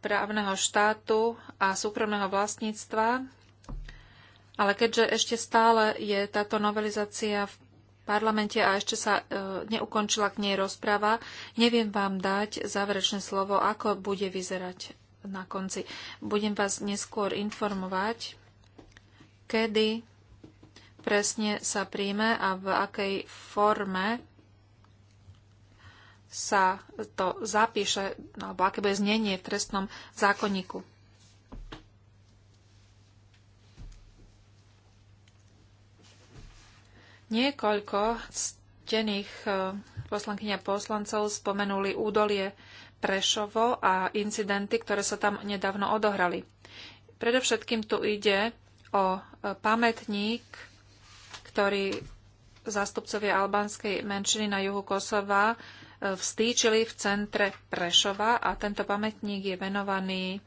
právneho štátu a súkromného vlastníctva, ale keďže ešte stále je táto novelizácia v parlamente a ešte sa e, neukončila k nej rozprava, neviem vám dať záverečné slovo, ako bude vyzerať na konci. Budem vás neskôr informovať, kedy presne sa príjme a v akej forme sa to zapíše, alebo aké bude znenie v trestnom zákonníku. Niekoľko ctených eh, poslankyň a poslancov spomenuli údolie Prešovo a incidenty, ktoré sa tam nedávno odohrali. Predovšetkým tu ide o eh, pamätník, ktorý zástupcovia albánskej menšiny na juhu Kosova v Stýčili v centre Prešova a tento pamätník je venovaný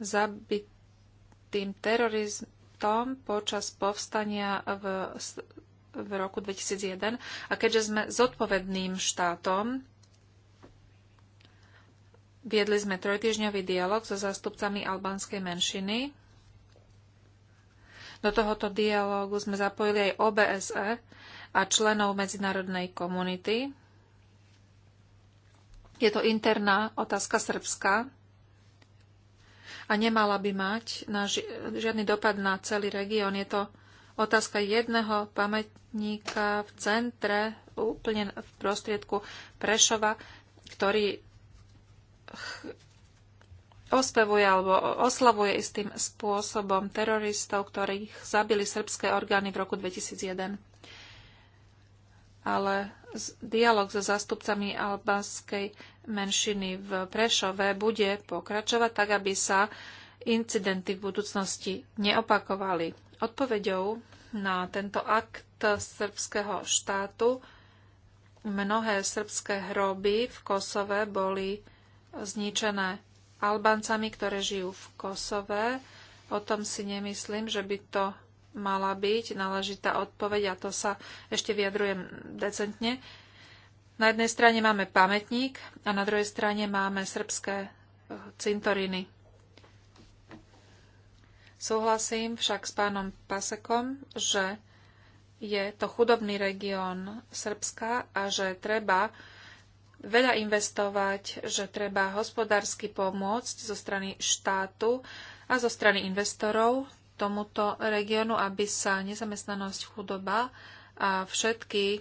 zabitým teroristom počas povstania v, v roku 2001. A keďže sme zodpovedným štátom, viedli sme trojtyžňový dialog so zástupcami albanskej menšiny do tohoto dialógu sme zapojili aj OBSE a členov medzinárodnej komunity. Je to interná otázka Srbska a nemala by mať na ži- žiadny dopad na celý región. Je to otázka jedného pamätníka v centre, úplne v prostriedku Prešova, ktorý ospevuje alebo oslavuje istým spôsobom teroristov, ktorých zabili srbské orgány v roku 2001 ale dialog so zástupcami albanskej menšiny v Prešove bude pokračovať tak, aby sa incidenty v budúcnosti neopakovali. Odpovedou na tento akt srbského štátu mnohé srbské hroby v Kosove boli zničené Albáncami, ktoré žijú v Kosove. O tom si nemyslím, že by to mala byť náležitá odpoveď a to sa ešte vyjadrujem decentne. Na jednej strane máme pamätník a na druhej strane máme srbské eh, cintoriny. Súhlasím však s pánom Pasekom, že je to chudobný región Srbska a že treba veľa investovať, že treba hospodársky pomôcť zo strany štátu a zo strany investorov, tomuto regiónu, aby sa nezamestnanosť, chudoba a všetky,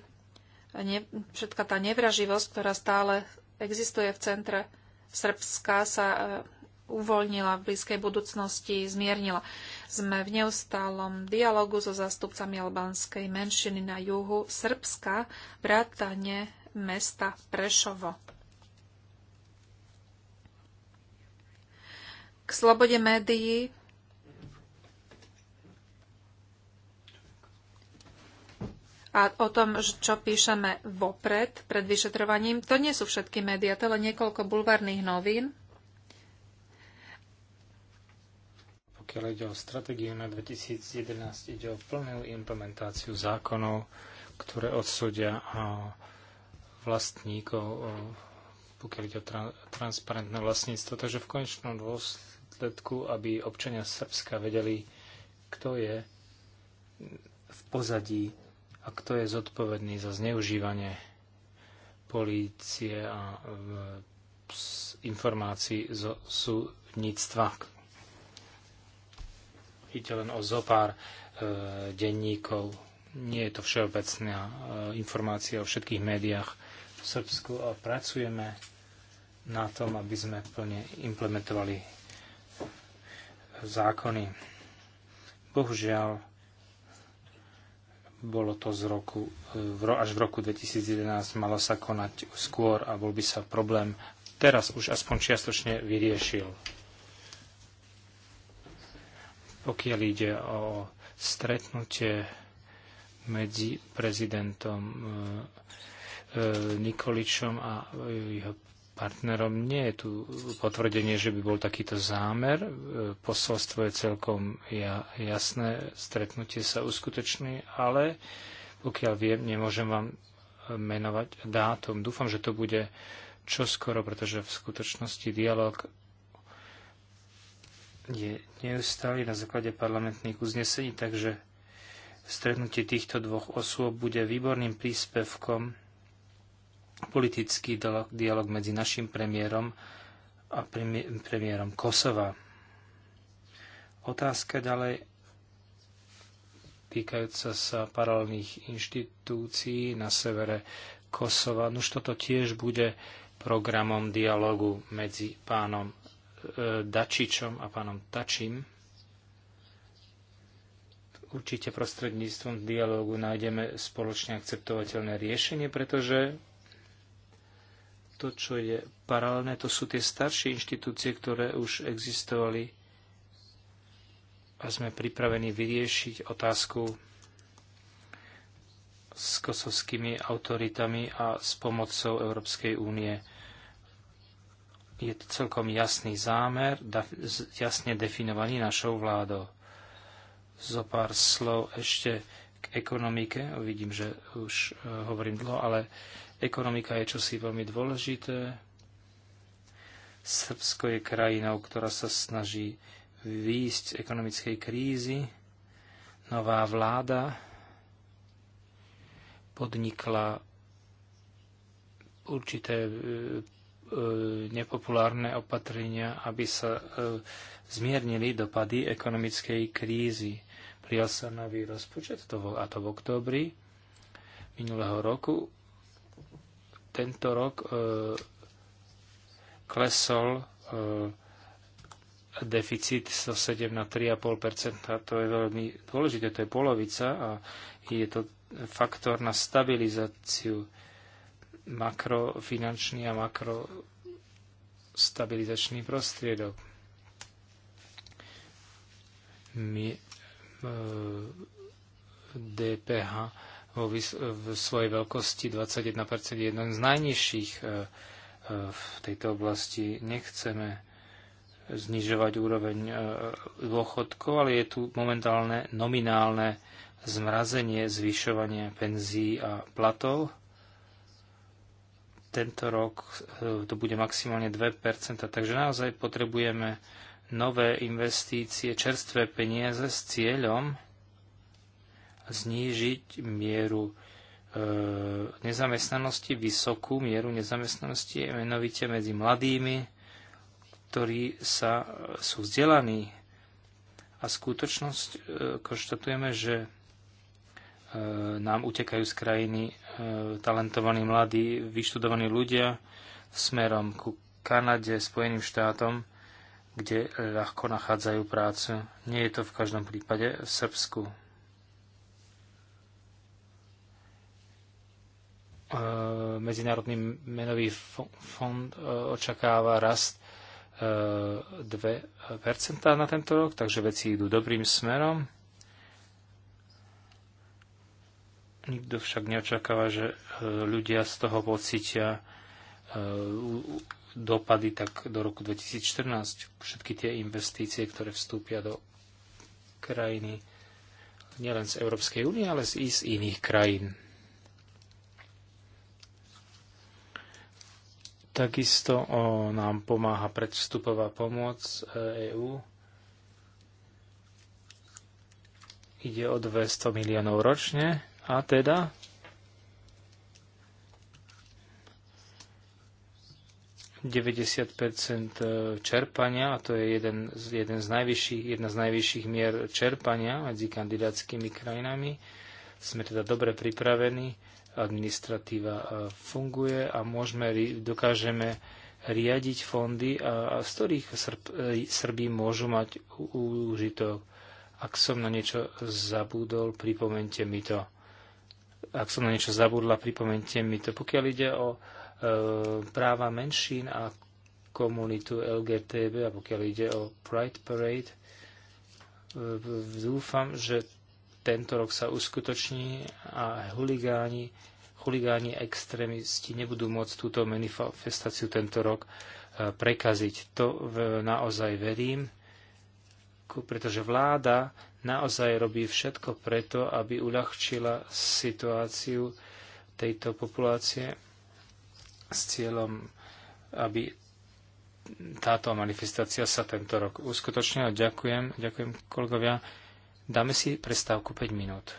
ne, všetka tá nevraživosť, ktorá stále existuje v centre Srbska, sa e, uvoľnila v blízkej budúcnosti, zmiernila. Sme v neustálom dialogu so zástupcami albanskej menšiny na juhu Srbska, vrátane mesta Prešovo. K slobode médií a o tom, čo píšeme vopred, pred vyšetrovaním. To nie sú všetky médiá, to len niekoľko bulvárnych novín. Pokiaľ ide o stratégiu na 2011, ide o plnú implementáciu zákonov, ktoré odsúdia vlastníkov, pokiaľ ide o transparentné vlastníctvo. Takže v konečnom dôsledku, aby občania Srbska vedeli, kto je v pozadí a kto je zodpovedný za zneužívanie polície a informácií zo súdnictva. Ide len o zopár e, denníkov. Nie je to všeobecná e, informácia o všetkých médiách v Srbsku a e, pracujeme na tom, aby sme plne implementovali zákony. Bohužiaľ, bolo to z roku, e, až v roku 2011 malo sa konať skôr a bol by sa problém teraz už aspoň čiastočne vyriešil. Pokiaľ ide o stretnutie medzi prezidentom e, e, Nikoličom a jeho partnerom. Nie je tu potvrdenie, že by bol takýto zámer. E, posolstvo je celkom jasné, stretnutie sa uskutoční, ale pokiaľ viem, nemôžem vám menovať dátum. Dúfam, že to bude čoskoro, pretože v skutočnosti dialog je neustály na základe parlamentných uznesení, takže stretnutie týchto dvoch osôb bude výborným príspevkom politický dialog medzi našim premiérom a premiérom Kosova. Otázka ďalej týkajúca sa paralelných inštitúcií na severe Kosova. Nuž toto tiež bude programom dialogu medzi pánom e, Dačičom a pánom Tačím. Určite prostredníctvom dialógu nájdeme spoločne akceptovateľné riešenie, pretože to, čo je paralelné, to sú tie staršie inštitúcie, ktoré už existovali a sme pripravení vyriešiť otázku s kosovskými autoritami a s pomocou Európskej únie. Je to celkom jasný zámer, jasne definovaný našou vládou. Zo pár slov ešte k ekonomike. Vidím, že už eh, hovorím dlho, ale Ekonomika je čosi veľmi dôležité. Srbsko je krajinou, ktorá sa snaží výjsť z ekonomickej krízy. Nová vláda podnikla určité e, e, nepopulárne opatrenia, aby sa e, zmiernili dopady ekonomickej krízy. Prijal sa nový rozpočet, to bol, a to v októbri minulého roku tento rok e, klesol e, deficit zo 7 na 3,5 To je veľmi dôležité, to je polovica a je to faktor na stabilizáciu makrofinančný a makrostabilizačný prostriedok. My, e, DPH vo v svojej veľkosti 21% je jeden z najnižších e, e, v tejto oblasti. Nechceme znižovať úroveň e, dôchodkov, ale je tu momentálne nominálne zmrazenie zvyšovania penzí a platov. Tento rok to bude maximálne 2%, takže naozaj potrebujeme nové investície, čerstvé peniaze s cieľom znížiť mieru e, nezamestnanosti, vysokú mieru nezamestnanosti, menovite medzi mladými, ktorí sa, e, sú vzdelaní. A skutočnosť e, konštatujeme, že e, nám utekajú z krajiny e, talentovaní mladí, vyštudovaní ľudia smerom ku Kanade, Spojeným štátom, kde ľahko nachádzajú prácu. Nie je to v každom prípade v Srbsku. E, Medzinárodný menový fond e, očakáva rast 2% e, na tento rok, takže veci idú dobrým smerom. Nikto však neočakáva, že ľudia z toho pocitia dopady tak do roku 2014. Všetky tie investície, ktoré vstúpia do krajiny nielen z Európskej únie, ale z iných krajín Takisto o, nám pomáha predstupová pomoc EÚ. E Ide o 200 miliónov ročne a teda 90% e, čerpania, a to je jeden, jeden z najvyšších, jedna z najvyšších mier čerpania medzi kandidátskymi krajinami. Sme teda dobre pripravení administratíva e, funguje a môžeme, dokážeme riadiť fondy, a, a z ktorých Srb, e, Srbí môžu mať úžitok. Ak som na niečo zabudol, pripomente mi to. Ak som na niečo zabudla, pripomente mi to. Pokiaľ ide o e, práva menšín a komunitu LGTB a pokiaľ ide o Pride Parade, e, dúfam, že tento rok sa uskutoční a huligáni, huligáni extrémisti nebudú môcť túto manifestáciu tento rok e, prekaziť. To naozaj verím, pretože vláda naozaj robí všetko preto, aby uľahčila situáciu tejto populácie s cieľom, aby táto manifestácia sa tento rok uskutočnila. Ďakujem, ďakujem kolegovia. Dáme si prestávku 5 minút.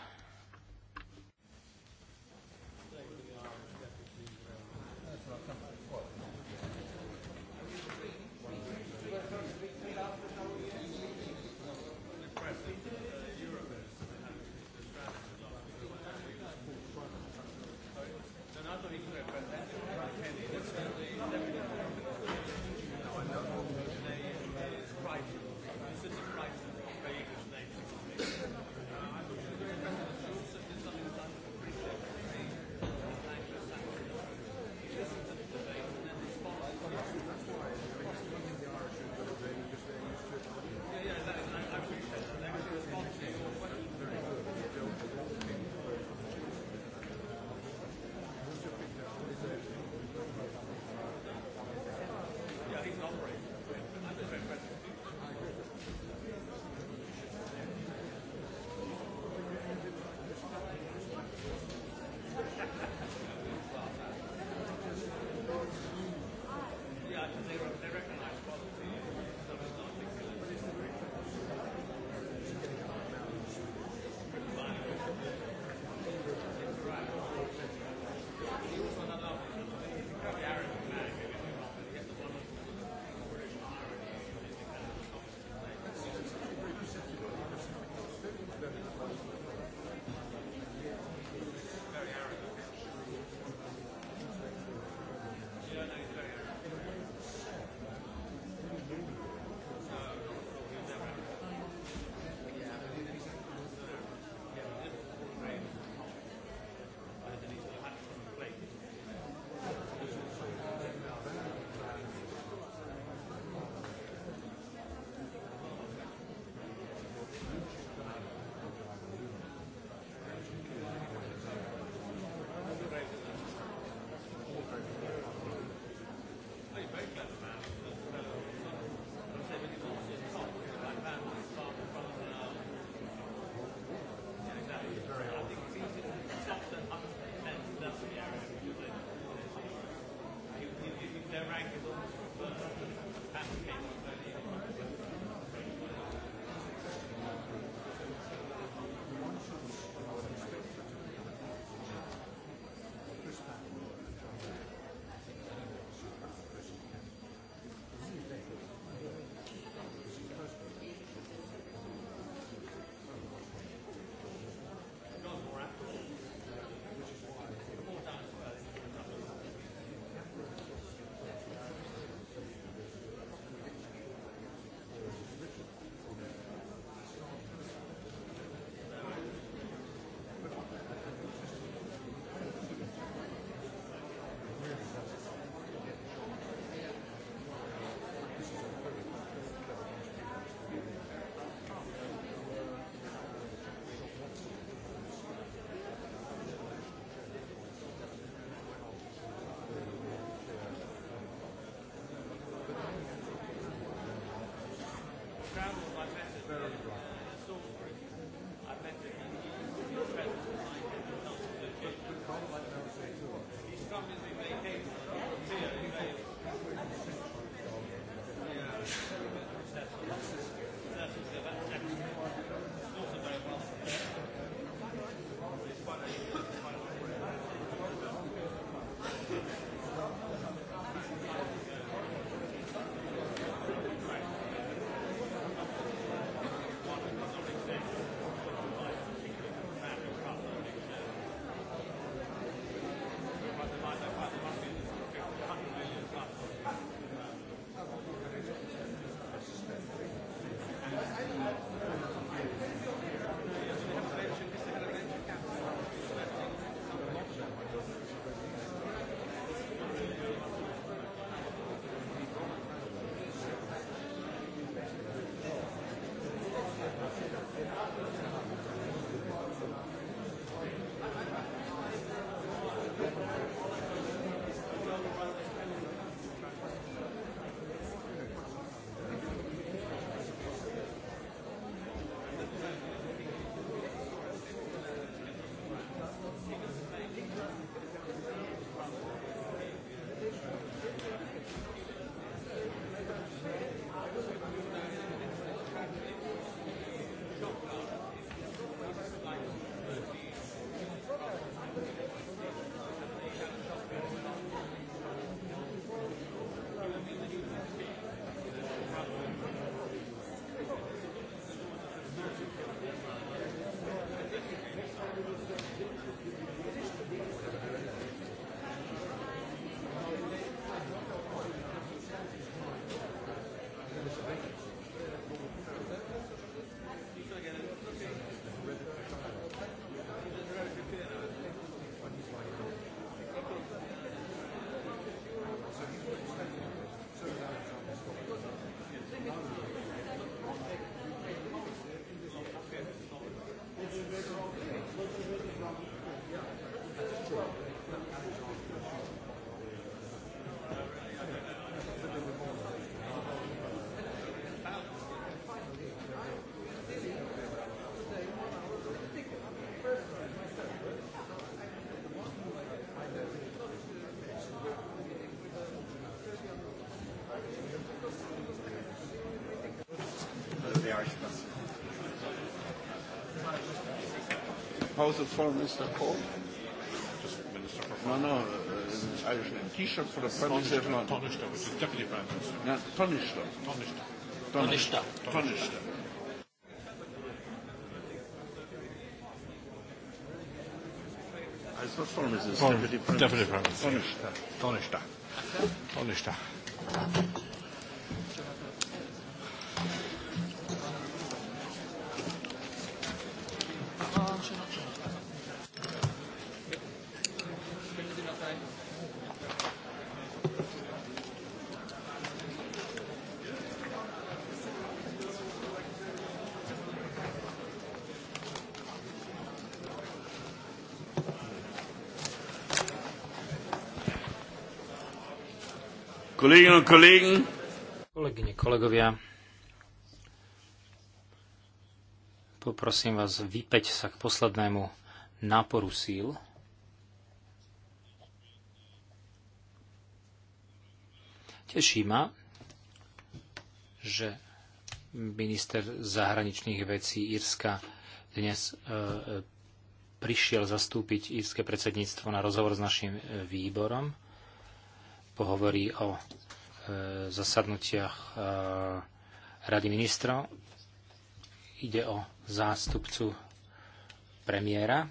proposal for Mr. Cole? No, no, uh, uh T shirt for the Prime Minister Tonishta, which is Deputy Prime Minister. No, Tonishta. Tonishta. Tonishta. Tonishta. Tonishta. Als was Form ist es? Deputy Prime Minister. Tonishta. Tonishta. Tonishta. Kolleginnen und Kollegen. Kolegyne, kolegovia. Poprosím vás, vypeť sa k poslednému náporu síl. Teší ma, že minister zahraničných vecí Írska dnes e, e prišiel zastúpiť írske predsedníctvo na rozhovor s našim e, výborom pohovorí o E, zasadnutiach e, Rady ministrov. Ide o zástupcu premiéra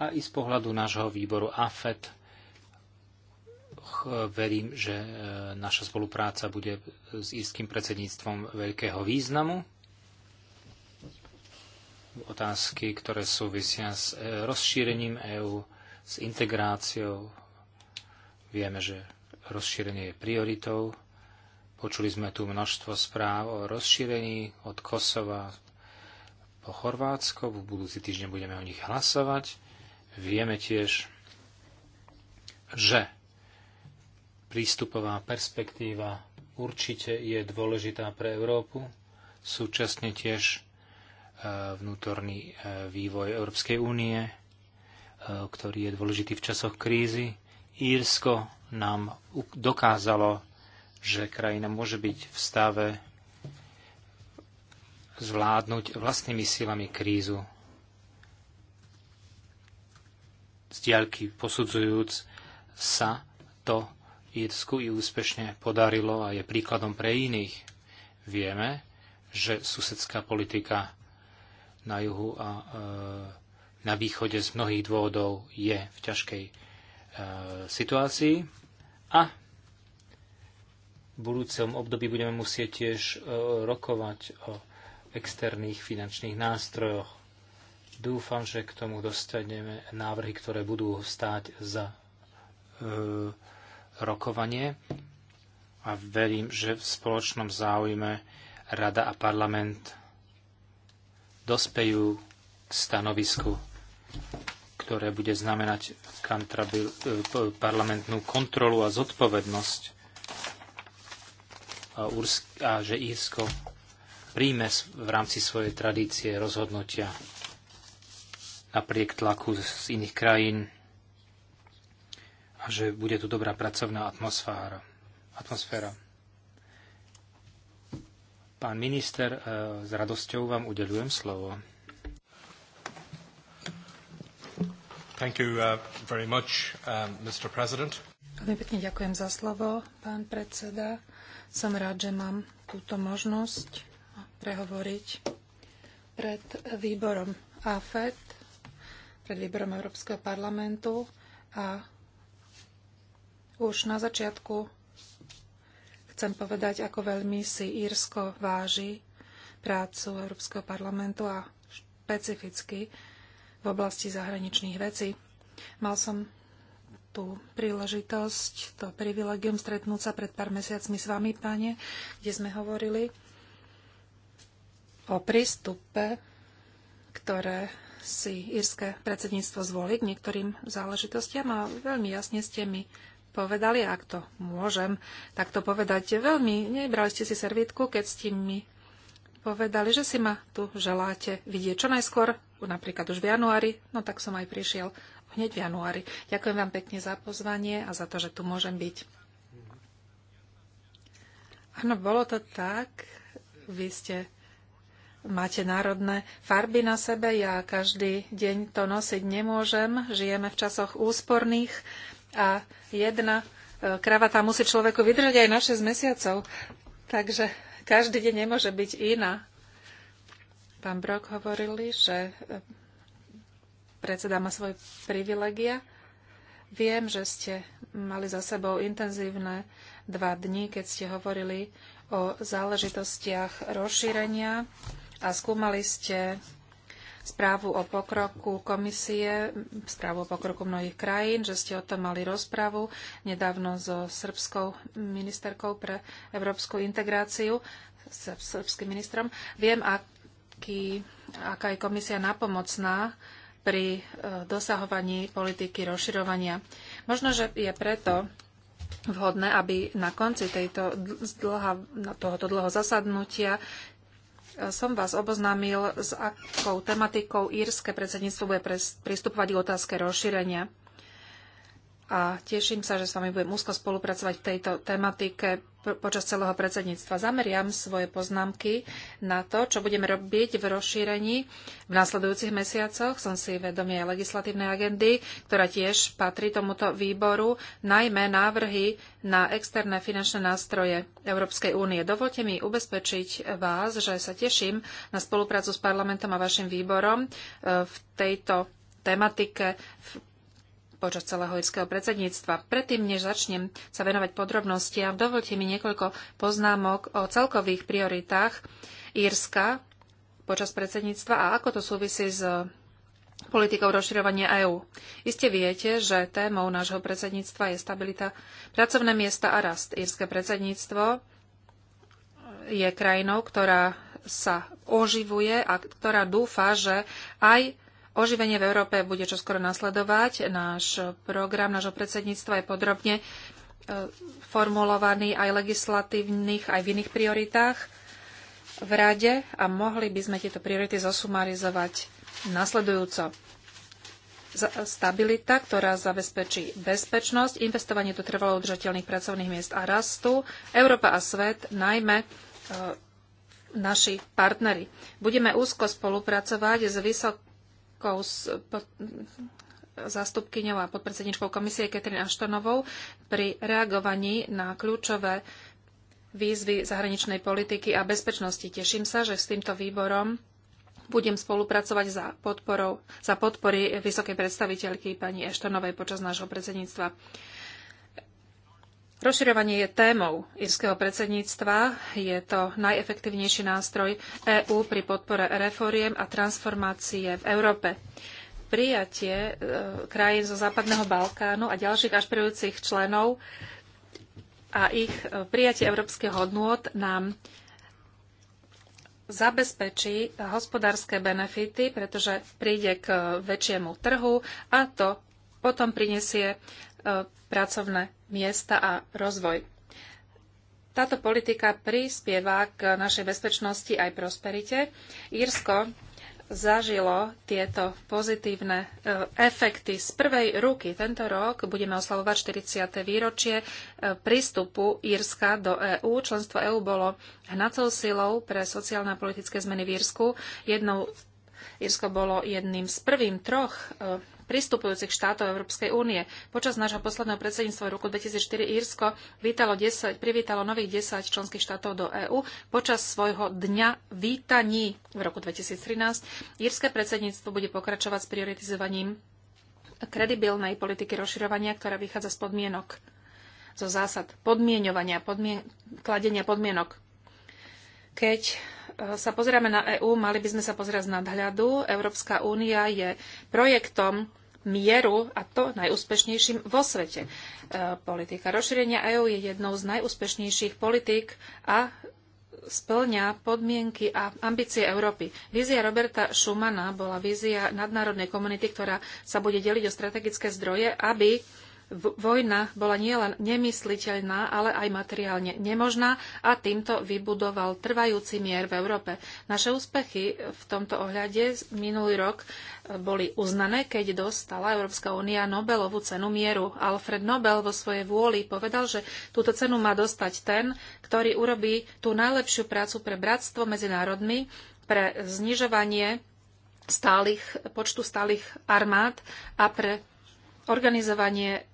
a i z pohľadu nášho výboru AFET verím, že e, naša spolupráca bude s írským predsedníctvom veľkého významu. Otázky, ktoré súvisia s rozšírením EÚ, s integráciou. Vieme, že Rozšírenie je prioritou. Počuli sme tu množstvo správ o rozšírení od Kosova po Chorvátsko. V budúci týždeň budeme o nich hlasovať. Vieme tiež, že prístupová perspektíva určite je dôležitá pre Európu, súčasne tiež e, vnútorný e, vývoj Európskej únie, e, ktorý je dôležitý v časoch krízy. Írsko nám dokázalo, že krajina môže byť v stave zvládnuť vlastnými silami krízu. Z diaľky posudzujúc sa to Írsku i úspešne podarilo a je príkladom pre iných. Vieme, že susedská politika na juhu a e, na východe z mnohých dôvodov je v ťažkej E, situácii a v budúcom období budeme musieť tiež e, rokovať o externých finančných nástrojoch. Dúfam, že k tomu dostaneme návrhy, ktoré budú stáť za e, rokovanie a verím, že v spoločnom záujme Rada a parlament dospejú k stanovisku, ktoré bude znamenať e, parlamentnú kontrolu a zodpovednosť a, a že Írsko príjme v rámci svojej tradície rozhodnutia napriek tlaku z iných krajín a že bude tu dobrá pracovná atmosféra. atmosféra. Pán minister, e, s radosťou vám udeľujem slovo. Thank you uh, very much, um, Mr. President. Veľmi pekne ďakujem za slovo, pán predseda. Som rád, že mám túto možnosť prehovoriť pred výborom AFET, pred výborom Európskeho parlamentu a už na začiatku chcem povedať, ako veľmi si Írsko váži prácu Európskeho parlamentu a špecificky v oblasti zahraničných vecí. Mal som tú príležitosť, to privilegium stretnúť sa pred pár mesiacmi s vami, páne, kde sme hovorili o prístupe, ktoré si írske predsedníctvo zvolí k niektorým záležitostiam a veľmi jasne ste mi povedali, ak to môžem takto povedať, veľmi nebrali ste si servítku, keď ste mi povedali, že si ma tu želáte vidieť čo najskôr napríklad už v januári, no tak som aj prišiel hneď v januári. Ďakujem vám pekne za pozvanie a za to, že tu môžem byť. Áno, bolo to tak. Vy ste, máte národné farby na sebe, ja každý deň to nosiť nemôžem. Žijeme v časoch úsporných a jedna e, kravata musí človeku vydržať aj na 6 mesiacov. Takže každý deň nemôže byť iná pán Brok hovorili, že e, predseda má svoje privilegia. Viem, že ste mali za sebou intenzívne dva dni, keď ste hovorili o záležitostiach rozšírenia a skúmali ste správu o pokroku komisie, správu o pokroku mnohých krajín, že ste o tom mali rozpravu nedávno so srbskou ministerkou pre európsku integráciu, s srbským ministrom. Viem, ak, otázky, aká je komisia napomocná pri e, dosahovaní politiky rozširovania. Možno, že je preto vhodné, aby na konci tejto dlha, tohoto dlho zasadnutia e, som vás oboznámil, s akou tematikou írske predsedníctvo bude pristupovať k otázke rozšírenia. A teším sa, že s vami budem úzko spolupracovať v tejto tematike počas celého predsedníctva. Zameriam svoje poznámky na to, čo budeme robiť v rozšírení v následujúcich mesiacoch. Som si vedomie legislatívnej agendy, ktorá tiež patrí tomuto výboru, najmä návrhy na externé finančné nástroje Európskej únie. Dovolte mi ubezpečiť vás, že sa teším na spoluprácu s parlamentom a vašim výborom eh, v tejto tematike v počas celého irského predsedníctva. Predtým, než začnem sa venovať podrobnostiam, dovolte mi niekoľko poznámok o celkových prioritách Írska počas predsedníctva a ako to súvisí s politikou rozširovania EÚ. Iste viete, že témou nášho predsedníctva je stabilita pracovné miesta a rast. Írske predsedníctvo je krajinou, ktorá sa oživuje a ktorá dúfa, že aj Oživenie v Európe bude čoskoro nasledovať. Náš program, nášho predsedníctva je podrobne e, formulovaný aj legislatívnych, aj v iných prioritách v rade a mohli by sme tieto priority zosumarizovať nasledujúco. Stabilita, ktorá zabezpečí bezpečnosť, investovanie do trvalo udržateľných pracovných miest a rastu, Európa a svet, najmä e, naši partnery. Budeme úzko spolupracovať s vysok americkou zástupkyňou a podpredsedničkou komisie Katrin Aštonovou pri reagovaní na kľúčové výzvy zahraničnej politiky a bezpečnosti. Teším sa, že s týmto výborom budem spolupracovať za, podporou, za podpory vysokej predstaviteľky pani Eštonovej počas nášho predsedníctva. Rozširovanie je témou írskeho predsedníctva. Je to najefektívnejší nástroj EÚ pri podpore reforiem a transformácie v Európe. Prijatie e, krajín zo Západného Balkánu a ďalších ašpirujúcich členov a ich e, prijatie európskych hodnôt nám zabezpečí hospodárske benefity, pretože príde k e, väčšiemu trhu a to potom prinesie E, pracovné miesta a rozvoj. Táto politika prispieva k našej bezpečnosti aj prosperite. Írsko zažilo tieto pozitívne e, efekty z prvej ruky. Tento rok budeme oslavovať 40. výročie e, prístupu Írska do EÚ. Členstvo EÚ bolo hnacou silou pre sociálne a politické zmeny v Írsku. Jednou, Írsko bolo jedným z prvým troch pristupujúcich štátov Európskej únie. Počas nášho posledného predsedníctva v roku 2004 Írsko vítalo 10, privítalo nových 10 členských štátov do EÚ. Počas svojho dňa vítaní v roku 2013 Írske predsedníctvo bude pokračovať s prioritizovaním kredibilnej politiky rozširovania, ktorá vychádza z podmienok zo zásad podmienovania, podmien- kladenia podmienok. Keď sa pozeráme na EÚ, mali by sme sa pozerať z nadhľadu. Európska únia je projektom mieru a to najúspešnejším vo svete. E, politika rozšírenia EÚ je jednou z najúspešnejších politík a splňa podmienky a ambície Európy. Vízia Roberta Schumana bola vízia nadnárodnej komunity, ktorá sa bude deliť o strategické zdroje, aby vojna bola nielen nemysliteľná, ale aj materiálne nemožná a týmto vybudoval trvajúci mier v Európe. Naše úspechy v tomto ohľade minulý rok e, boli uznané, keď dostala Európska únia Nobelovú cenu mieru. Alfred Nobel vo svojej vôli povedal, že túto cenu má dostať ten, ktorý urobí tú najlepšiu prácu pre bratstvo medzi národmi, pre znižovanie stálych, počtu stálych armád a pre organizovanie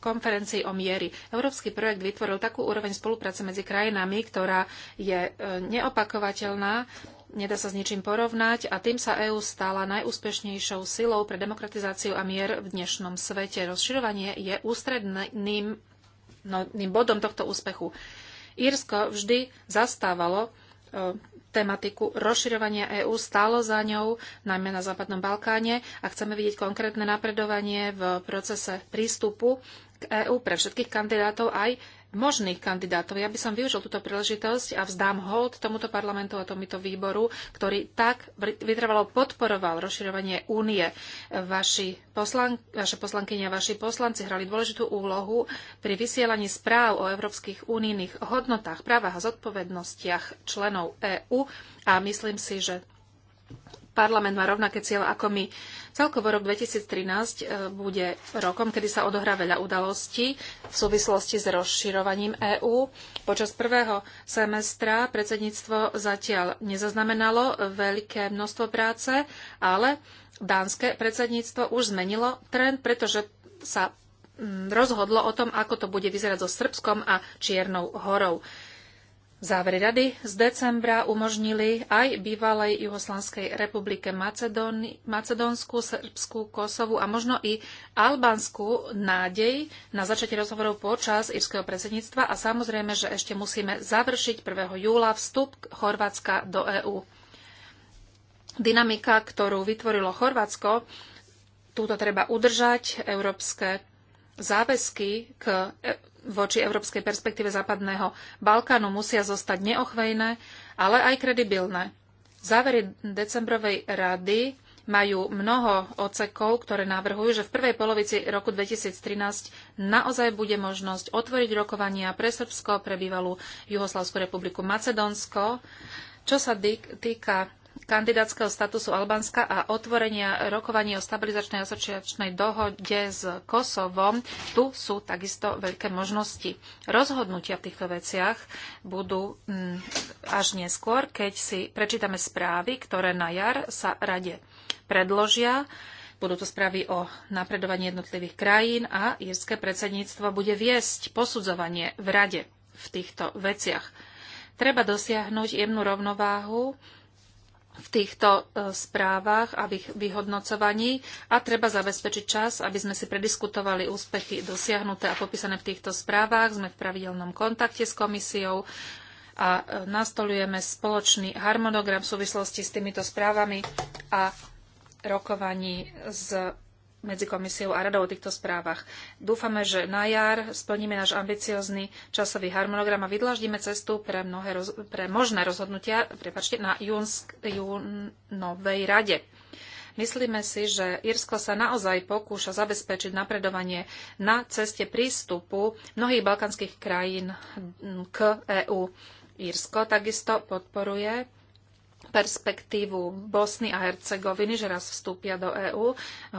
konferencii o miery. Európsky projekt vytvoril takú úroveň spolupráce medzi krajinami, ktorá je e, neopakovateľná, nedá sa s ničím porovnať a tým sa EÚ stala najúspešnejšou silou pre demokratizáciu a mier v dnešnom svete. Rozširovanie je ústredným no, bodom tohto úspechu. Írsko vždy zastávalo e, tematiku rozširovania EÚ stálo za ňou, najmä na Západnom Balkáne, a chceme vidieť konkrétne napredovanie v procese prístupu k EÚ pre všetkých kandidátov, aj možných kandidátov. Ja by som využil túto príležitosť a vzdám hold tomuto parlamentu a tomuto výboru, ktorý tak vytrvalo podporoval rozširovanie únie. Vaši poslan- vaše poslankyne a vaši poslanci hrali dôležitú úlohu pri vysielaní správ o európskych únijných hodnotách, právach a zodpovednostiach členov EÚ a myslím si, že parlament má rovnaké cieľ ako my. Celkovo rok 2013 e, bude rokom, kedy sa odohrá veľa udalostí v súvislosti s rozširovaním EÚ. Počas prvého semestra predsedníctvo zatiaľ nezaznamenalo veľké množstvo práce, ale dánske predsedníctvo už zmenilo trend, pretože sa mm, rozhodlo o tom, ako to bude vyzerať so Srbskom a Čiernou horou. Závery rady z decembra umožnili aj bývalej Juhoslanskej republike Macedónsku, Srbsku, Kosovu a možno i Albánsku nádej na začatie rozhovorov počas írskeho predsedníctva a samozrejme, že ešte musíme završiť 1. júla vstup Chorvátska do EÚ. Dynamika, ktorú vytvorilo Chorvátsko, túto treba udržať. Európske záväzky k voči európskej perspektíve západného Balkánu musia zostať neochvejné, ale aj kredibilné. Závery decembrovej rady majú mnoho ocekov, ktoré navrhujú, že v prvej polovici roku 2013 naozaj bude možnosť otvoriť rokovania pre Srbsko, pre bývalú Juhoslavskú republiku Macedónsko. Čo sa týka kandidátskeho statusu Albánska a otvorenia rokovania o stabilizačnej asociačnej dohode s Kosovom, tu sú takisto veľké možnosti. Rozhodnutia v týchto veciach budú mm, až neskôr, keď si prečítame správy, ktoré na jar sa rade predložia. Budú to správy o napredovaní jednotlivých krajín a írske predsedníctvo bude viesť posudzovanie v rade v týchto veciach. Treba dosiahnuť jemnú rovnováhu v týchto e, správach a v ich vyhodnocovaní a treba zabezpečiť čas, aby sme si prediskutovali úspechy dosiahnuté a popísané v týchto správach. Sme v pravidelnom kontakte s komisiou a e, nastolujeme spoločný harmonogram v súvislosti s týmito správami a rokovaní s medzi komisiou a radou o týchto správach. Dúfame, že na jar splníme náš ambiciozný časový harmonogram a vydlaždíme cestu pre, mnohé roz- pre možné rozhodnutia prepačte, na júnsk- júnovej rade. Myslíme si, že Irsko sa naozaj pokúša zabezpečiť napredovanie na ceste prístupu mnohých balkanských krajín k EÚ. Írsko takisto podporuje perspektívu Bosny a Hercegoviny, že raz vstúpia do EÚ,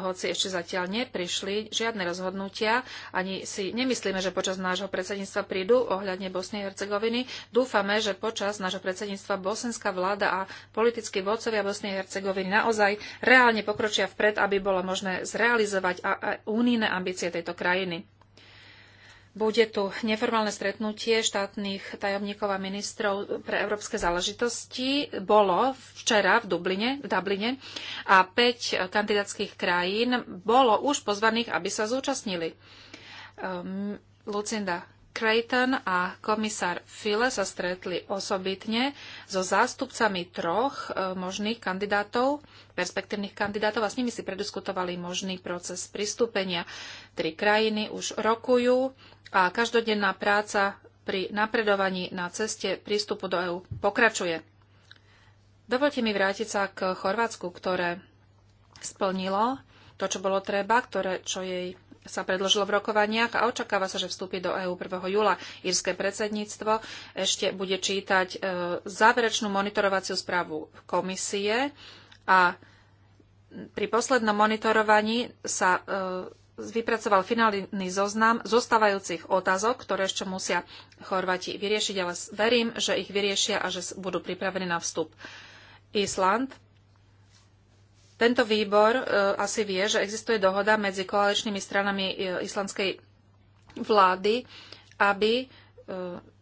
hoci ešte zatiaľ neprišli žiadne rozhodnutia, ani si nemyslíme, že počas nášho predsedníctva prídu ohľadne Bosny a Hercegoviny. Dúfame, že počas nášho predsedníctva bosenská vláda a politickí vodcovia Bosny a Hercegoviny naozaj reálne pokročia vpred, aby bolo možné zrealizovať únijné ambície tejto krajiny. Bude tu neformálne stretnutie štátnych tajomníkov a ministrov pre európske záležitosti. Bolo včera v Dubline, v Dubline a 5 kandidátskych krajín bolo už pozvaných, aby sa zúčastnili. Um, Lucinda Creighton a komisár File sa stretli osobitne so zástupcami troch e, možných kandidátov, perspektívnych kandidátov a s nimi si prediskutovali možný proces pristúpenia. Tri krajiny už rokujú a každodenná práca pri napredovaní na ceste prístupu do EÚ pokračuje. Dovolte mi vrátiť sa k Chorvátsku, ktoré splnilo to, čo bolo treba, ktoré, čo jej sa predložilo v rokovaniach a očakáva sa, že vstúpi do EÚ 1. júla. Írske predsedníctvo ešte bude čítať e, záverečnú monitorovaciu správu komisie a pri poslednom monitorovaní sa e, vypracoval finálny zoznam zostávajúcich otázok, ktoré ešte musia Chorvati vyriešiť, ale verím, že ich vyriešia a že budú pripravení na vstup. Island tento výbor e, asi vie, že existuje dohoda medzi koaličnými stranami e, islamskej vlády, aby e,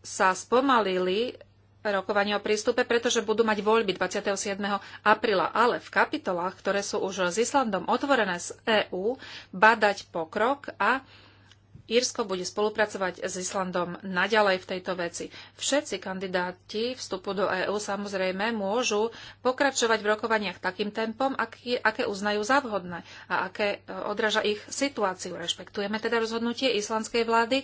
sa spomalili rokovanie o prístupe, pretože budú mať voľby 27. apríla. Ale v kapitolách, ktoré sú už s Islandom otvorené z EÚ, badať pokrok a Írsko bude spolupracovať s Islandom naďalej v tejto veci. Všetci kandidáti vstupu do EÚ samozrejme môžu pokračovať v rokovaniach takým tempom, aký, aké uznajú za vhodné a aké e, odráža ich situáciu. Rešpektujeme teda rozhodnutie islandskej vlády,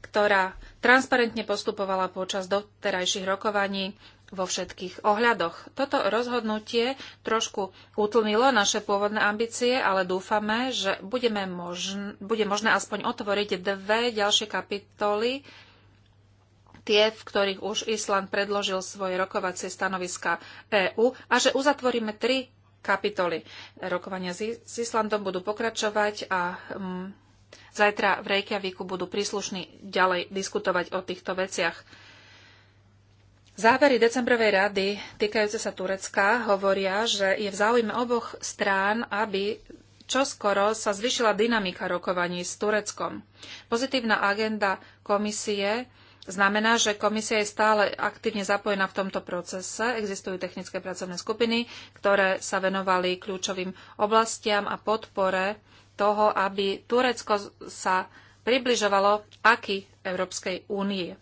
ktorá transparentne postupovala počas doterajších rokovaní vo všetkých ohľadoch. Toto rozhodnutie trošku utlmilo naše pôvodné ambície, ale dúfame, že budeme možn- bude možné aspoň otvoriť dve ďalšie kapitoly, tie, v ktorých už Island predložil svoje rokovacie stanoviska EÚ a že uzatvoríme tri kapitoly. Rokovania s Islandom budú pokračovať a um, zajtra v Reykjavíku budú príslušní ďalej diskutovať o týchto veciach. Závery decembrovej rady týkajúce sa Turecka hovoria, že je v záujme oboch strán, aby čoskoro sa zvyšila dynamika rokovaní s Tureckom. Pozitívna agenda komisie znamená, že komisia je stále aktívne zapojená v tomto procese. Existujú technické pracovné skupiny, ktoré sa venovali kľúčovým oblastiam a podpore toho, aby Turecko sa približovalo aký Európskej únie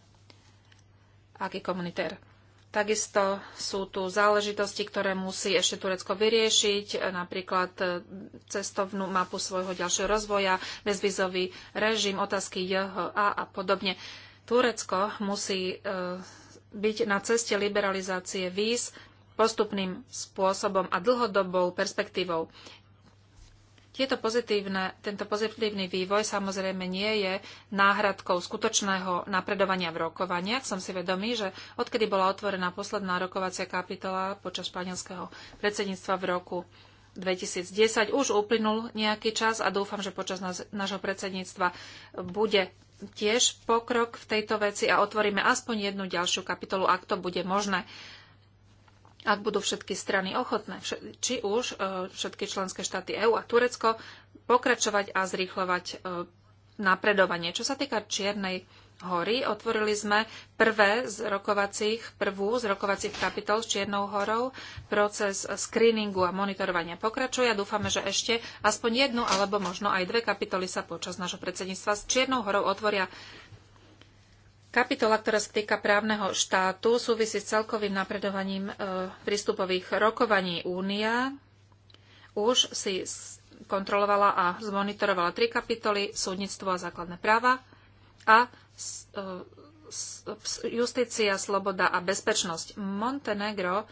aký komunitér. Takisto sú tu záležitosti, ktoré musí ešte Turecko vyriešiť, napríklad e, cestovnú mapu svojho ďalšieho rozvoja, bezvizový režim, otázky JHA a podobne. Turecko musí e, byť na ceste liberalizácie víz postupným spôsobom a dlhodobou perspektívou. Tieto pozitívne, tento pozitívny vývoj samozrejme nie je náhradkou skutočného napredovania v rokovaniach. Som si vedomý, že odkedy bola otvorená posledná rokovacia kapitola počas španielského predsedníctva v roku 2010, už uplynul nejaký čas a dúfam, že počas nášho predsedníctva bude tiež pokrok v tejto veci a otvoríme aspoň jednu ďalšiu kapitolu, ak to bude možné ak budú všetky strany ochotné, či už e, všetky členské štáty EÚ a Turecko, pokračovať a zrýchlovať e, napredovanie. Čo sa týka Čiernej hory, otvorili sme prvé z rokovacích, prvú z rokovacích kapitol s Čiernou horou. Proces screeningu a monitorovania pokračuje a dúfame, že ešte aspoň jednu alebo možno aj dve kapitoly sa počas nášho predsedníctva s Čiernou horou otvoria Kapitola, ktorá sa týka právneho štátu, súvisí s celkovým napredovaním e, prístupových rokovaní Únia. Už si kontrolovala a zmonitorovala tri kapitoly, súdnictvo a základné práva a e, justícia, sloboda a bezpečnosť. Montenegro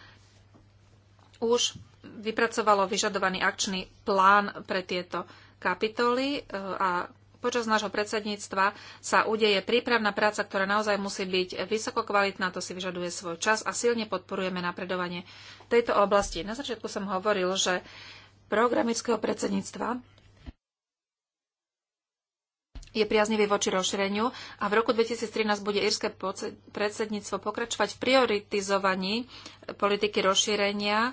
už vypracovalo vyžadovaný akčný plán pre tieto kapitoly e, a počas nášho predsedníctva sa udeje prípravná práca, ktorá naozaj musí byť vysoko kvalitná, to si vyžaduje svoj čas a silne podporujeme napredovanie tejto oblasti. Na začiatku som hovoril, že programického predsedníctva je priaznivý voči rozšíreniu a v roku 2013 bude írske predsedníctvo pokračovať v prioritizovaní politiky rozšírenia e,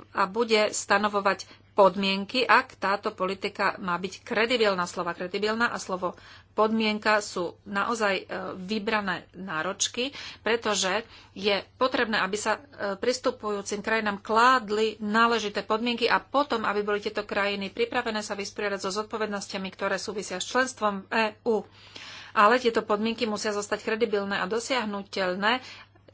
a bude stanovovať podmienky, ak táto politika má byť kredibilná. Slova kredibilná a slovo podmienka sú naozaj e, vybrané náročky, pretože je potrebné, aby sa e, pristupujúcim krajinám kládli náležité podmienky a potom, aby boli tieto krajiny pripravené sa vysporiadať so zodpovednosťami, ktoré súvisia s členstvom EÚ. Ale tieto podmienky musia zostať kredibilné a dosiahnutelné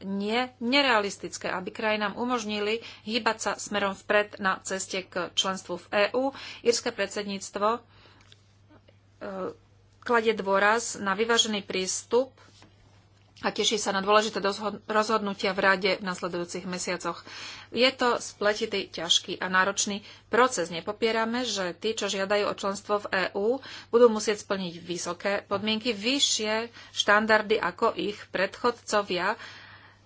nie nerealistické, aby krajinám umožnili hýbať sa smerom vpred na ceste k členstvu v EÚ. Írske predsedníctvo e, kladie dôraz na vyvážený prístup a teší sa na dôležité rozhodnutia v rade v nasledujúcich mesiacoch. Je to spletitý, ťažký a náročný proces. Nepopierame, že tí, čo žiadajú o členstvo v EÚ, budú musieť splniť vysoké podmienky, vyššie štandardy ako ich predchodcovia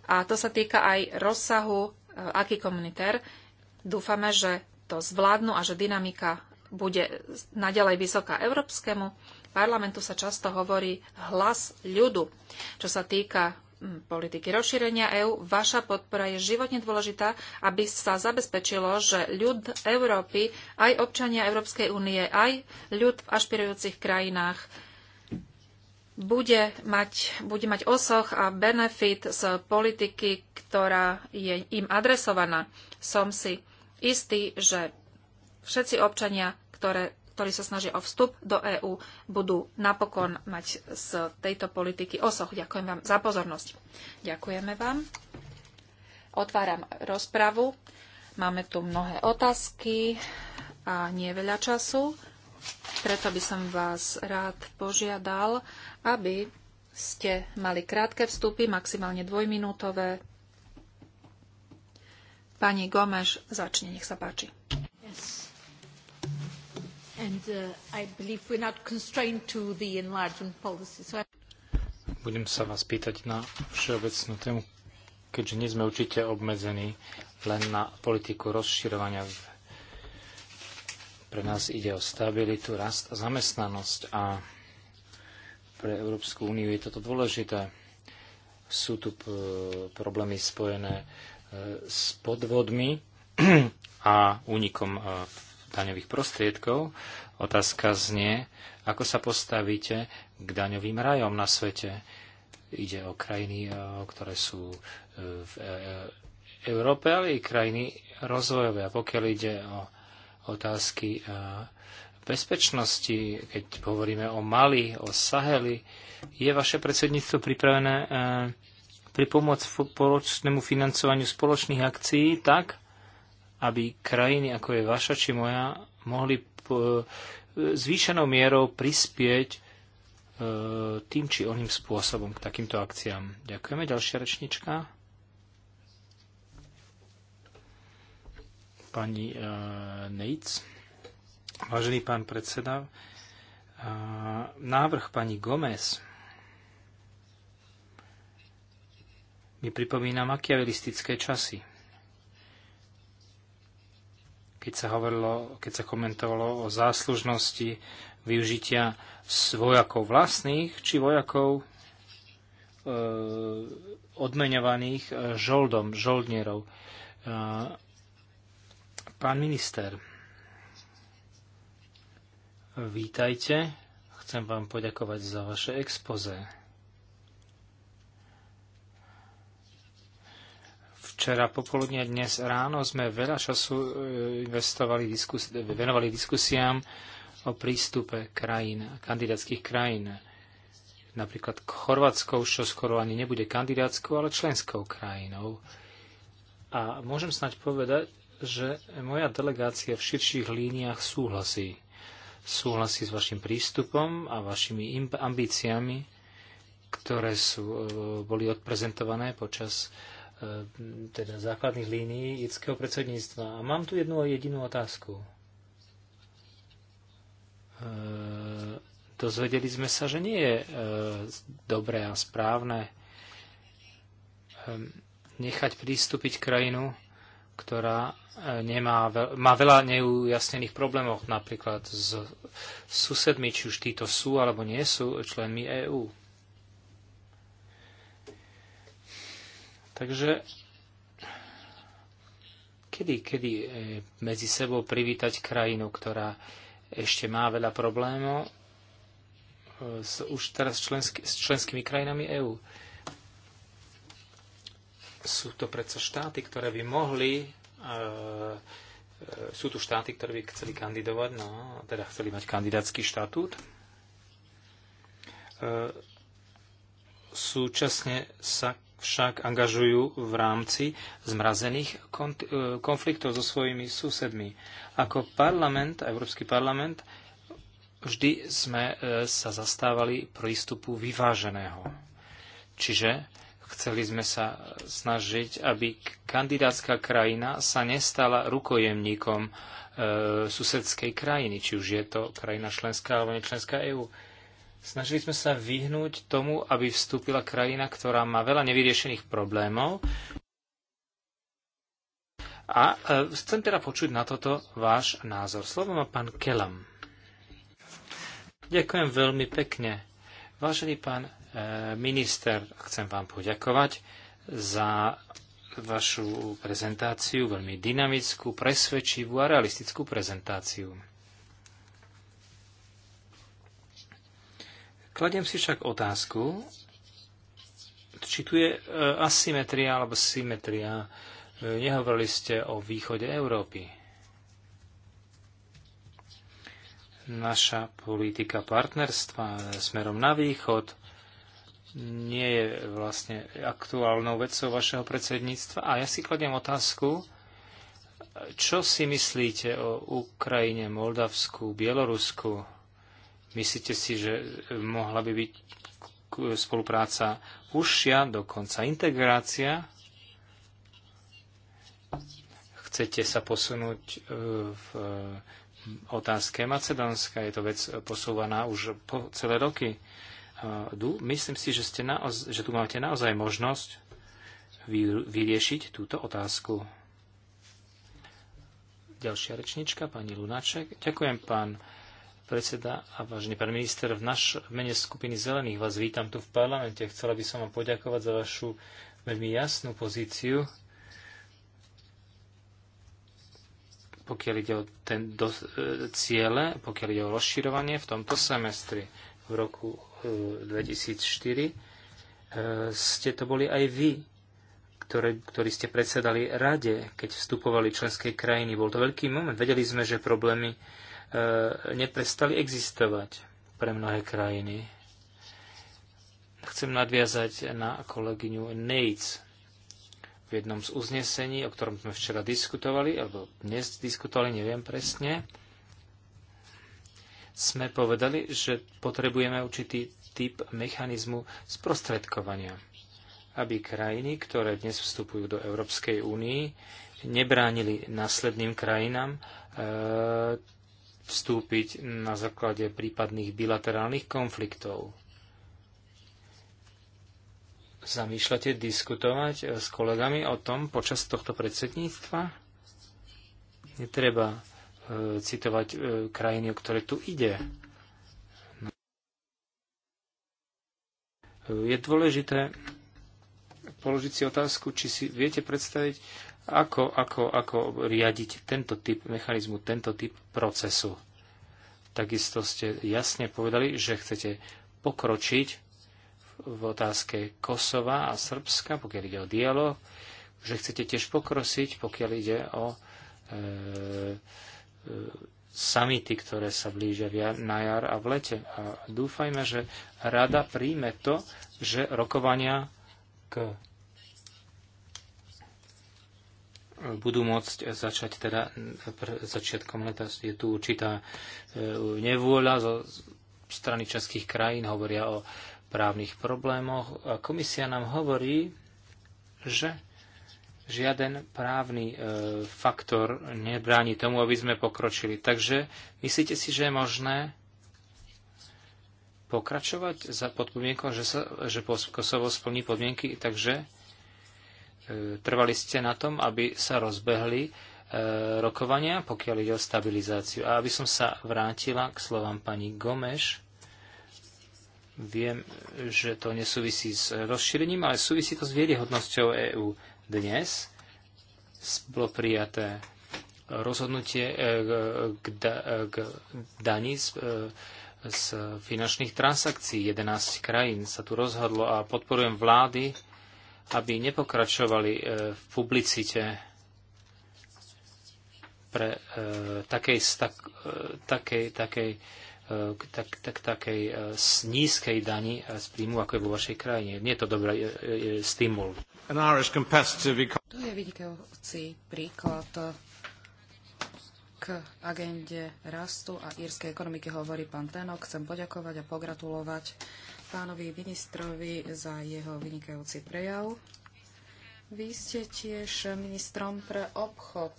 a to sa týka aj rozsahu e, aký komunitér. Dúfame, že to zvládnu a že dynamika bude naďalej vysoká Európskemu parlamentu sa často hovorí hlas ľudu. Čo sa týka mm, politiky rozšírenia EÚ, vaša podpora je životne dôležitá, aby sa zabezpečilo, že ľud Európy, aj občania Európskej únie, aj ľud v ašpirujúcich krajinách bude mať, bude mať osoch a benefit z politiky, ktorá je im adresovaná. Som si istý, že všetci občania, ktoré, ktorí sa snažia o vstup do EÚ, budú napokon mať z tejto politiky osoch. Ďakujem vám za pozornosť. Ďakujeme vám. Otváram rozpravu. Máme tu mnohé otázky a nie veľa času. Preto by som vás rád požiadal, aby ste mali krátke vstupy, maximálne dvojminútové. Pani Gomeš začne, nech sa páči. Yes. And, uh, so... Budem sa vás pýtať na všeobecnú tému, keďže nie sme určite obmedzení len na politiku rozširovania v pre nás ide o stabilitu, rast a zamestnanosť a pre Európsku úniu je toto dôležité. Sú tu problémy spojené e, s podvodmi a únikom e, daňových prostriedkov. Otázka znie, ako sa postavíte k daňovým rajom na svete. Ide o krajiny, e, ktoré sú v Európe, ale i krajiny rozvojové. A pokiaľ ide o otázky bezpečnosti, keď hovoríme o Mali, o Saheli. Je vaše predsedníctvo pripravené pri pomoc spoločnému financovaniu spoločných akcií tak, aby krajiny ako je vaša či moja mohli e, zvýšenou mierou prispieť e, tým či oným spôsobom k takýmto akciám. Ďakujeme. Ďalšia rečnička. pani eh, Nejc. Vážený pán predseda, eh, návrh pani Gomez mi pripomína makiavelistické časy. Keď sa, hovorilo, keď sa komentovalo o záslužnosti využitia vojakov vlastných či vojakov e, odmeňovaných žoldom, žoldnierov. E, Pán minister, vítajte. Chcem vám poďakovať za vaše expoze. Včera popoludne dnes ráno sme veľa času e, investovali diskus- venovali diskusiám o prístupe krajín, kandidátskych krajín. Napríklad Chorvátskou, čo skoro ani nebude kandidátskou, ale členskou krajinou. A môžem snať povedať, že moja delegácia v širších líniách súhlasí. Súhlasí s vašim prístupom a vašimi ambíciami, ktoré sú, e, boli odprezentované počas e, teda základných línií jedského predsedníctva. A mám tu jednu jedinú otázku. E, dozvedeli sme sa, že nie je dobré a správne nechať pristúpiť krajinu ktorá e, nemá, má veľa neujasnených problémov, napríklad s susedmi, či už títo sú alebo nie sú členmi EÚ. Takže kedy, kedy e, medzi sebou privítať krajinu, ktorá ešte má veľa problémov e, s, už teraz členský, s členskými krajinami EÚ? sú to predsa štáty, ktoré by mohli e, e, sú tu štáty, ktoré by chceli kandidovať, no, teda chceli mať kandidátsky štatút. E, súčasne sa však angažujú v rámci zmrazených konfliktov so svojimi susedmi. Ako parlament, Európsky parlament, vždy sme sa zastávali prístupu vyváženého. Čiže Chceli sme sa snažiť, aby kandidátska krajina sa nestala rukojemníkom e, susedskej krajiny, či už je to krajina členská alebo nečlenská EÚ. Snažili sme sa vyhnúť tomu, aby vstúpila krajina, ktorá má veľa nevyriešených problémov. A e, chcem teda počuť na toto váš názor. Slovo má pán Kelam. Ďakujem veľmi pekne. Vážený pán Eh, minister, chcem vám poďakovať za vašu prezentáciu, veľmi dynamickú, presvedčivú a realistickú prezentáciu. Kladiem si však otázku, či tu je eh, asymetria alebo symetria. Eh, nehovorili ste o východe Európy. Naša politika partnerstva smerom na východ nie je vlastne aktuálnou vecou vašeho predsedníctva. A ja si kladiem otázku, čo si myslíte o Ukrajine, Moldavsku, Bielorusku? Myslíte si, že mohla by byť spolupráca užšia, dokonca integrácia? Chcete sa posunúť e, v otázke Macedónska? Je to vec posúvaná už po celé roky Ehm, myslím si, že, ste naoz, že tu máte naozaj možnosť vyriešiť túto otázku. Ďalšia rečnička, pani Lunáček. Ďakujem, pán predseda a vážený pán minister. V, naš, mene skupiny Zelených vás vítam tu v parlamente. Chcela by som vám poďakovať za vašu veľmi jasnú pozíciu, pokiaľ ide o ten do, e, ciele, pokiaľ ide o rozširovanie v tomto semestri v roku 2004 e, ste to boli aj vy, ktoré, ktorí ste predsedali rade, keď vstupovali členské krajiny. Bol to veľký moment. Vedeli sme, že problémy e, neprestali existovať pre mnohé krajiny. Chcem nadviazať na kolegyňu Nates. V jednom z uznesení, o ktorom sme včera diskutovali, alebo dnes diskutovali, neviem presne, sme povedali, že potrebujeme určitý typ mechanizmu sprostredkovania, aby krajiny, ktoré dnes vstupujú do Európskej únii, nebránili následným krajinám e, vstúpiť na základe prípadných bilaterálnych konfliktov. Zamýšľate diskutovať e, s kolegami o tom počas tohto predsedníctva? Netreba citovať e, krajiny, o ktoré tu ide. E, je dôležité položiť si otázku, či si viete predstaviť, ako, ako, ako riadiť tento typ mechanizmu, tento typ procesu. Takisto ste jasne povedali, že chcete pokročiť v otázke Kosova a Srbska, pokiaľ ide o dialog, že chcete tiež pokrosiť, pokiaľ ide o e, samity, ktoré sa blížia na jar a v lete. A dúfajme, že rada príjme to, že rokovania k budú môcť začať teda začiatkom leta. Je tu určitá e, nevôľa zo strany českých krajín, hovoria o právnych problémoch. A komisia nám hovorí, že žiaden právny e, faktor nebráni tomu, aby sme pokročili. Takže myslíte si, že je možné pokračovať za podmienkou, že, sa, že Kosovo splní podmienky, takže e, trvali ste na tom, aby sa rozbehli e, rokovania, pokiaľ ide o stabilizáciu. A aby som sa vrátila k slovám pani Gomeš, Viem, že to nesúvisí s rozšírením, ale súvisí to s viedehodnosťou EÚ dnes bolo prijaté rozhodnutie e, k, da, e, k daní z, e, z finančných transakcií. 11 krajín sa tu rozhodlo a podporujem vlády, aby nepokračovali v publicite pre takej, tak, takej, takej, tak, tak, takej nízkej dani z príjmu, ako je vo vašej krajine. Nie je to dobrý stimul. To je vynikajúci príklad k agende rastu a írskej ekonomiky hovorí pán Tenok. Chcem poďakovať a pogratulovať pánovi ministrovi za jeho vynikajúci prejav. Vy ste tiež ministrom pre obchod.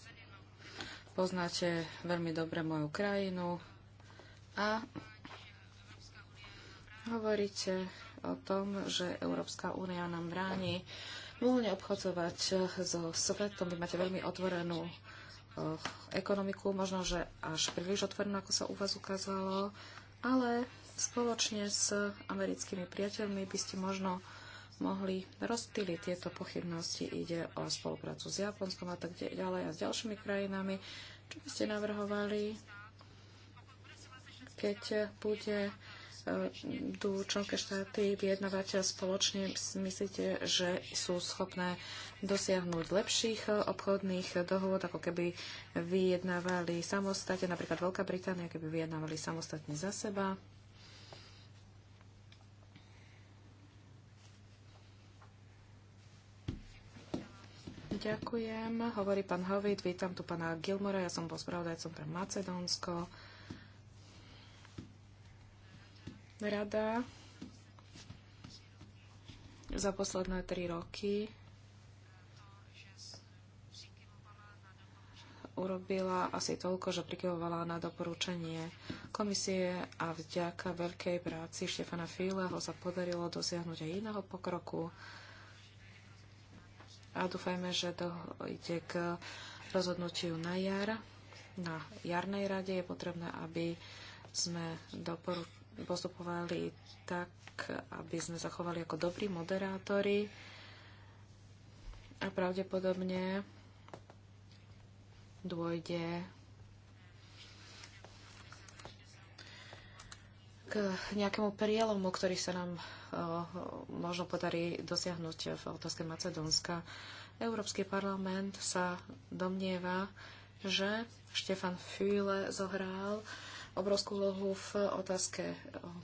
Poznáte veľmi dobre moju krajinu a hovoríte o tom, že Európska únia nám bráni voľne obchodzovať eh, so svetom. Vy máte veľmi otvorenú eh, ekonomiku, možno, že až príliš otvorenú, ako sa u vás ukázalo, ale spoločne s americkými priateľmi by ste možno mohli rozptýliť tieto pochybnosti. Ide o spoluprácu s Japonskom a tak ďalej a s ďalšími krajinami. Čo by ste navrhovali, keď bude tu členské štáty vyjednávať spoločne, myslíte, že sú schopné dosiahnuť lepších obchodných dohôd, ako keby vyjednávali samostatne, napríklad Veľká Británia, keby vyjednávali samostatne za seba? Ďakujem. Hovorí pán Hovid, vítam tu pána Gilmora, ja som bol spravodajcom pre Macedónsko. Rada za posledné tri roky urobila asi toľko, že prikyvovala na doporučenie komisie a vďaka veľkej práci Štefana Fíleho sa podarilo dosiahnuť aj iného pokroku. A dúfajme, že dojde k rozhodnutiu na jar. Na jarnej rade je potrebné, aby sme doporučili postupovali tak, aby sme zachovali ako dobrí moderátori a pravdepodobne dôjde k nejakému prielomu, ktorý sa nám o, možno podarí dosiahnuť v otázke Macedónska. Európsky parlament sa domnieva, že Štefan Füle zohral obrovskú úlohu v otázke eh,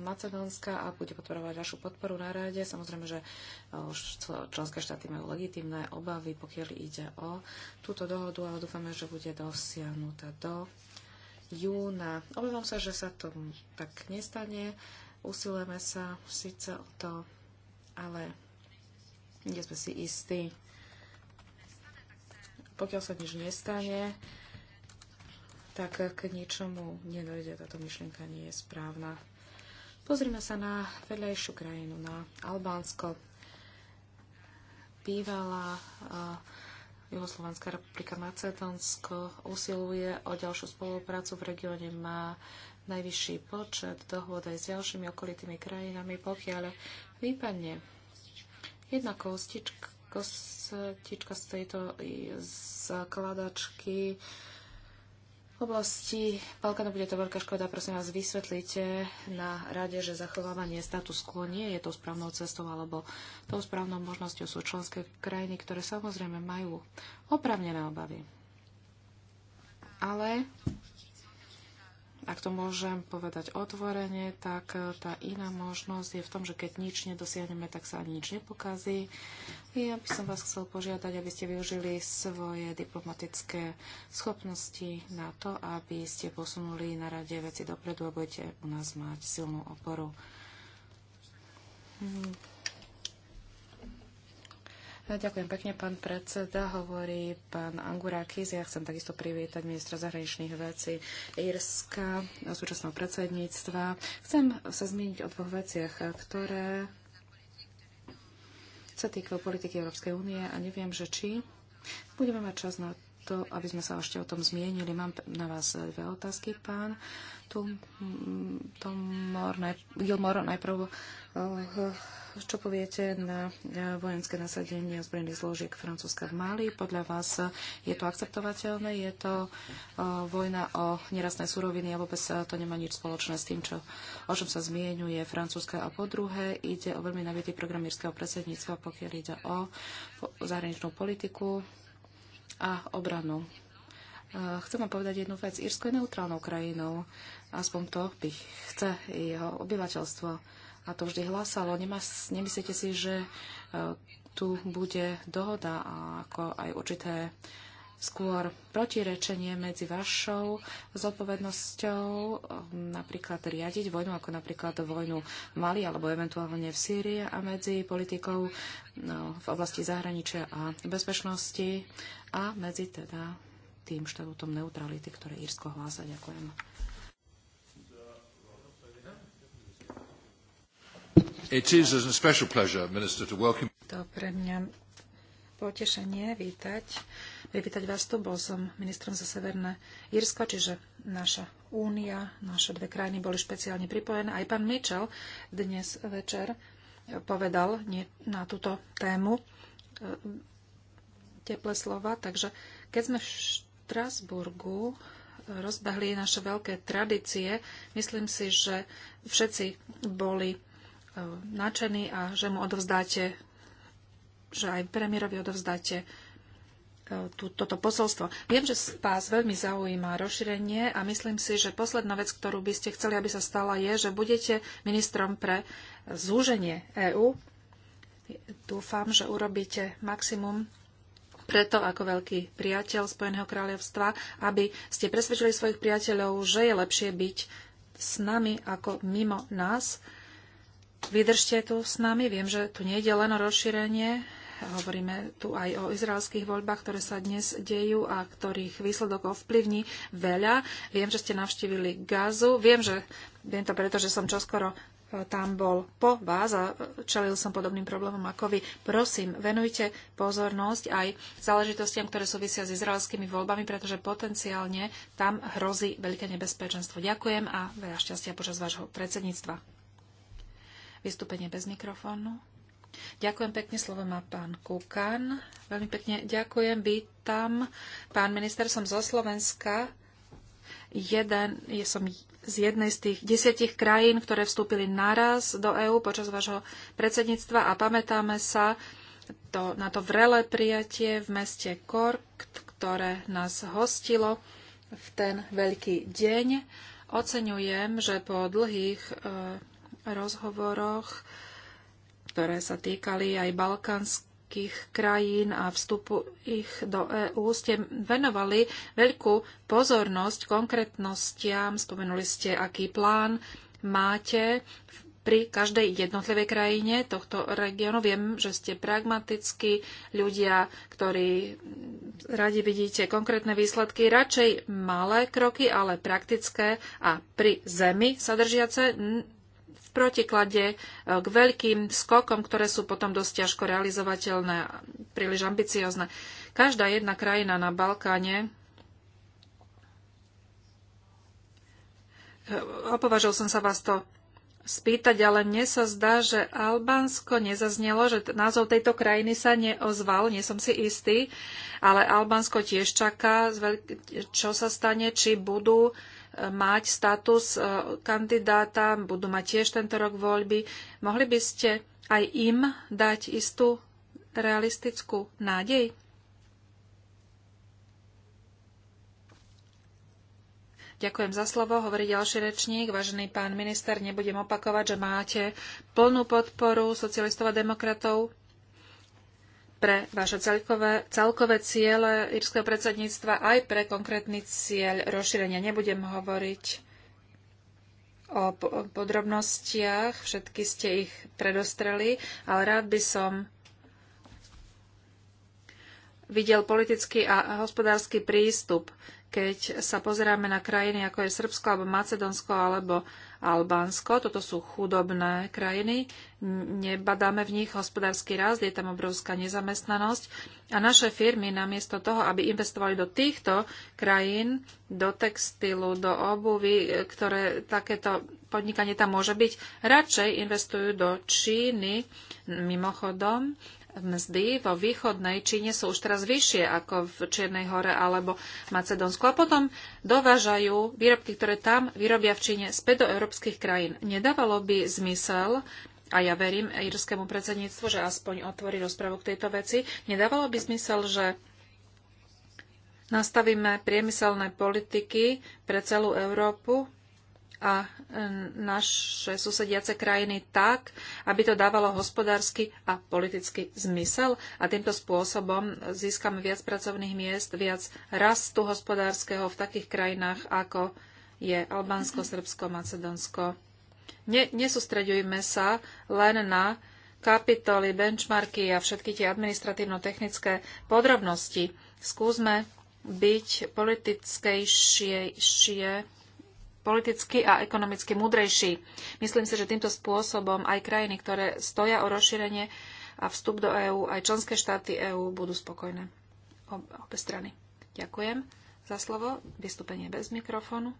Macedónska a bude podporovať vašu podporu na rade. Samozrejme, že eh, členské štáty majú legitimné obavy, pokiaľ ide o túto dohodu, ale dúfame, že bude dosiahnutá do júna. Obávam sa, že sa to tak nestane. Usilujeme sa síce o to, ale nie sme si istí. Pokiaľ sa nič nestane, tak k ničomu nedojde. Táto myšlienka nie je správna. Pozrime sa na vedľajšiu krajinu, na Albánsko. Bývalá Juhoslovanská republika Macedónsko usiluje o ďalšiu spoluprácu v regióne, má najvyšší počet dohôd aj s ďalšími okolitými krajinami, pokiaľ výpadne jedna kostička, kostička z tejto skladačky v oblasti Balkánu bude to veľká škoda. Prosím vás, vysvetlite na rade, že zachovávanie status quo nie je tou správnou cestou, alebo tou správnou možnosťou sú členské krajiny, ktoré samozrejme majú opravnené obavy. Ale ak to môžem povedať otvorene, tak tá iná možnosť je v tom, že keď nič nedosiahneme, tak sa ani nič nepokazí. Ja by som vás chcel požiadať, aby ste využili svoje diplomatické schopnosti na to, aby ste posunuli na rade veci dopredu a budete u nás mať silnú oporu. Hm. Ďakujem pekne, pán predseda. Hovorí pán Angurakis. Ja chcem takisto privítať ministra zahraničných vecí Írska, súčasného predsedníctva. Chcem sa zmieniť o dvoch veciach, ktoré sa týkajú politiky Európskej únie a neviem, že či budeme mať čas na to, aby sme sa ešte o tom zmienili. Mám na vás dve otázky, pán Tomor. Naj, Gilmore, najprv, eh, čo poviete na eh, vojenské nasadenie zbrojných zložiek Francúzska v Mali? Podľa vás je to akceptovateľné? Je to eh, vojna o nerastné suroviny a vôbec to nemá nič spoločné s tým, čo, o čom sa zmienuje Francúzska. A po druhé, ide o veľmi nabitý program mírskeho predsedníctva, pokiaľ ide o zahraničnú politiku a obranu. E, chcem vám povedať jednu vec. Írsko je neutrálnou krajinou. Aspoň to by chce jeho obyvateľstvo. A to vždy hlásalo. nemyslíte si, že e, tu bude dohoda a ako aj určité skôr protirečenie medzi vašou zodpovednosťou ehm, napríklad riadiť vojnu, ako napríklad vojnu v Mali alebo eventuálne v Sýrii a medzi politikou no, v oblasti zahraničia a bezpečnosti a medzi teda tým štatútom neutrality, ktoré Írsko hlása. Ďakujem. It is a special pleasure, Minister, to welcome... To pre mňa potešenie vítať privítať vás tu. Bol som ministrom za Severné Írsko, čiže naša únia, naše dve krajiny boli špeciálne pripojené. Aj pán Mitchell dnes večer povedal na túto tému e, teplé slova. Takže keď sme v Strasburgu rozbehli naše veľké tradície, myslím si, že všetci boli e, nadšení a že mu odovzdáte, že aj premiérovi odovzdáte tú, toto posolstvo. Viem, že vás veľmi zaujíma rozšírenie a myslím si, že posledná vec, ktorú by ste chceli, aby sa stala, je, že budete ministrom pre zúženie EÚ. Dúfam, že urobíte maximum preto ako veľký priateľ Spojeného kráľovstva, aby ste presvedčili svojich priateľov, že je lepšie byť s nami ako mimo nás. Vydržte tu s nami. Viem, že tu nejde len o rozšírenie Hovoríme tu aj o izraelských voľbách, ktoré sa dnes dejú a ktorých výsledok ovplyvní veľa. Viem, že ste navštívili Gazu. Viem, že viem to preto, že som čoskoro e, tam bol po vás a e, čelil som podobným problémom ako vy. Prosím, venujte pozornosť aj záležitostiam, ktoré súvisia s izraelskými voľbami, pretože potenciálne tam hrozí veľké nebezpečenstvo. Ďakujem a veľa šťastia počas vášho predsedníctva. Vystúpenie bez mikrofónu. Ďakujem pekne, slovo má pán Kukan. Veľmi pekne ďakujem, vítam. Pán minister, som zo Slovenska. Jeden, je som z jednej z tých desiatich krajín, ktoré vstúpili naraz do EÚ počas vášho predsedníctva a pamätáme sa to, na to vrelé prijatie v meste Kork, ktoré nás hostilo v ten veľký deň. Oceňujem, že po dlhých e, rozhovoroch e, ktoré sa týkali aj balkánskych krajín a vstupu ich do EÚ, ste venovali veľkú pozornosť konkrétnostiam. Spomenuli ste, aký plán máte pri každej jednotlivej krajine tohto regiónu. Viem, že ste pragmatickí ľudia, ktorí radi vidíte konkrétne výsledky, radšej malé kroky, ale praktické a pri zemi sa držiace protiklade e, k veľkým skokom, ktoré sú potom dosť ťažko realizovateľné, príliš ambiciozne. Každá jedna krajina na Balkáne e, opovažil som sa vás to spýtať, ale mne sa zdá, že Albánsko nezaznelo, že názov tejto krajiny sa neozval, nie som si istý, ale Albánsko tiež čaká, čo sa stane, či budú mať status e, kandidáta, budú mať tiež tento rok voľby. Mohli by ste aj im dať istú realistickú nádej? Ďakujem za slovo, hovorí ďalší rečník. Vážený pán minister, nebudem opakovať, že máte plnú podporu socialistov a demokratov pre vaše celkové, celkové ciele írskeho predsedníctva aj pre konkrétny cieľ rozšírenia. Nebudem hovoriť o podrobnostiach, všetky ste ich predostreli, ale rád by som videl politický a hospodársky prístup, keď sa pozeráme na krajiny ako je Srbsko alebo Macedónsko alebo Albánsko. Toto sú chudobné krajiny, nebadáme v nich hospodársky rast, je tam obrovská nezamestnanosť a naše firmy namiesto toho, aby investovali do týchto krajín, do textilu, do obuvy, e, ktoré takéto podnikanie tam môže byť, radšej investujú do Číny mimochodom mzdy vo východnej Číne sú už teraz vyššie ako v Čiernej hore alebo Macedónsku. A potom dovážajú výrobky, ktoré tam vyrobia v Číne späť do európskych krajín. Nedávalo by zmysel, a ja verím írskému predsedníctvu, že aspoň otvorí rozpravu k tejto veci, nedávalo by zmysel, že nastavíme priemyselné politiky pre celú Európu, a e, naše susediace krajiny tak, aby to dávalo hospodársky a politický zmysel a týmto spôsobom získame viac pracovných miest, viac rastu hospodárskeho v takých krajinách, ako je Albánsko, mhm. Srbsko, Macedónsko. Ne, nesústreďujme sa len na kapitoly, benchmarky a všetky tie administratívno-technické podrobnosti. Skúsme byť politickejšie politicky a ekonomicky múdrejší. Myslím si, že týmto spôsobom aj krajiny, ktoré stoja o rozšírenie a vstup do EÚ, aj členské štáty EÚ budú spokojné. Obe strany. Ďakujem za slovo. Vystúpenie bez mikrofónu.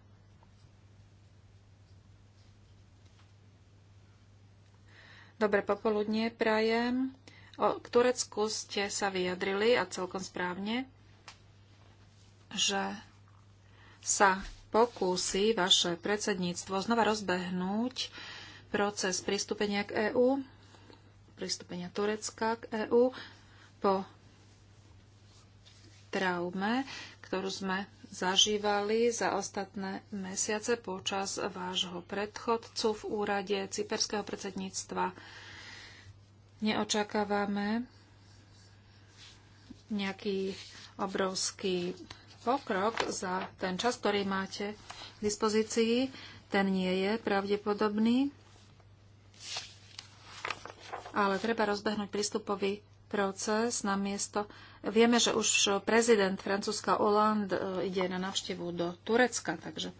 Dobre popoludnie prajem. O, k Turecku ste sa vyjadrili a celkom správne, že sa pokúsi vaše predsedníctvo znova rozbehnúť proces pristúpenia k EÚ, pristúpenia Turecka k EÚ po traume, ktorú sme zažívali za ostatné mesiace počas vášho predchodcu v úrade cyperského predsedníctva. Neočakávame nejaký obrovský pokrok za ten čas, ktorý máte k dispozícii, ten nie je pravdepodobný, ale treba rozbehnúť prístupový proces na miesto. Vieme, že už prezident Francúzska Hollande e, ide na návštevu do Turecka, takže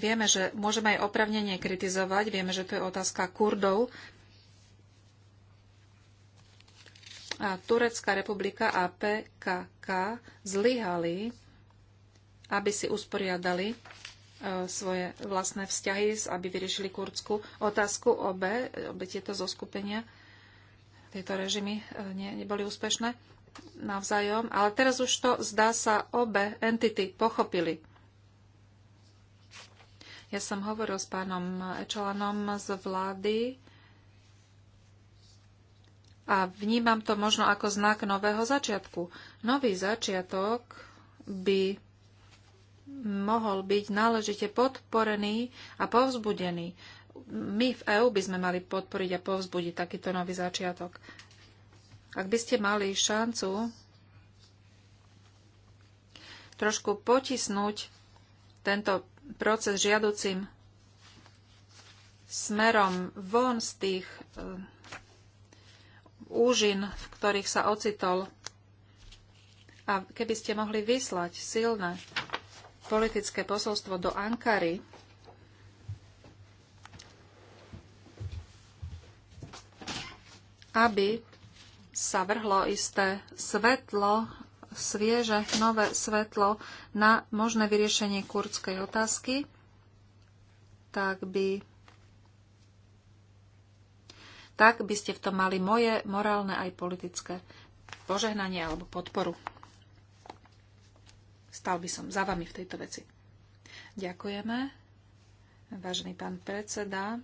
vieme, že môžeme aj opravnenie kritizovať, vieme, že to je otázka Kurdov, a Turecká republika a PKK zlyhali, aby si usporiadali e, svoje vlastné vzťahy, aby vyriešili kurdskú otázku. Obe, obe tieto zoskupenia, tieto režimy ne, neboli úspešné navzájom, ale teraz už to zdá sa obe entity pochopili. Ja som hovoril s pánom Ečelanom z vlády a vnímam to možno ako znak nového začiatku. Nový začiatok by mohol byť náležite podporený a povzbudený. My v EÚ by sme mali podporiť a povzbudiť takýto nový začiatok. Ak by ste mali šancu trošku potisnúť tento proces žiaducim smerom von z tých eh, úžin, v ktorých sa ocitol. A keby ste mohli vyslať silné politické posolstvo do Ankary, aby sa vrhlo isté svetlo, svieže, nové svetlo na možné vyriešenie kurdskej otázky, tak by tak by ste v tom mali moje morálne aj politické požehnanie alebo podporu. Stal by som za vami v tejto veci. Ďakujeme, vážený pán predseda.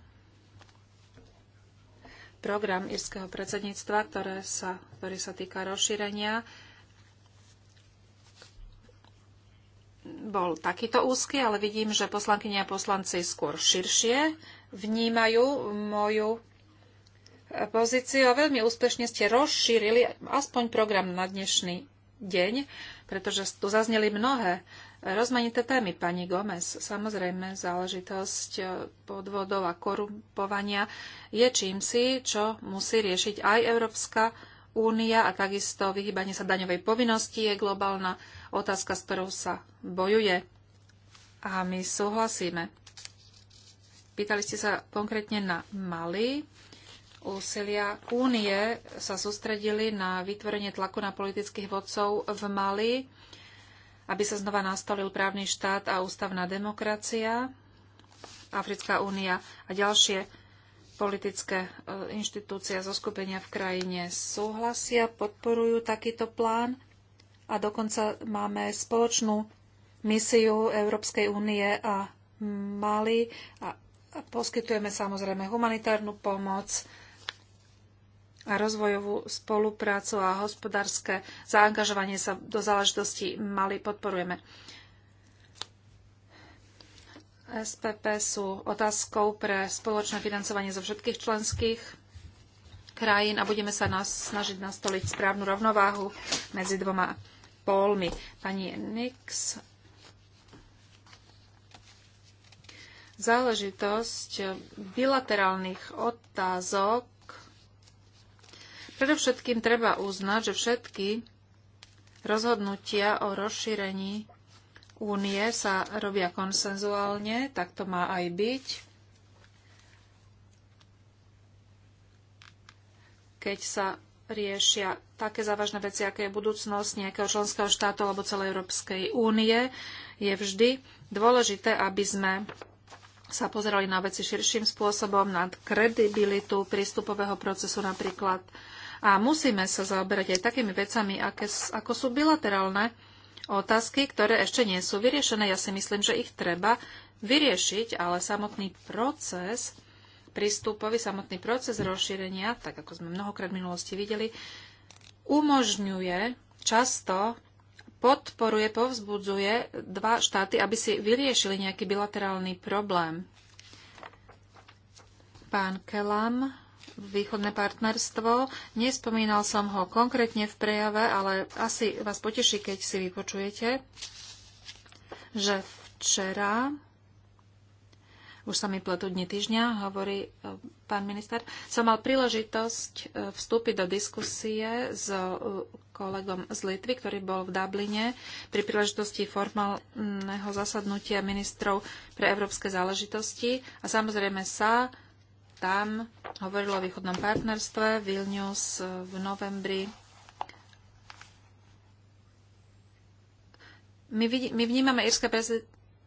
Program írskeho predsedníctva, ktoré sa, ktorý sa týka rozšírenia, bol takýto úzky, ale vidím, že poslankyne a poslanci skôr širšie vnímajú moju pozíciu a veľmi úspešne ste rozšírili aspoň program na dnešný deň, pretože tu zazneli mnohé rozmanité témy. Pani Gomez, samozrejme, záležitosť podvodov a korumpovania je čímsi, čo musí riešiť aj Európska únia a takisto vyhybanie sa daňovej povinnosti je globálna otázka, s ktorou sa bojuje. A my súhlasíme. Pýtali ste sa konkrétne na Mali úsilia únie sa sústredili na vytvorenie tlaku na politických vodcov v Mali, aby sa znova nastolil právny štát a ústavná demokracia, Africká únia a ďalšie politické e, inštitúcie a zoskupenia v krajine súhlasia, podporujú takýto plán a dokonca máme spoločnú misiu Európskej únie a Mali a poskytujeme samozrejme humanitárnu pomoc, a rozvojovú spoluprácu a hospodárske zaangažovanie sa do záležitosti Mali podporujeme. SPP sú otázkou pre spoločné financovanie zo všetkých členských krajín a budeme sa nás snažiť nastoliť správnu rovnováhu medzi dvoma pólmi. Pani Nix, záležitosť bilaterálnych otázok Predovšetkým treba uznať, že všetky rozhodnutia o rozšírení únie sa robia konsenzuálne, tak to má aj byť. Keď sa riešia také závažné veci, aké je budúcnosť nejakého členského štátu alebo celej Európskej únie, je vždy dôležité, aby sme sa pozerali na veci širším spôsobom, na kredibilitu prístupového procesu napríklad, a musíme sa zaoberať aj takými vecami, aké, ako sú bilaterálne otázky, ktoré ešte nie sú vyriešené. Ja si myslím, že ich treba vyriešiť, ale samotný proces prístupový, samotný proces rozšírenia, tak ako sme mnohokrát v minulosti videli, umožňuje často podporuje, povzbudzuje dva štáty, aby si vyriešili nejaký bilaterálny problém. Pán Kelam východné partnerstvo. Nespomínal som ho konkrétne v prejave, ale asi vás poteší, keď si vypočujete, že včera, už sa mi pletú dni týždňa, hovorí e, pán minister, som mal príležitosť e, vstúpiť do diskusie s e, kolegom z Litvy, ktorý bol v Dubline pri príležitosti formálneho zasadnutia ministrov pre európske záležitosti a samozrejme sa tam hovorilo o východnom partnerstve. Vilnius eh, v novembri. My, vidí, my vnímame írske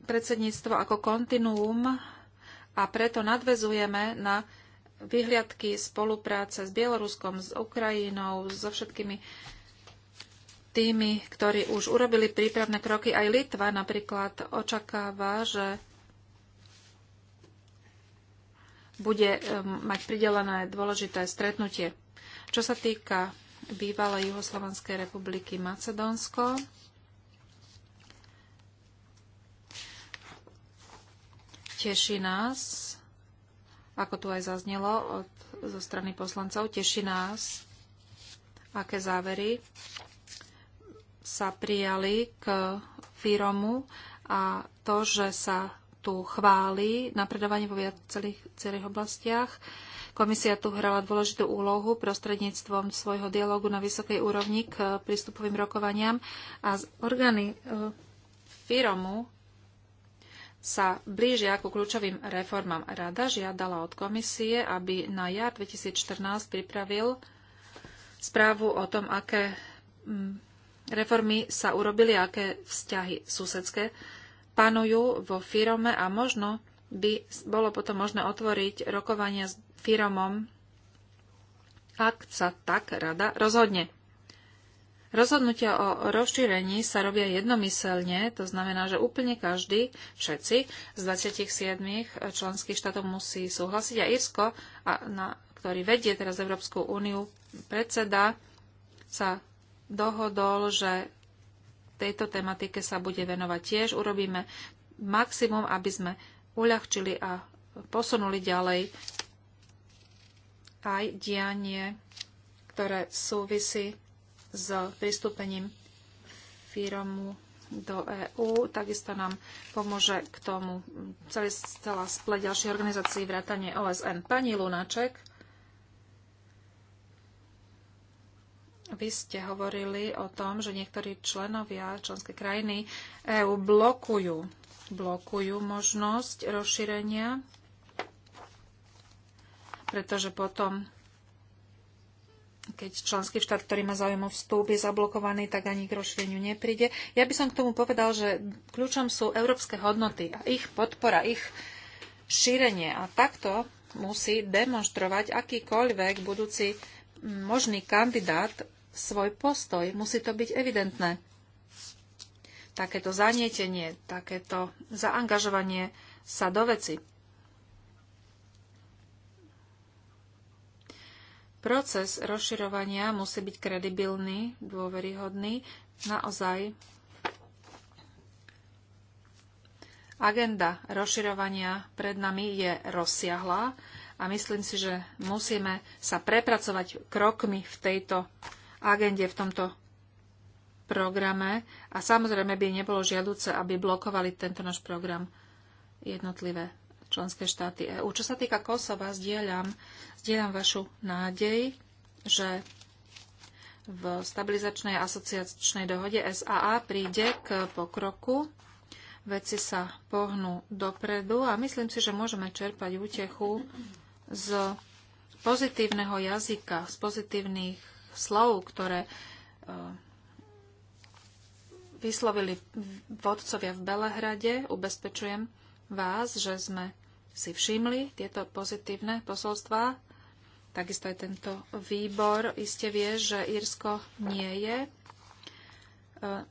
predsedníctvo ako kontinuum a preto nadvezujeme na vyhliadky spolupráce s Bieloruskom, s Ukrajinou, so všetkými tými, ktorí už urobili prípravné kroky. Aj Litva napríklad očakáva, že bude e, mať pridelené dôležité stretnutie. Čo sa týka bývalej Juhoslovanskej republiky Macedónsko, teší nás, ako tu aj zaznelo od, zo strany poslancov, teší nás, aké závery sa prijali k Firomu a to, že sa tu chváli napredovanie vo viacerých celých oblastiach. Komisia tu hrala dôležitú úlohu prostredníctvom svojho dialogu na vysokej úrovni k eh, prístupovým rokovaniam a orgány eh, Firomu sa blížia ku kľúčovým reformám. Rada žiadala od komisie, aby na jar 2014 pripravil správu o tom, aké mm, reformy sa urobili, aké vzťahy susedské panujú vo firme a možno by bolo potom možné otvoriť rokovania s firmom, ak sa tak rada rozhodne. Rozhodnutia o rozšírení sa robia jednomyselne, to znamená, že úplne každý, všetci z 27 členských štátov musí súhlasiť a Irsko, a na, ktorý vedie teraz Európsku úniu, predseda sa dohodol, že tejto tematike sa bude venovať tiež. Urobíme maximum, aby sme uľahčili a posunuli ďalej aj dianie, ktoré súvisí s pristúpením firmu do EÚ. Takisto nám pomôže k tomu celý, celá spleť ďalších organizácií vrátanie OSN. Pani Lunaček Vy ste hovorili o tom, že niektorí členovia členské krajiny EÚ blokujú, blokujú možnosť rozšírenia, pretože potom, keď členský štát, ktorý má záujem o vstup, je zablokovaný, tak ani k rozšíreniu nepríde. Ja by som k tomu povedal, že kľúčom sú európske hodnoty a ich podpora, ich šírenie. A takto musí demonstrovať akýkoľvek budúci možný kandidát svoj postoj. Musí to byť evidentné. Takéto zanietenie, takéto zaangažovanie sa do veci. Proces rozširovania musí byť kredibilný, dôveryhodný, naozaj Agenda rozširovania pred nami je rozsiahla a myslím si, že musíme sa prepracovať krokmi v tejto agende v tomto programe a samozrejme by nebolo žiaduce, aby blokovali tento náš program jednotlivé členské štáty EÚ. Čo sa týka Kosova, zdieľam, zdieľam vašu nádej, že v stabilizačnej asociačnej dohode SAA príde k pokroku. Veci sa pohnú dopredu a myslím si, že môžeme čerpať útechu z pozitívneho jazyka, z pozitívnych slov, ktoré e, vyslovili vodcovia v Belehrade. Ubezpečujem vás, že sme si všimli tieto pozitívne posolstvá. Takisto aj tento výbor iste vie, že Írsko nie je e,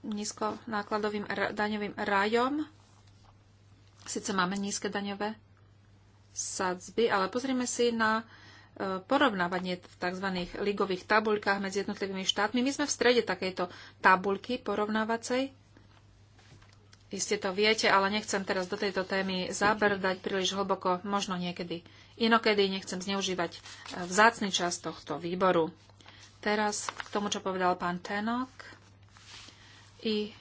nízko nákladovým daňovým rajom. Sice máme nízke daňové sadzby, ale pozrime si na porovnávať v tzv. ligových tabuľkách medzi jednotlivými štátmi. My sme v strede takejto tabuľky porovnávacej. Iste to viete, ale nechcem teraz do tejto témy zabrdať príliš hlboko, možno niekedy. Inokedy nechcem zneužívať e, vzácny čas tohto výboru. Teraz k tomu, čo povedal pán Tenok. I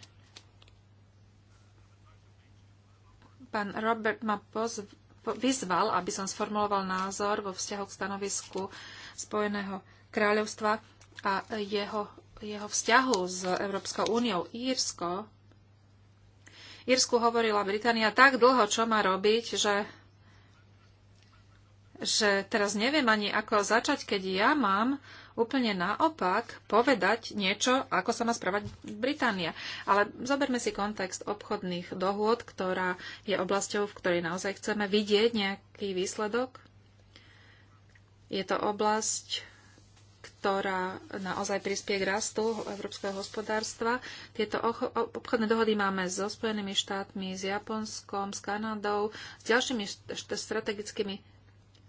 pán Robert ma pozval vyzval, aby som sformuloval názor vo vzťahu k stanovisku Spojeného kráľovstva a jeho, jeho vzťahu s Európskou úniou. Írsko, Írsku hovorila Británia tak dlho, čo má robiť, že, že teraz neviem ani, ako začať, keď ja mám úplne naopak povedať niečo, ako sa má správať Británia. Ale zoberme si kontext obchodných dohôd, ktorá je oblasťou, v ktorej naozaj chceme vidieť nejaký výsledok. Je to oblasť, ktorá naozaj prispie k rastu európskeho hospodárstva. Tieto obchodné dohody máme so Spojenými štátmi, s Japonskom, s Kanadou, s ďalšími strategickými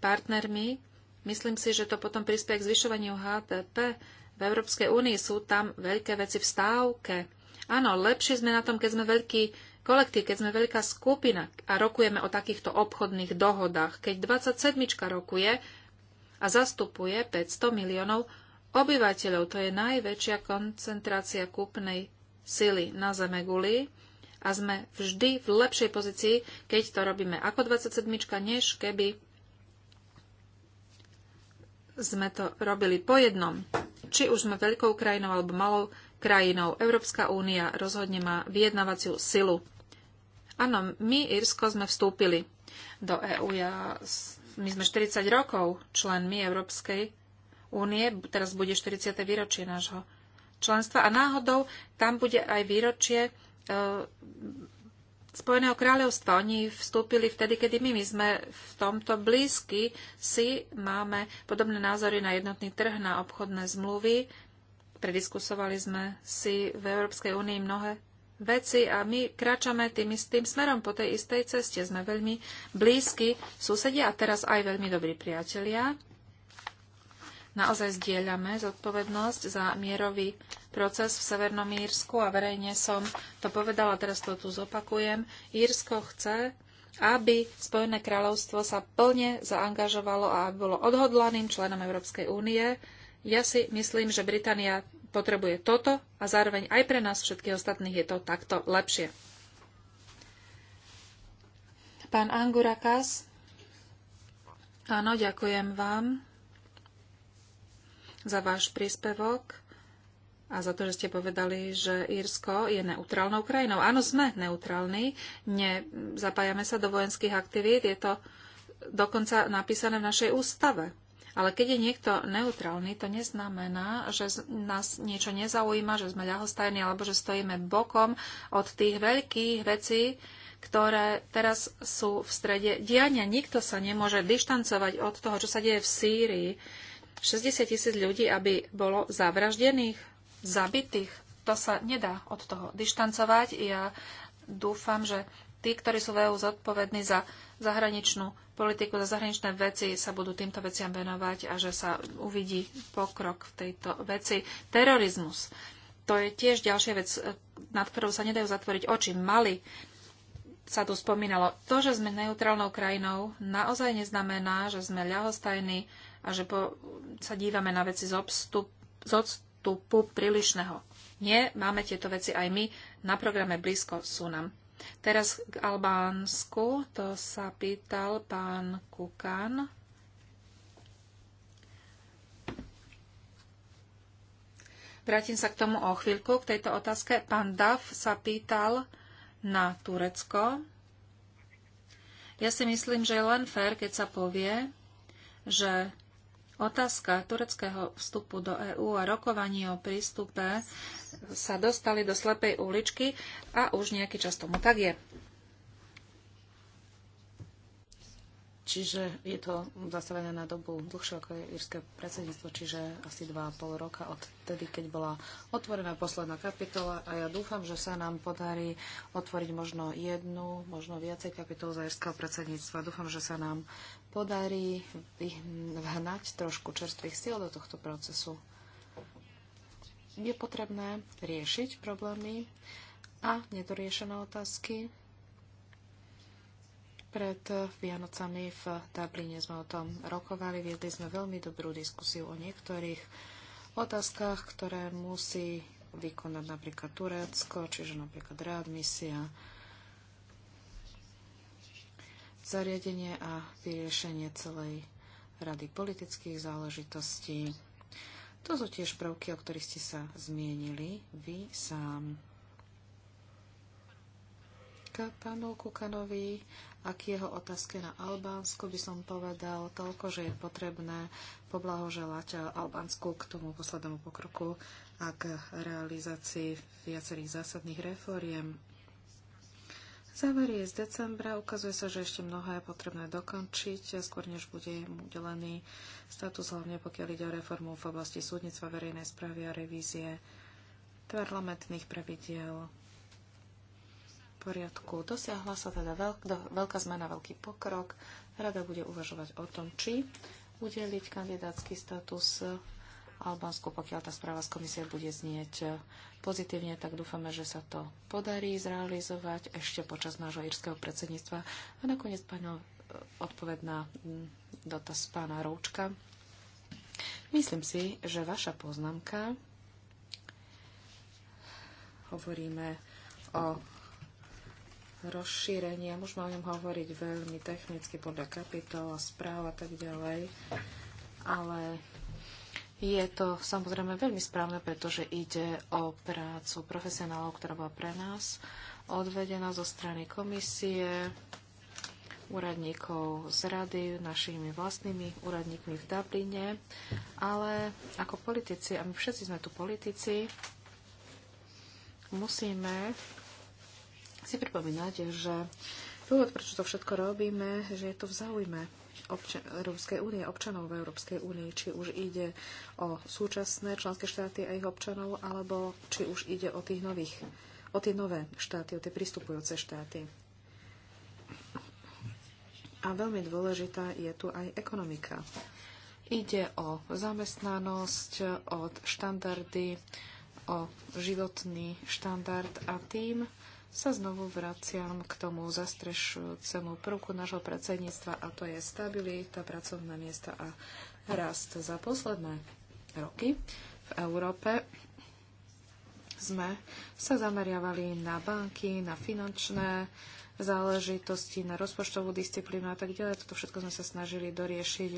partnermi Myslím si, že to potom prispieje k zvyšovaniu HDP. V Európskej únii sú tam veľké veci v stávke. Áno, lepšie sme na tom, keď sme veľký kolektív, keď sme veľká skupina a rokujeme o takýchto obchodných dohodách. Keď 27 rokuje a zastupuje 500 miliónov obyvateľov, to je najväčšia koncentrácia kúpnej sily na Zeme guli a sme vždy v lepšej pozícii, keď to robíme ako 27, než keby sme to robili po jednom. Či už sme veľkou krajinou alebo malou krajinou, Európska únia rozhodne má vyjednávaciu silu. Áno, my, Irsko, sme vstúpili do EÚ. Ja, my sme 40 rokov členmi Európskej únie, teraz bude 40. výročie nášho členstva a náhodou tam bude aj výročie e, Spojeného kráľovstva. Oni vstúpili vtedy, kedy my, my sme v tomto blízky si, máme podobné názory na jednotný trh, na obchodné zmluvy. Prediskusovali sme si v Európskej únii mnohé veci a my kráčame tým istým smerom po tej istej ceste. Sme veľmi blízky susedia a teraz aj veľmi dobrí priatelia naozaj zdieľame zodpovednosť za mierový proces v Severnom Írsku a verejne som to povedala, teraz to tu zopakujem. Írsko chce, aby Spojené kráľovstvo sa plne zaangažovalo a aby bolo odhodlaným členom Európskej únie. Ja si myslím, že Británia potrebuje toto a zároveň aj pre nás všetkých ostatných je to takto lepšie. Pán Angurakas, áno, ďakujem vám za váš príspevok a za to, že ste povedali, že Írsko je neutrálnou krajinou. Áno, sme neutrálni, nezapájame sa do vojenských aktivít, je to dokonca napísané v našej ústave. Ale keď je niekto neutrálny, to neznamená, že nás niečo nezaujíma, že sme ľahostajní alebo že stojíme bokom od tých veľkých vecí, ktoré teraz sú v strede diania. Nikto sa nemôže dištancovať od toho, čo sa deje v Sýrii. 60 tisíc ľudí, aby bolo zavraždených, zabitých. To sa nedá od toho dištancovať. Ja dúfam, že tí, ktorí sú v EU zodpovední za zahraničnú politiku, za zahraničné veci, sa budú týmto veciam venovať a že sa uvidí pokrok v tejto veci. Terorizmus. To je tiež ďalšia vec, nad ktorou sa nedajú zatvoriť oči. Mali sa tu spomínalo. To, že sme neutrálnou krajinou, naozaj neznamená, že sme ľahostajní a že po, sa dívame na veci z, obstup, z odstupu prílišného. Nie, máme tieto veci aj my, na programe blízko sú nám. Teraz k Albánsku, to sa pýtal pán Kukan. Vrátim sa k tomu o chvíľku, k tejto otázke. Pán Dav sa pýtal na Turecko. Ja si myslím, že je len fér, keď sa povie, že Otázka tureckého vstupu do EÚ a rokovanie o prístupe sa dostali do slepej uličky a už nejaký čas tomu tak je. Čiže je to zastavené na dobu dlhšie ako je írske predsedníctvo, čiže asi 2,5 roka od tedy, keď bola otvorená posledná kapitola a ja dúfam, že sa nám podarí otvoriť možno jednu, možno viacej kapitol za írskeho predsedníctva. Dúfam, že sa nám podarí vhnať trošku čerstvých síl do tohto procesu. Je potrebné riešiť problémy a nedoriešené otázky. Pred Vianocami v Dubline sme o tom rokovali, viedli sme veľmi dobrú diskusiu o niektorých otázkach, ktoré musí vykonať napríklad Turecko, čiže napríklad readmisia, zariadenie a vyriešenie celej rady politických záležitostí. To sú tiež prvky, o ktorých ste sa zmienili vy sám. K pánu Kukanovi a k jeho otázke na Albánsku by som povedal toľko, že je potrebné poblahoželať Albánsku k tomu poslednému pokroku a k realizácii viacerých zásadných reforiem Záver je z decembra. Ukazuje sa, že ešte mnohé je potrebné dokončiť, skôr než bude mu udelený status, hlavne pokiaľ ide o reformu v oblasti súdnictva, verejnej správy a revízie parlamentných pravidiel. V poriadku. Dosiahla sa teda veľk, do, veľká zmena, veľký pokrok. Rada bude uvažovať o tom, či udeliť kandidátsky status Albánsku, pokiaľ tá správa z komisie bude znieť eh, pozitívne, tak dúfame, že sa to podarí zrealizovať ešte počas nášho írskeho predsedníctva. A nakoniec pána eh, odpovedná mm, dotaz pána Roučka. Myslím si, že vaša poznámka hovoríme o rozšírení, ja môžem o ňom hovoriť veľmi technicky podľa kapitol a správ a tak ďalej, ale je to samozrejme veľmi správne, pretože ide o prácu profesionálov, ktorá bola pre nás odvedená zo strany komisie, úradníkov z rady, našimi vlastnými úradníkmi v Dubline, ale ako politici, a my všetci sme tu politici, musíme si pripomínať, že dôvod, prečo to všetko robíme, že je to v záujme občan, Európskej únie, občanov v Európskej únii, či už ide o súčasné členské štáty a ich občanov, alebo či už ide o tých nových, o tie nové štáty, o tie pristupujúce štáty. A veľmi dôležitá je tu aj ekonomika. Ide o zamestnanosť, o štandardy, o životný štandard a tým sa znovu vraciam k tomu zastrešujúcemu prvku nášho predsedníctva a to je stabilita, pracovné miesta a rast. Za posledné roky v Európe sme sa zameriavali na banky, na finančné záležitosti, na rozpočtovú disciplínu a tak ďalej. Toto všetko sme sa snažili doriešiť.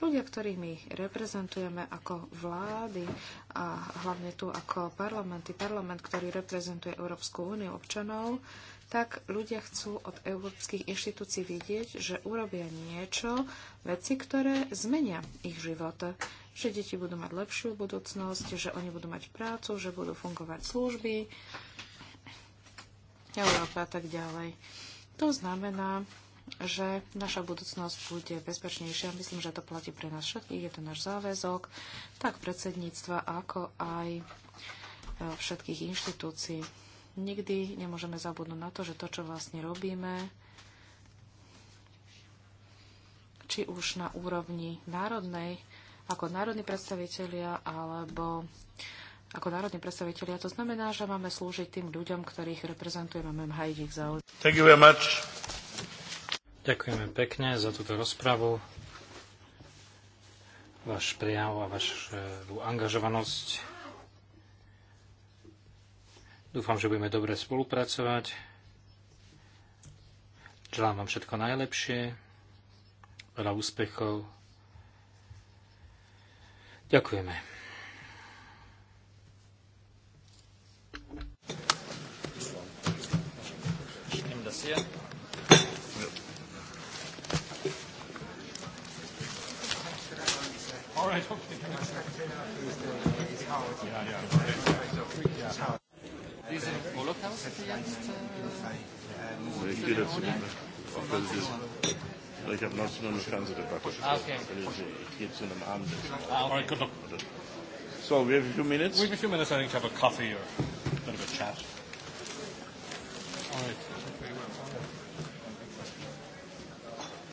Ľudia, ktorých my reprezentujeme ako vlády a hlavne tu ako parlamenty, parlament, ktorý reprezentuje Európsku úniu občanov, tak ľudia chcú od európskych inštitúcií vidieť, že urobia niečo, veci, ktoré zmenia ich život že deti budú mať lepšiu budúcnosť, že oni budú mať prácu, že budú fungovať služby, Európa a tak ďalej. To znamená, že naša budúcnosť bude bezpečnejšia. Myslím, že to platí pre nás všetkých. Je to náš záväzok, tak predsedníctva, ako aj e, všetkých inštitúcií. Nikdy nemôžeme zabudnúť na to, že to, čo vlastne robíme, či už na úrovni národnej, ako národní predstavitelia, alebo ako národní predstavitelia. To znamená, že máme slúžiť tým ľuďom, ktorých reprezentujeme, máme hajiť ich záujem. Ďakujeme pekne za túto rozpravu, váš prejav a vašu eh, angažovanosť. Dúfam, že budeme dobre spolupracovať. Želám vám všetko najlepšie, veľa úspechov. Ďakujeme. interessieren. All right, okay. ich habe eine Fernsehdebatte. Ich gehe zu einem Good luck. So, we have a few minutes? We have a few minutes, I think, to have a coffee or a bit of a chat. All right.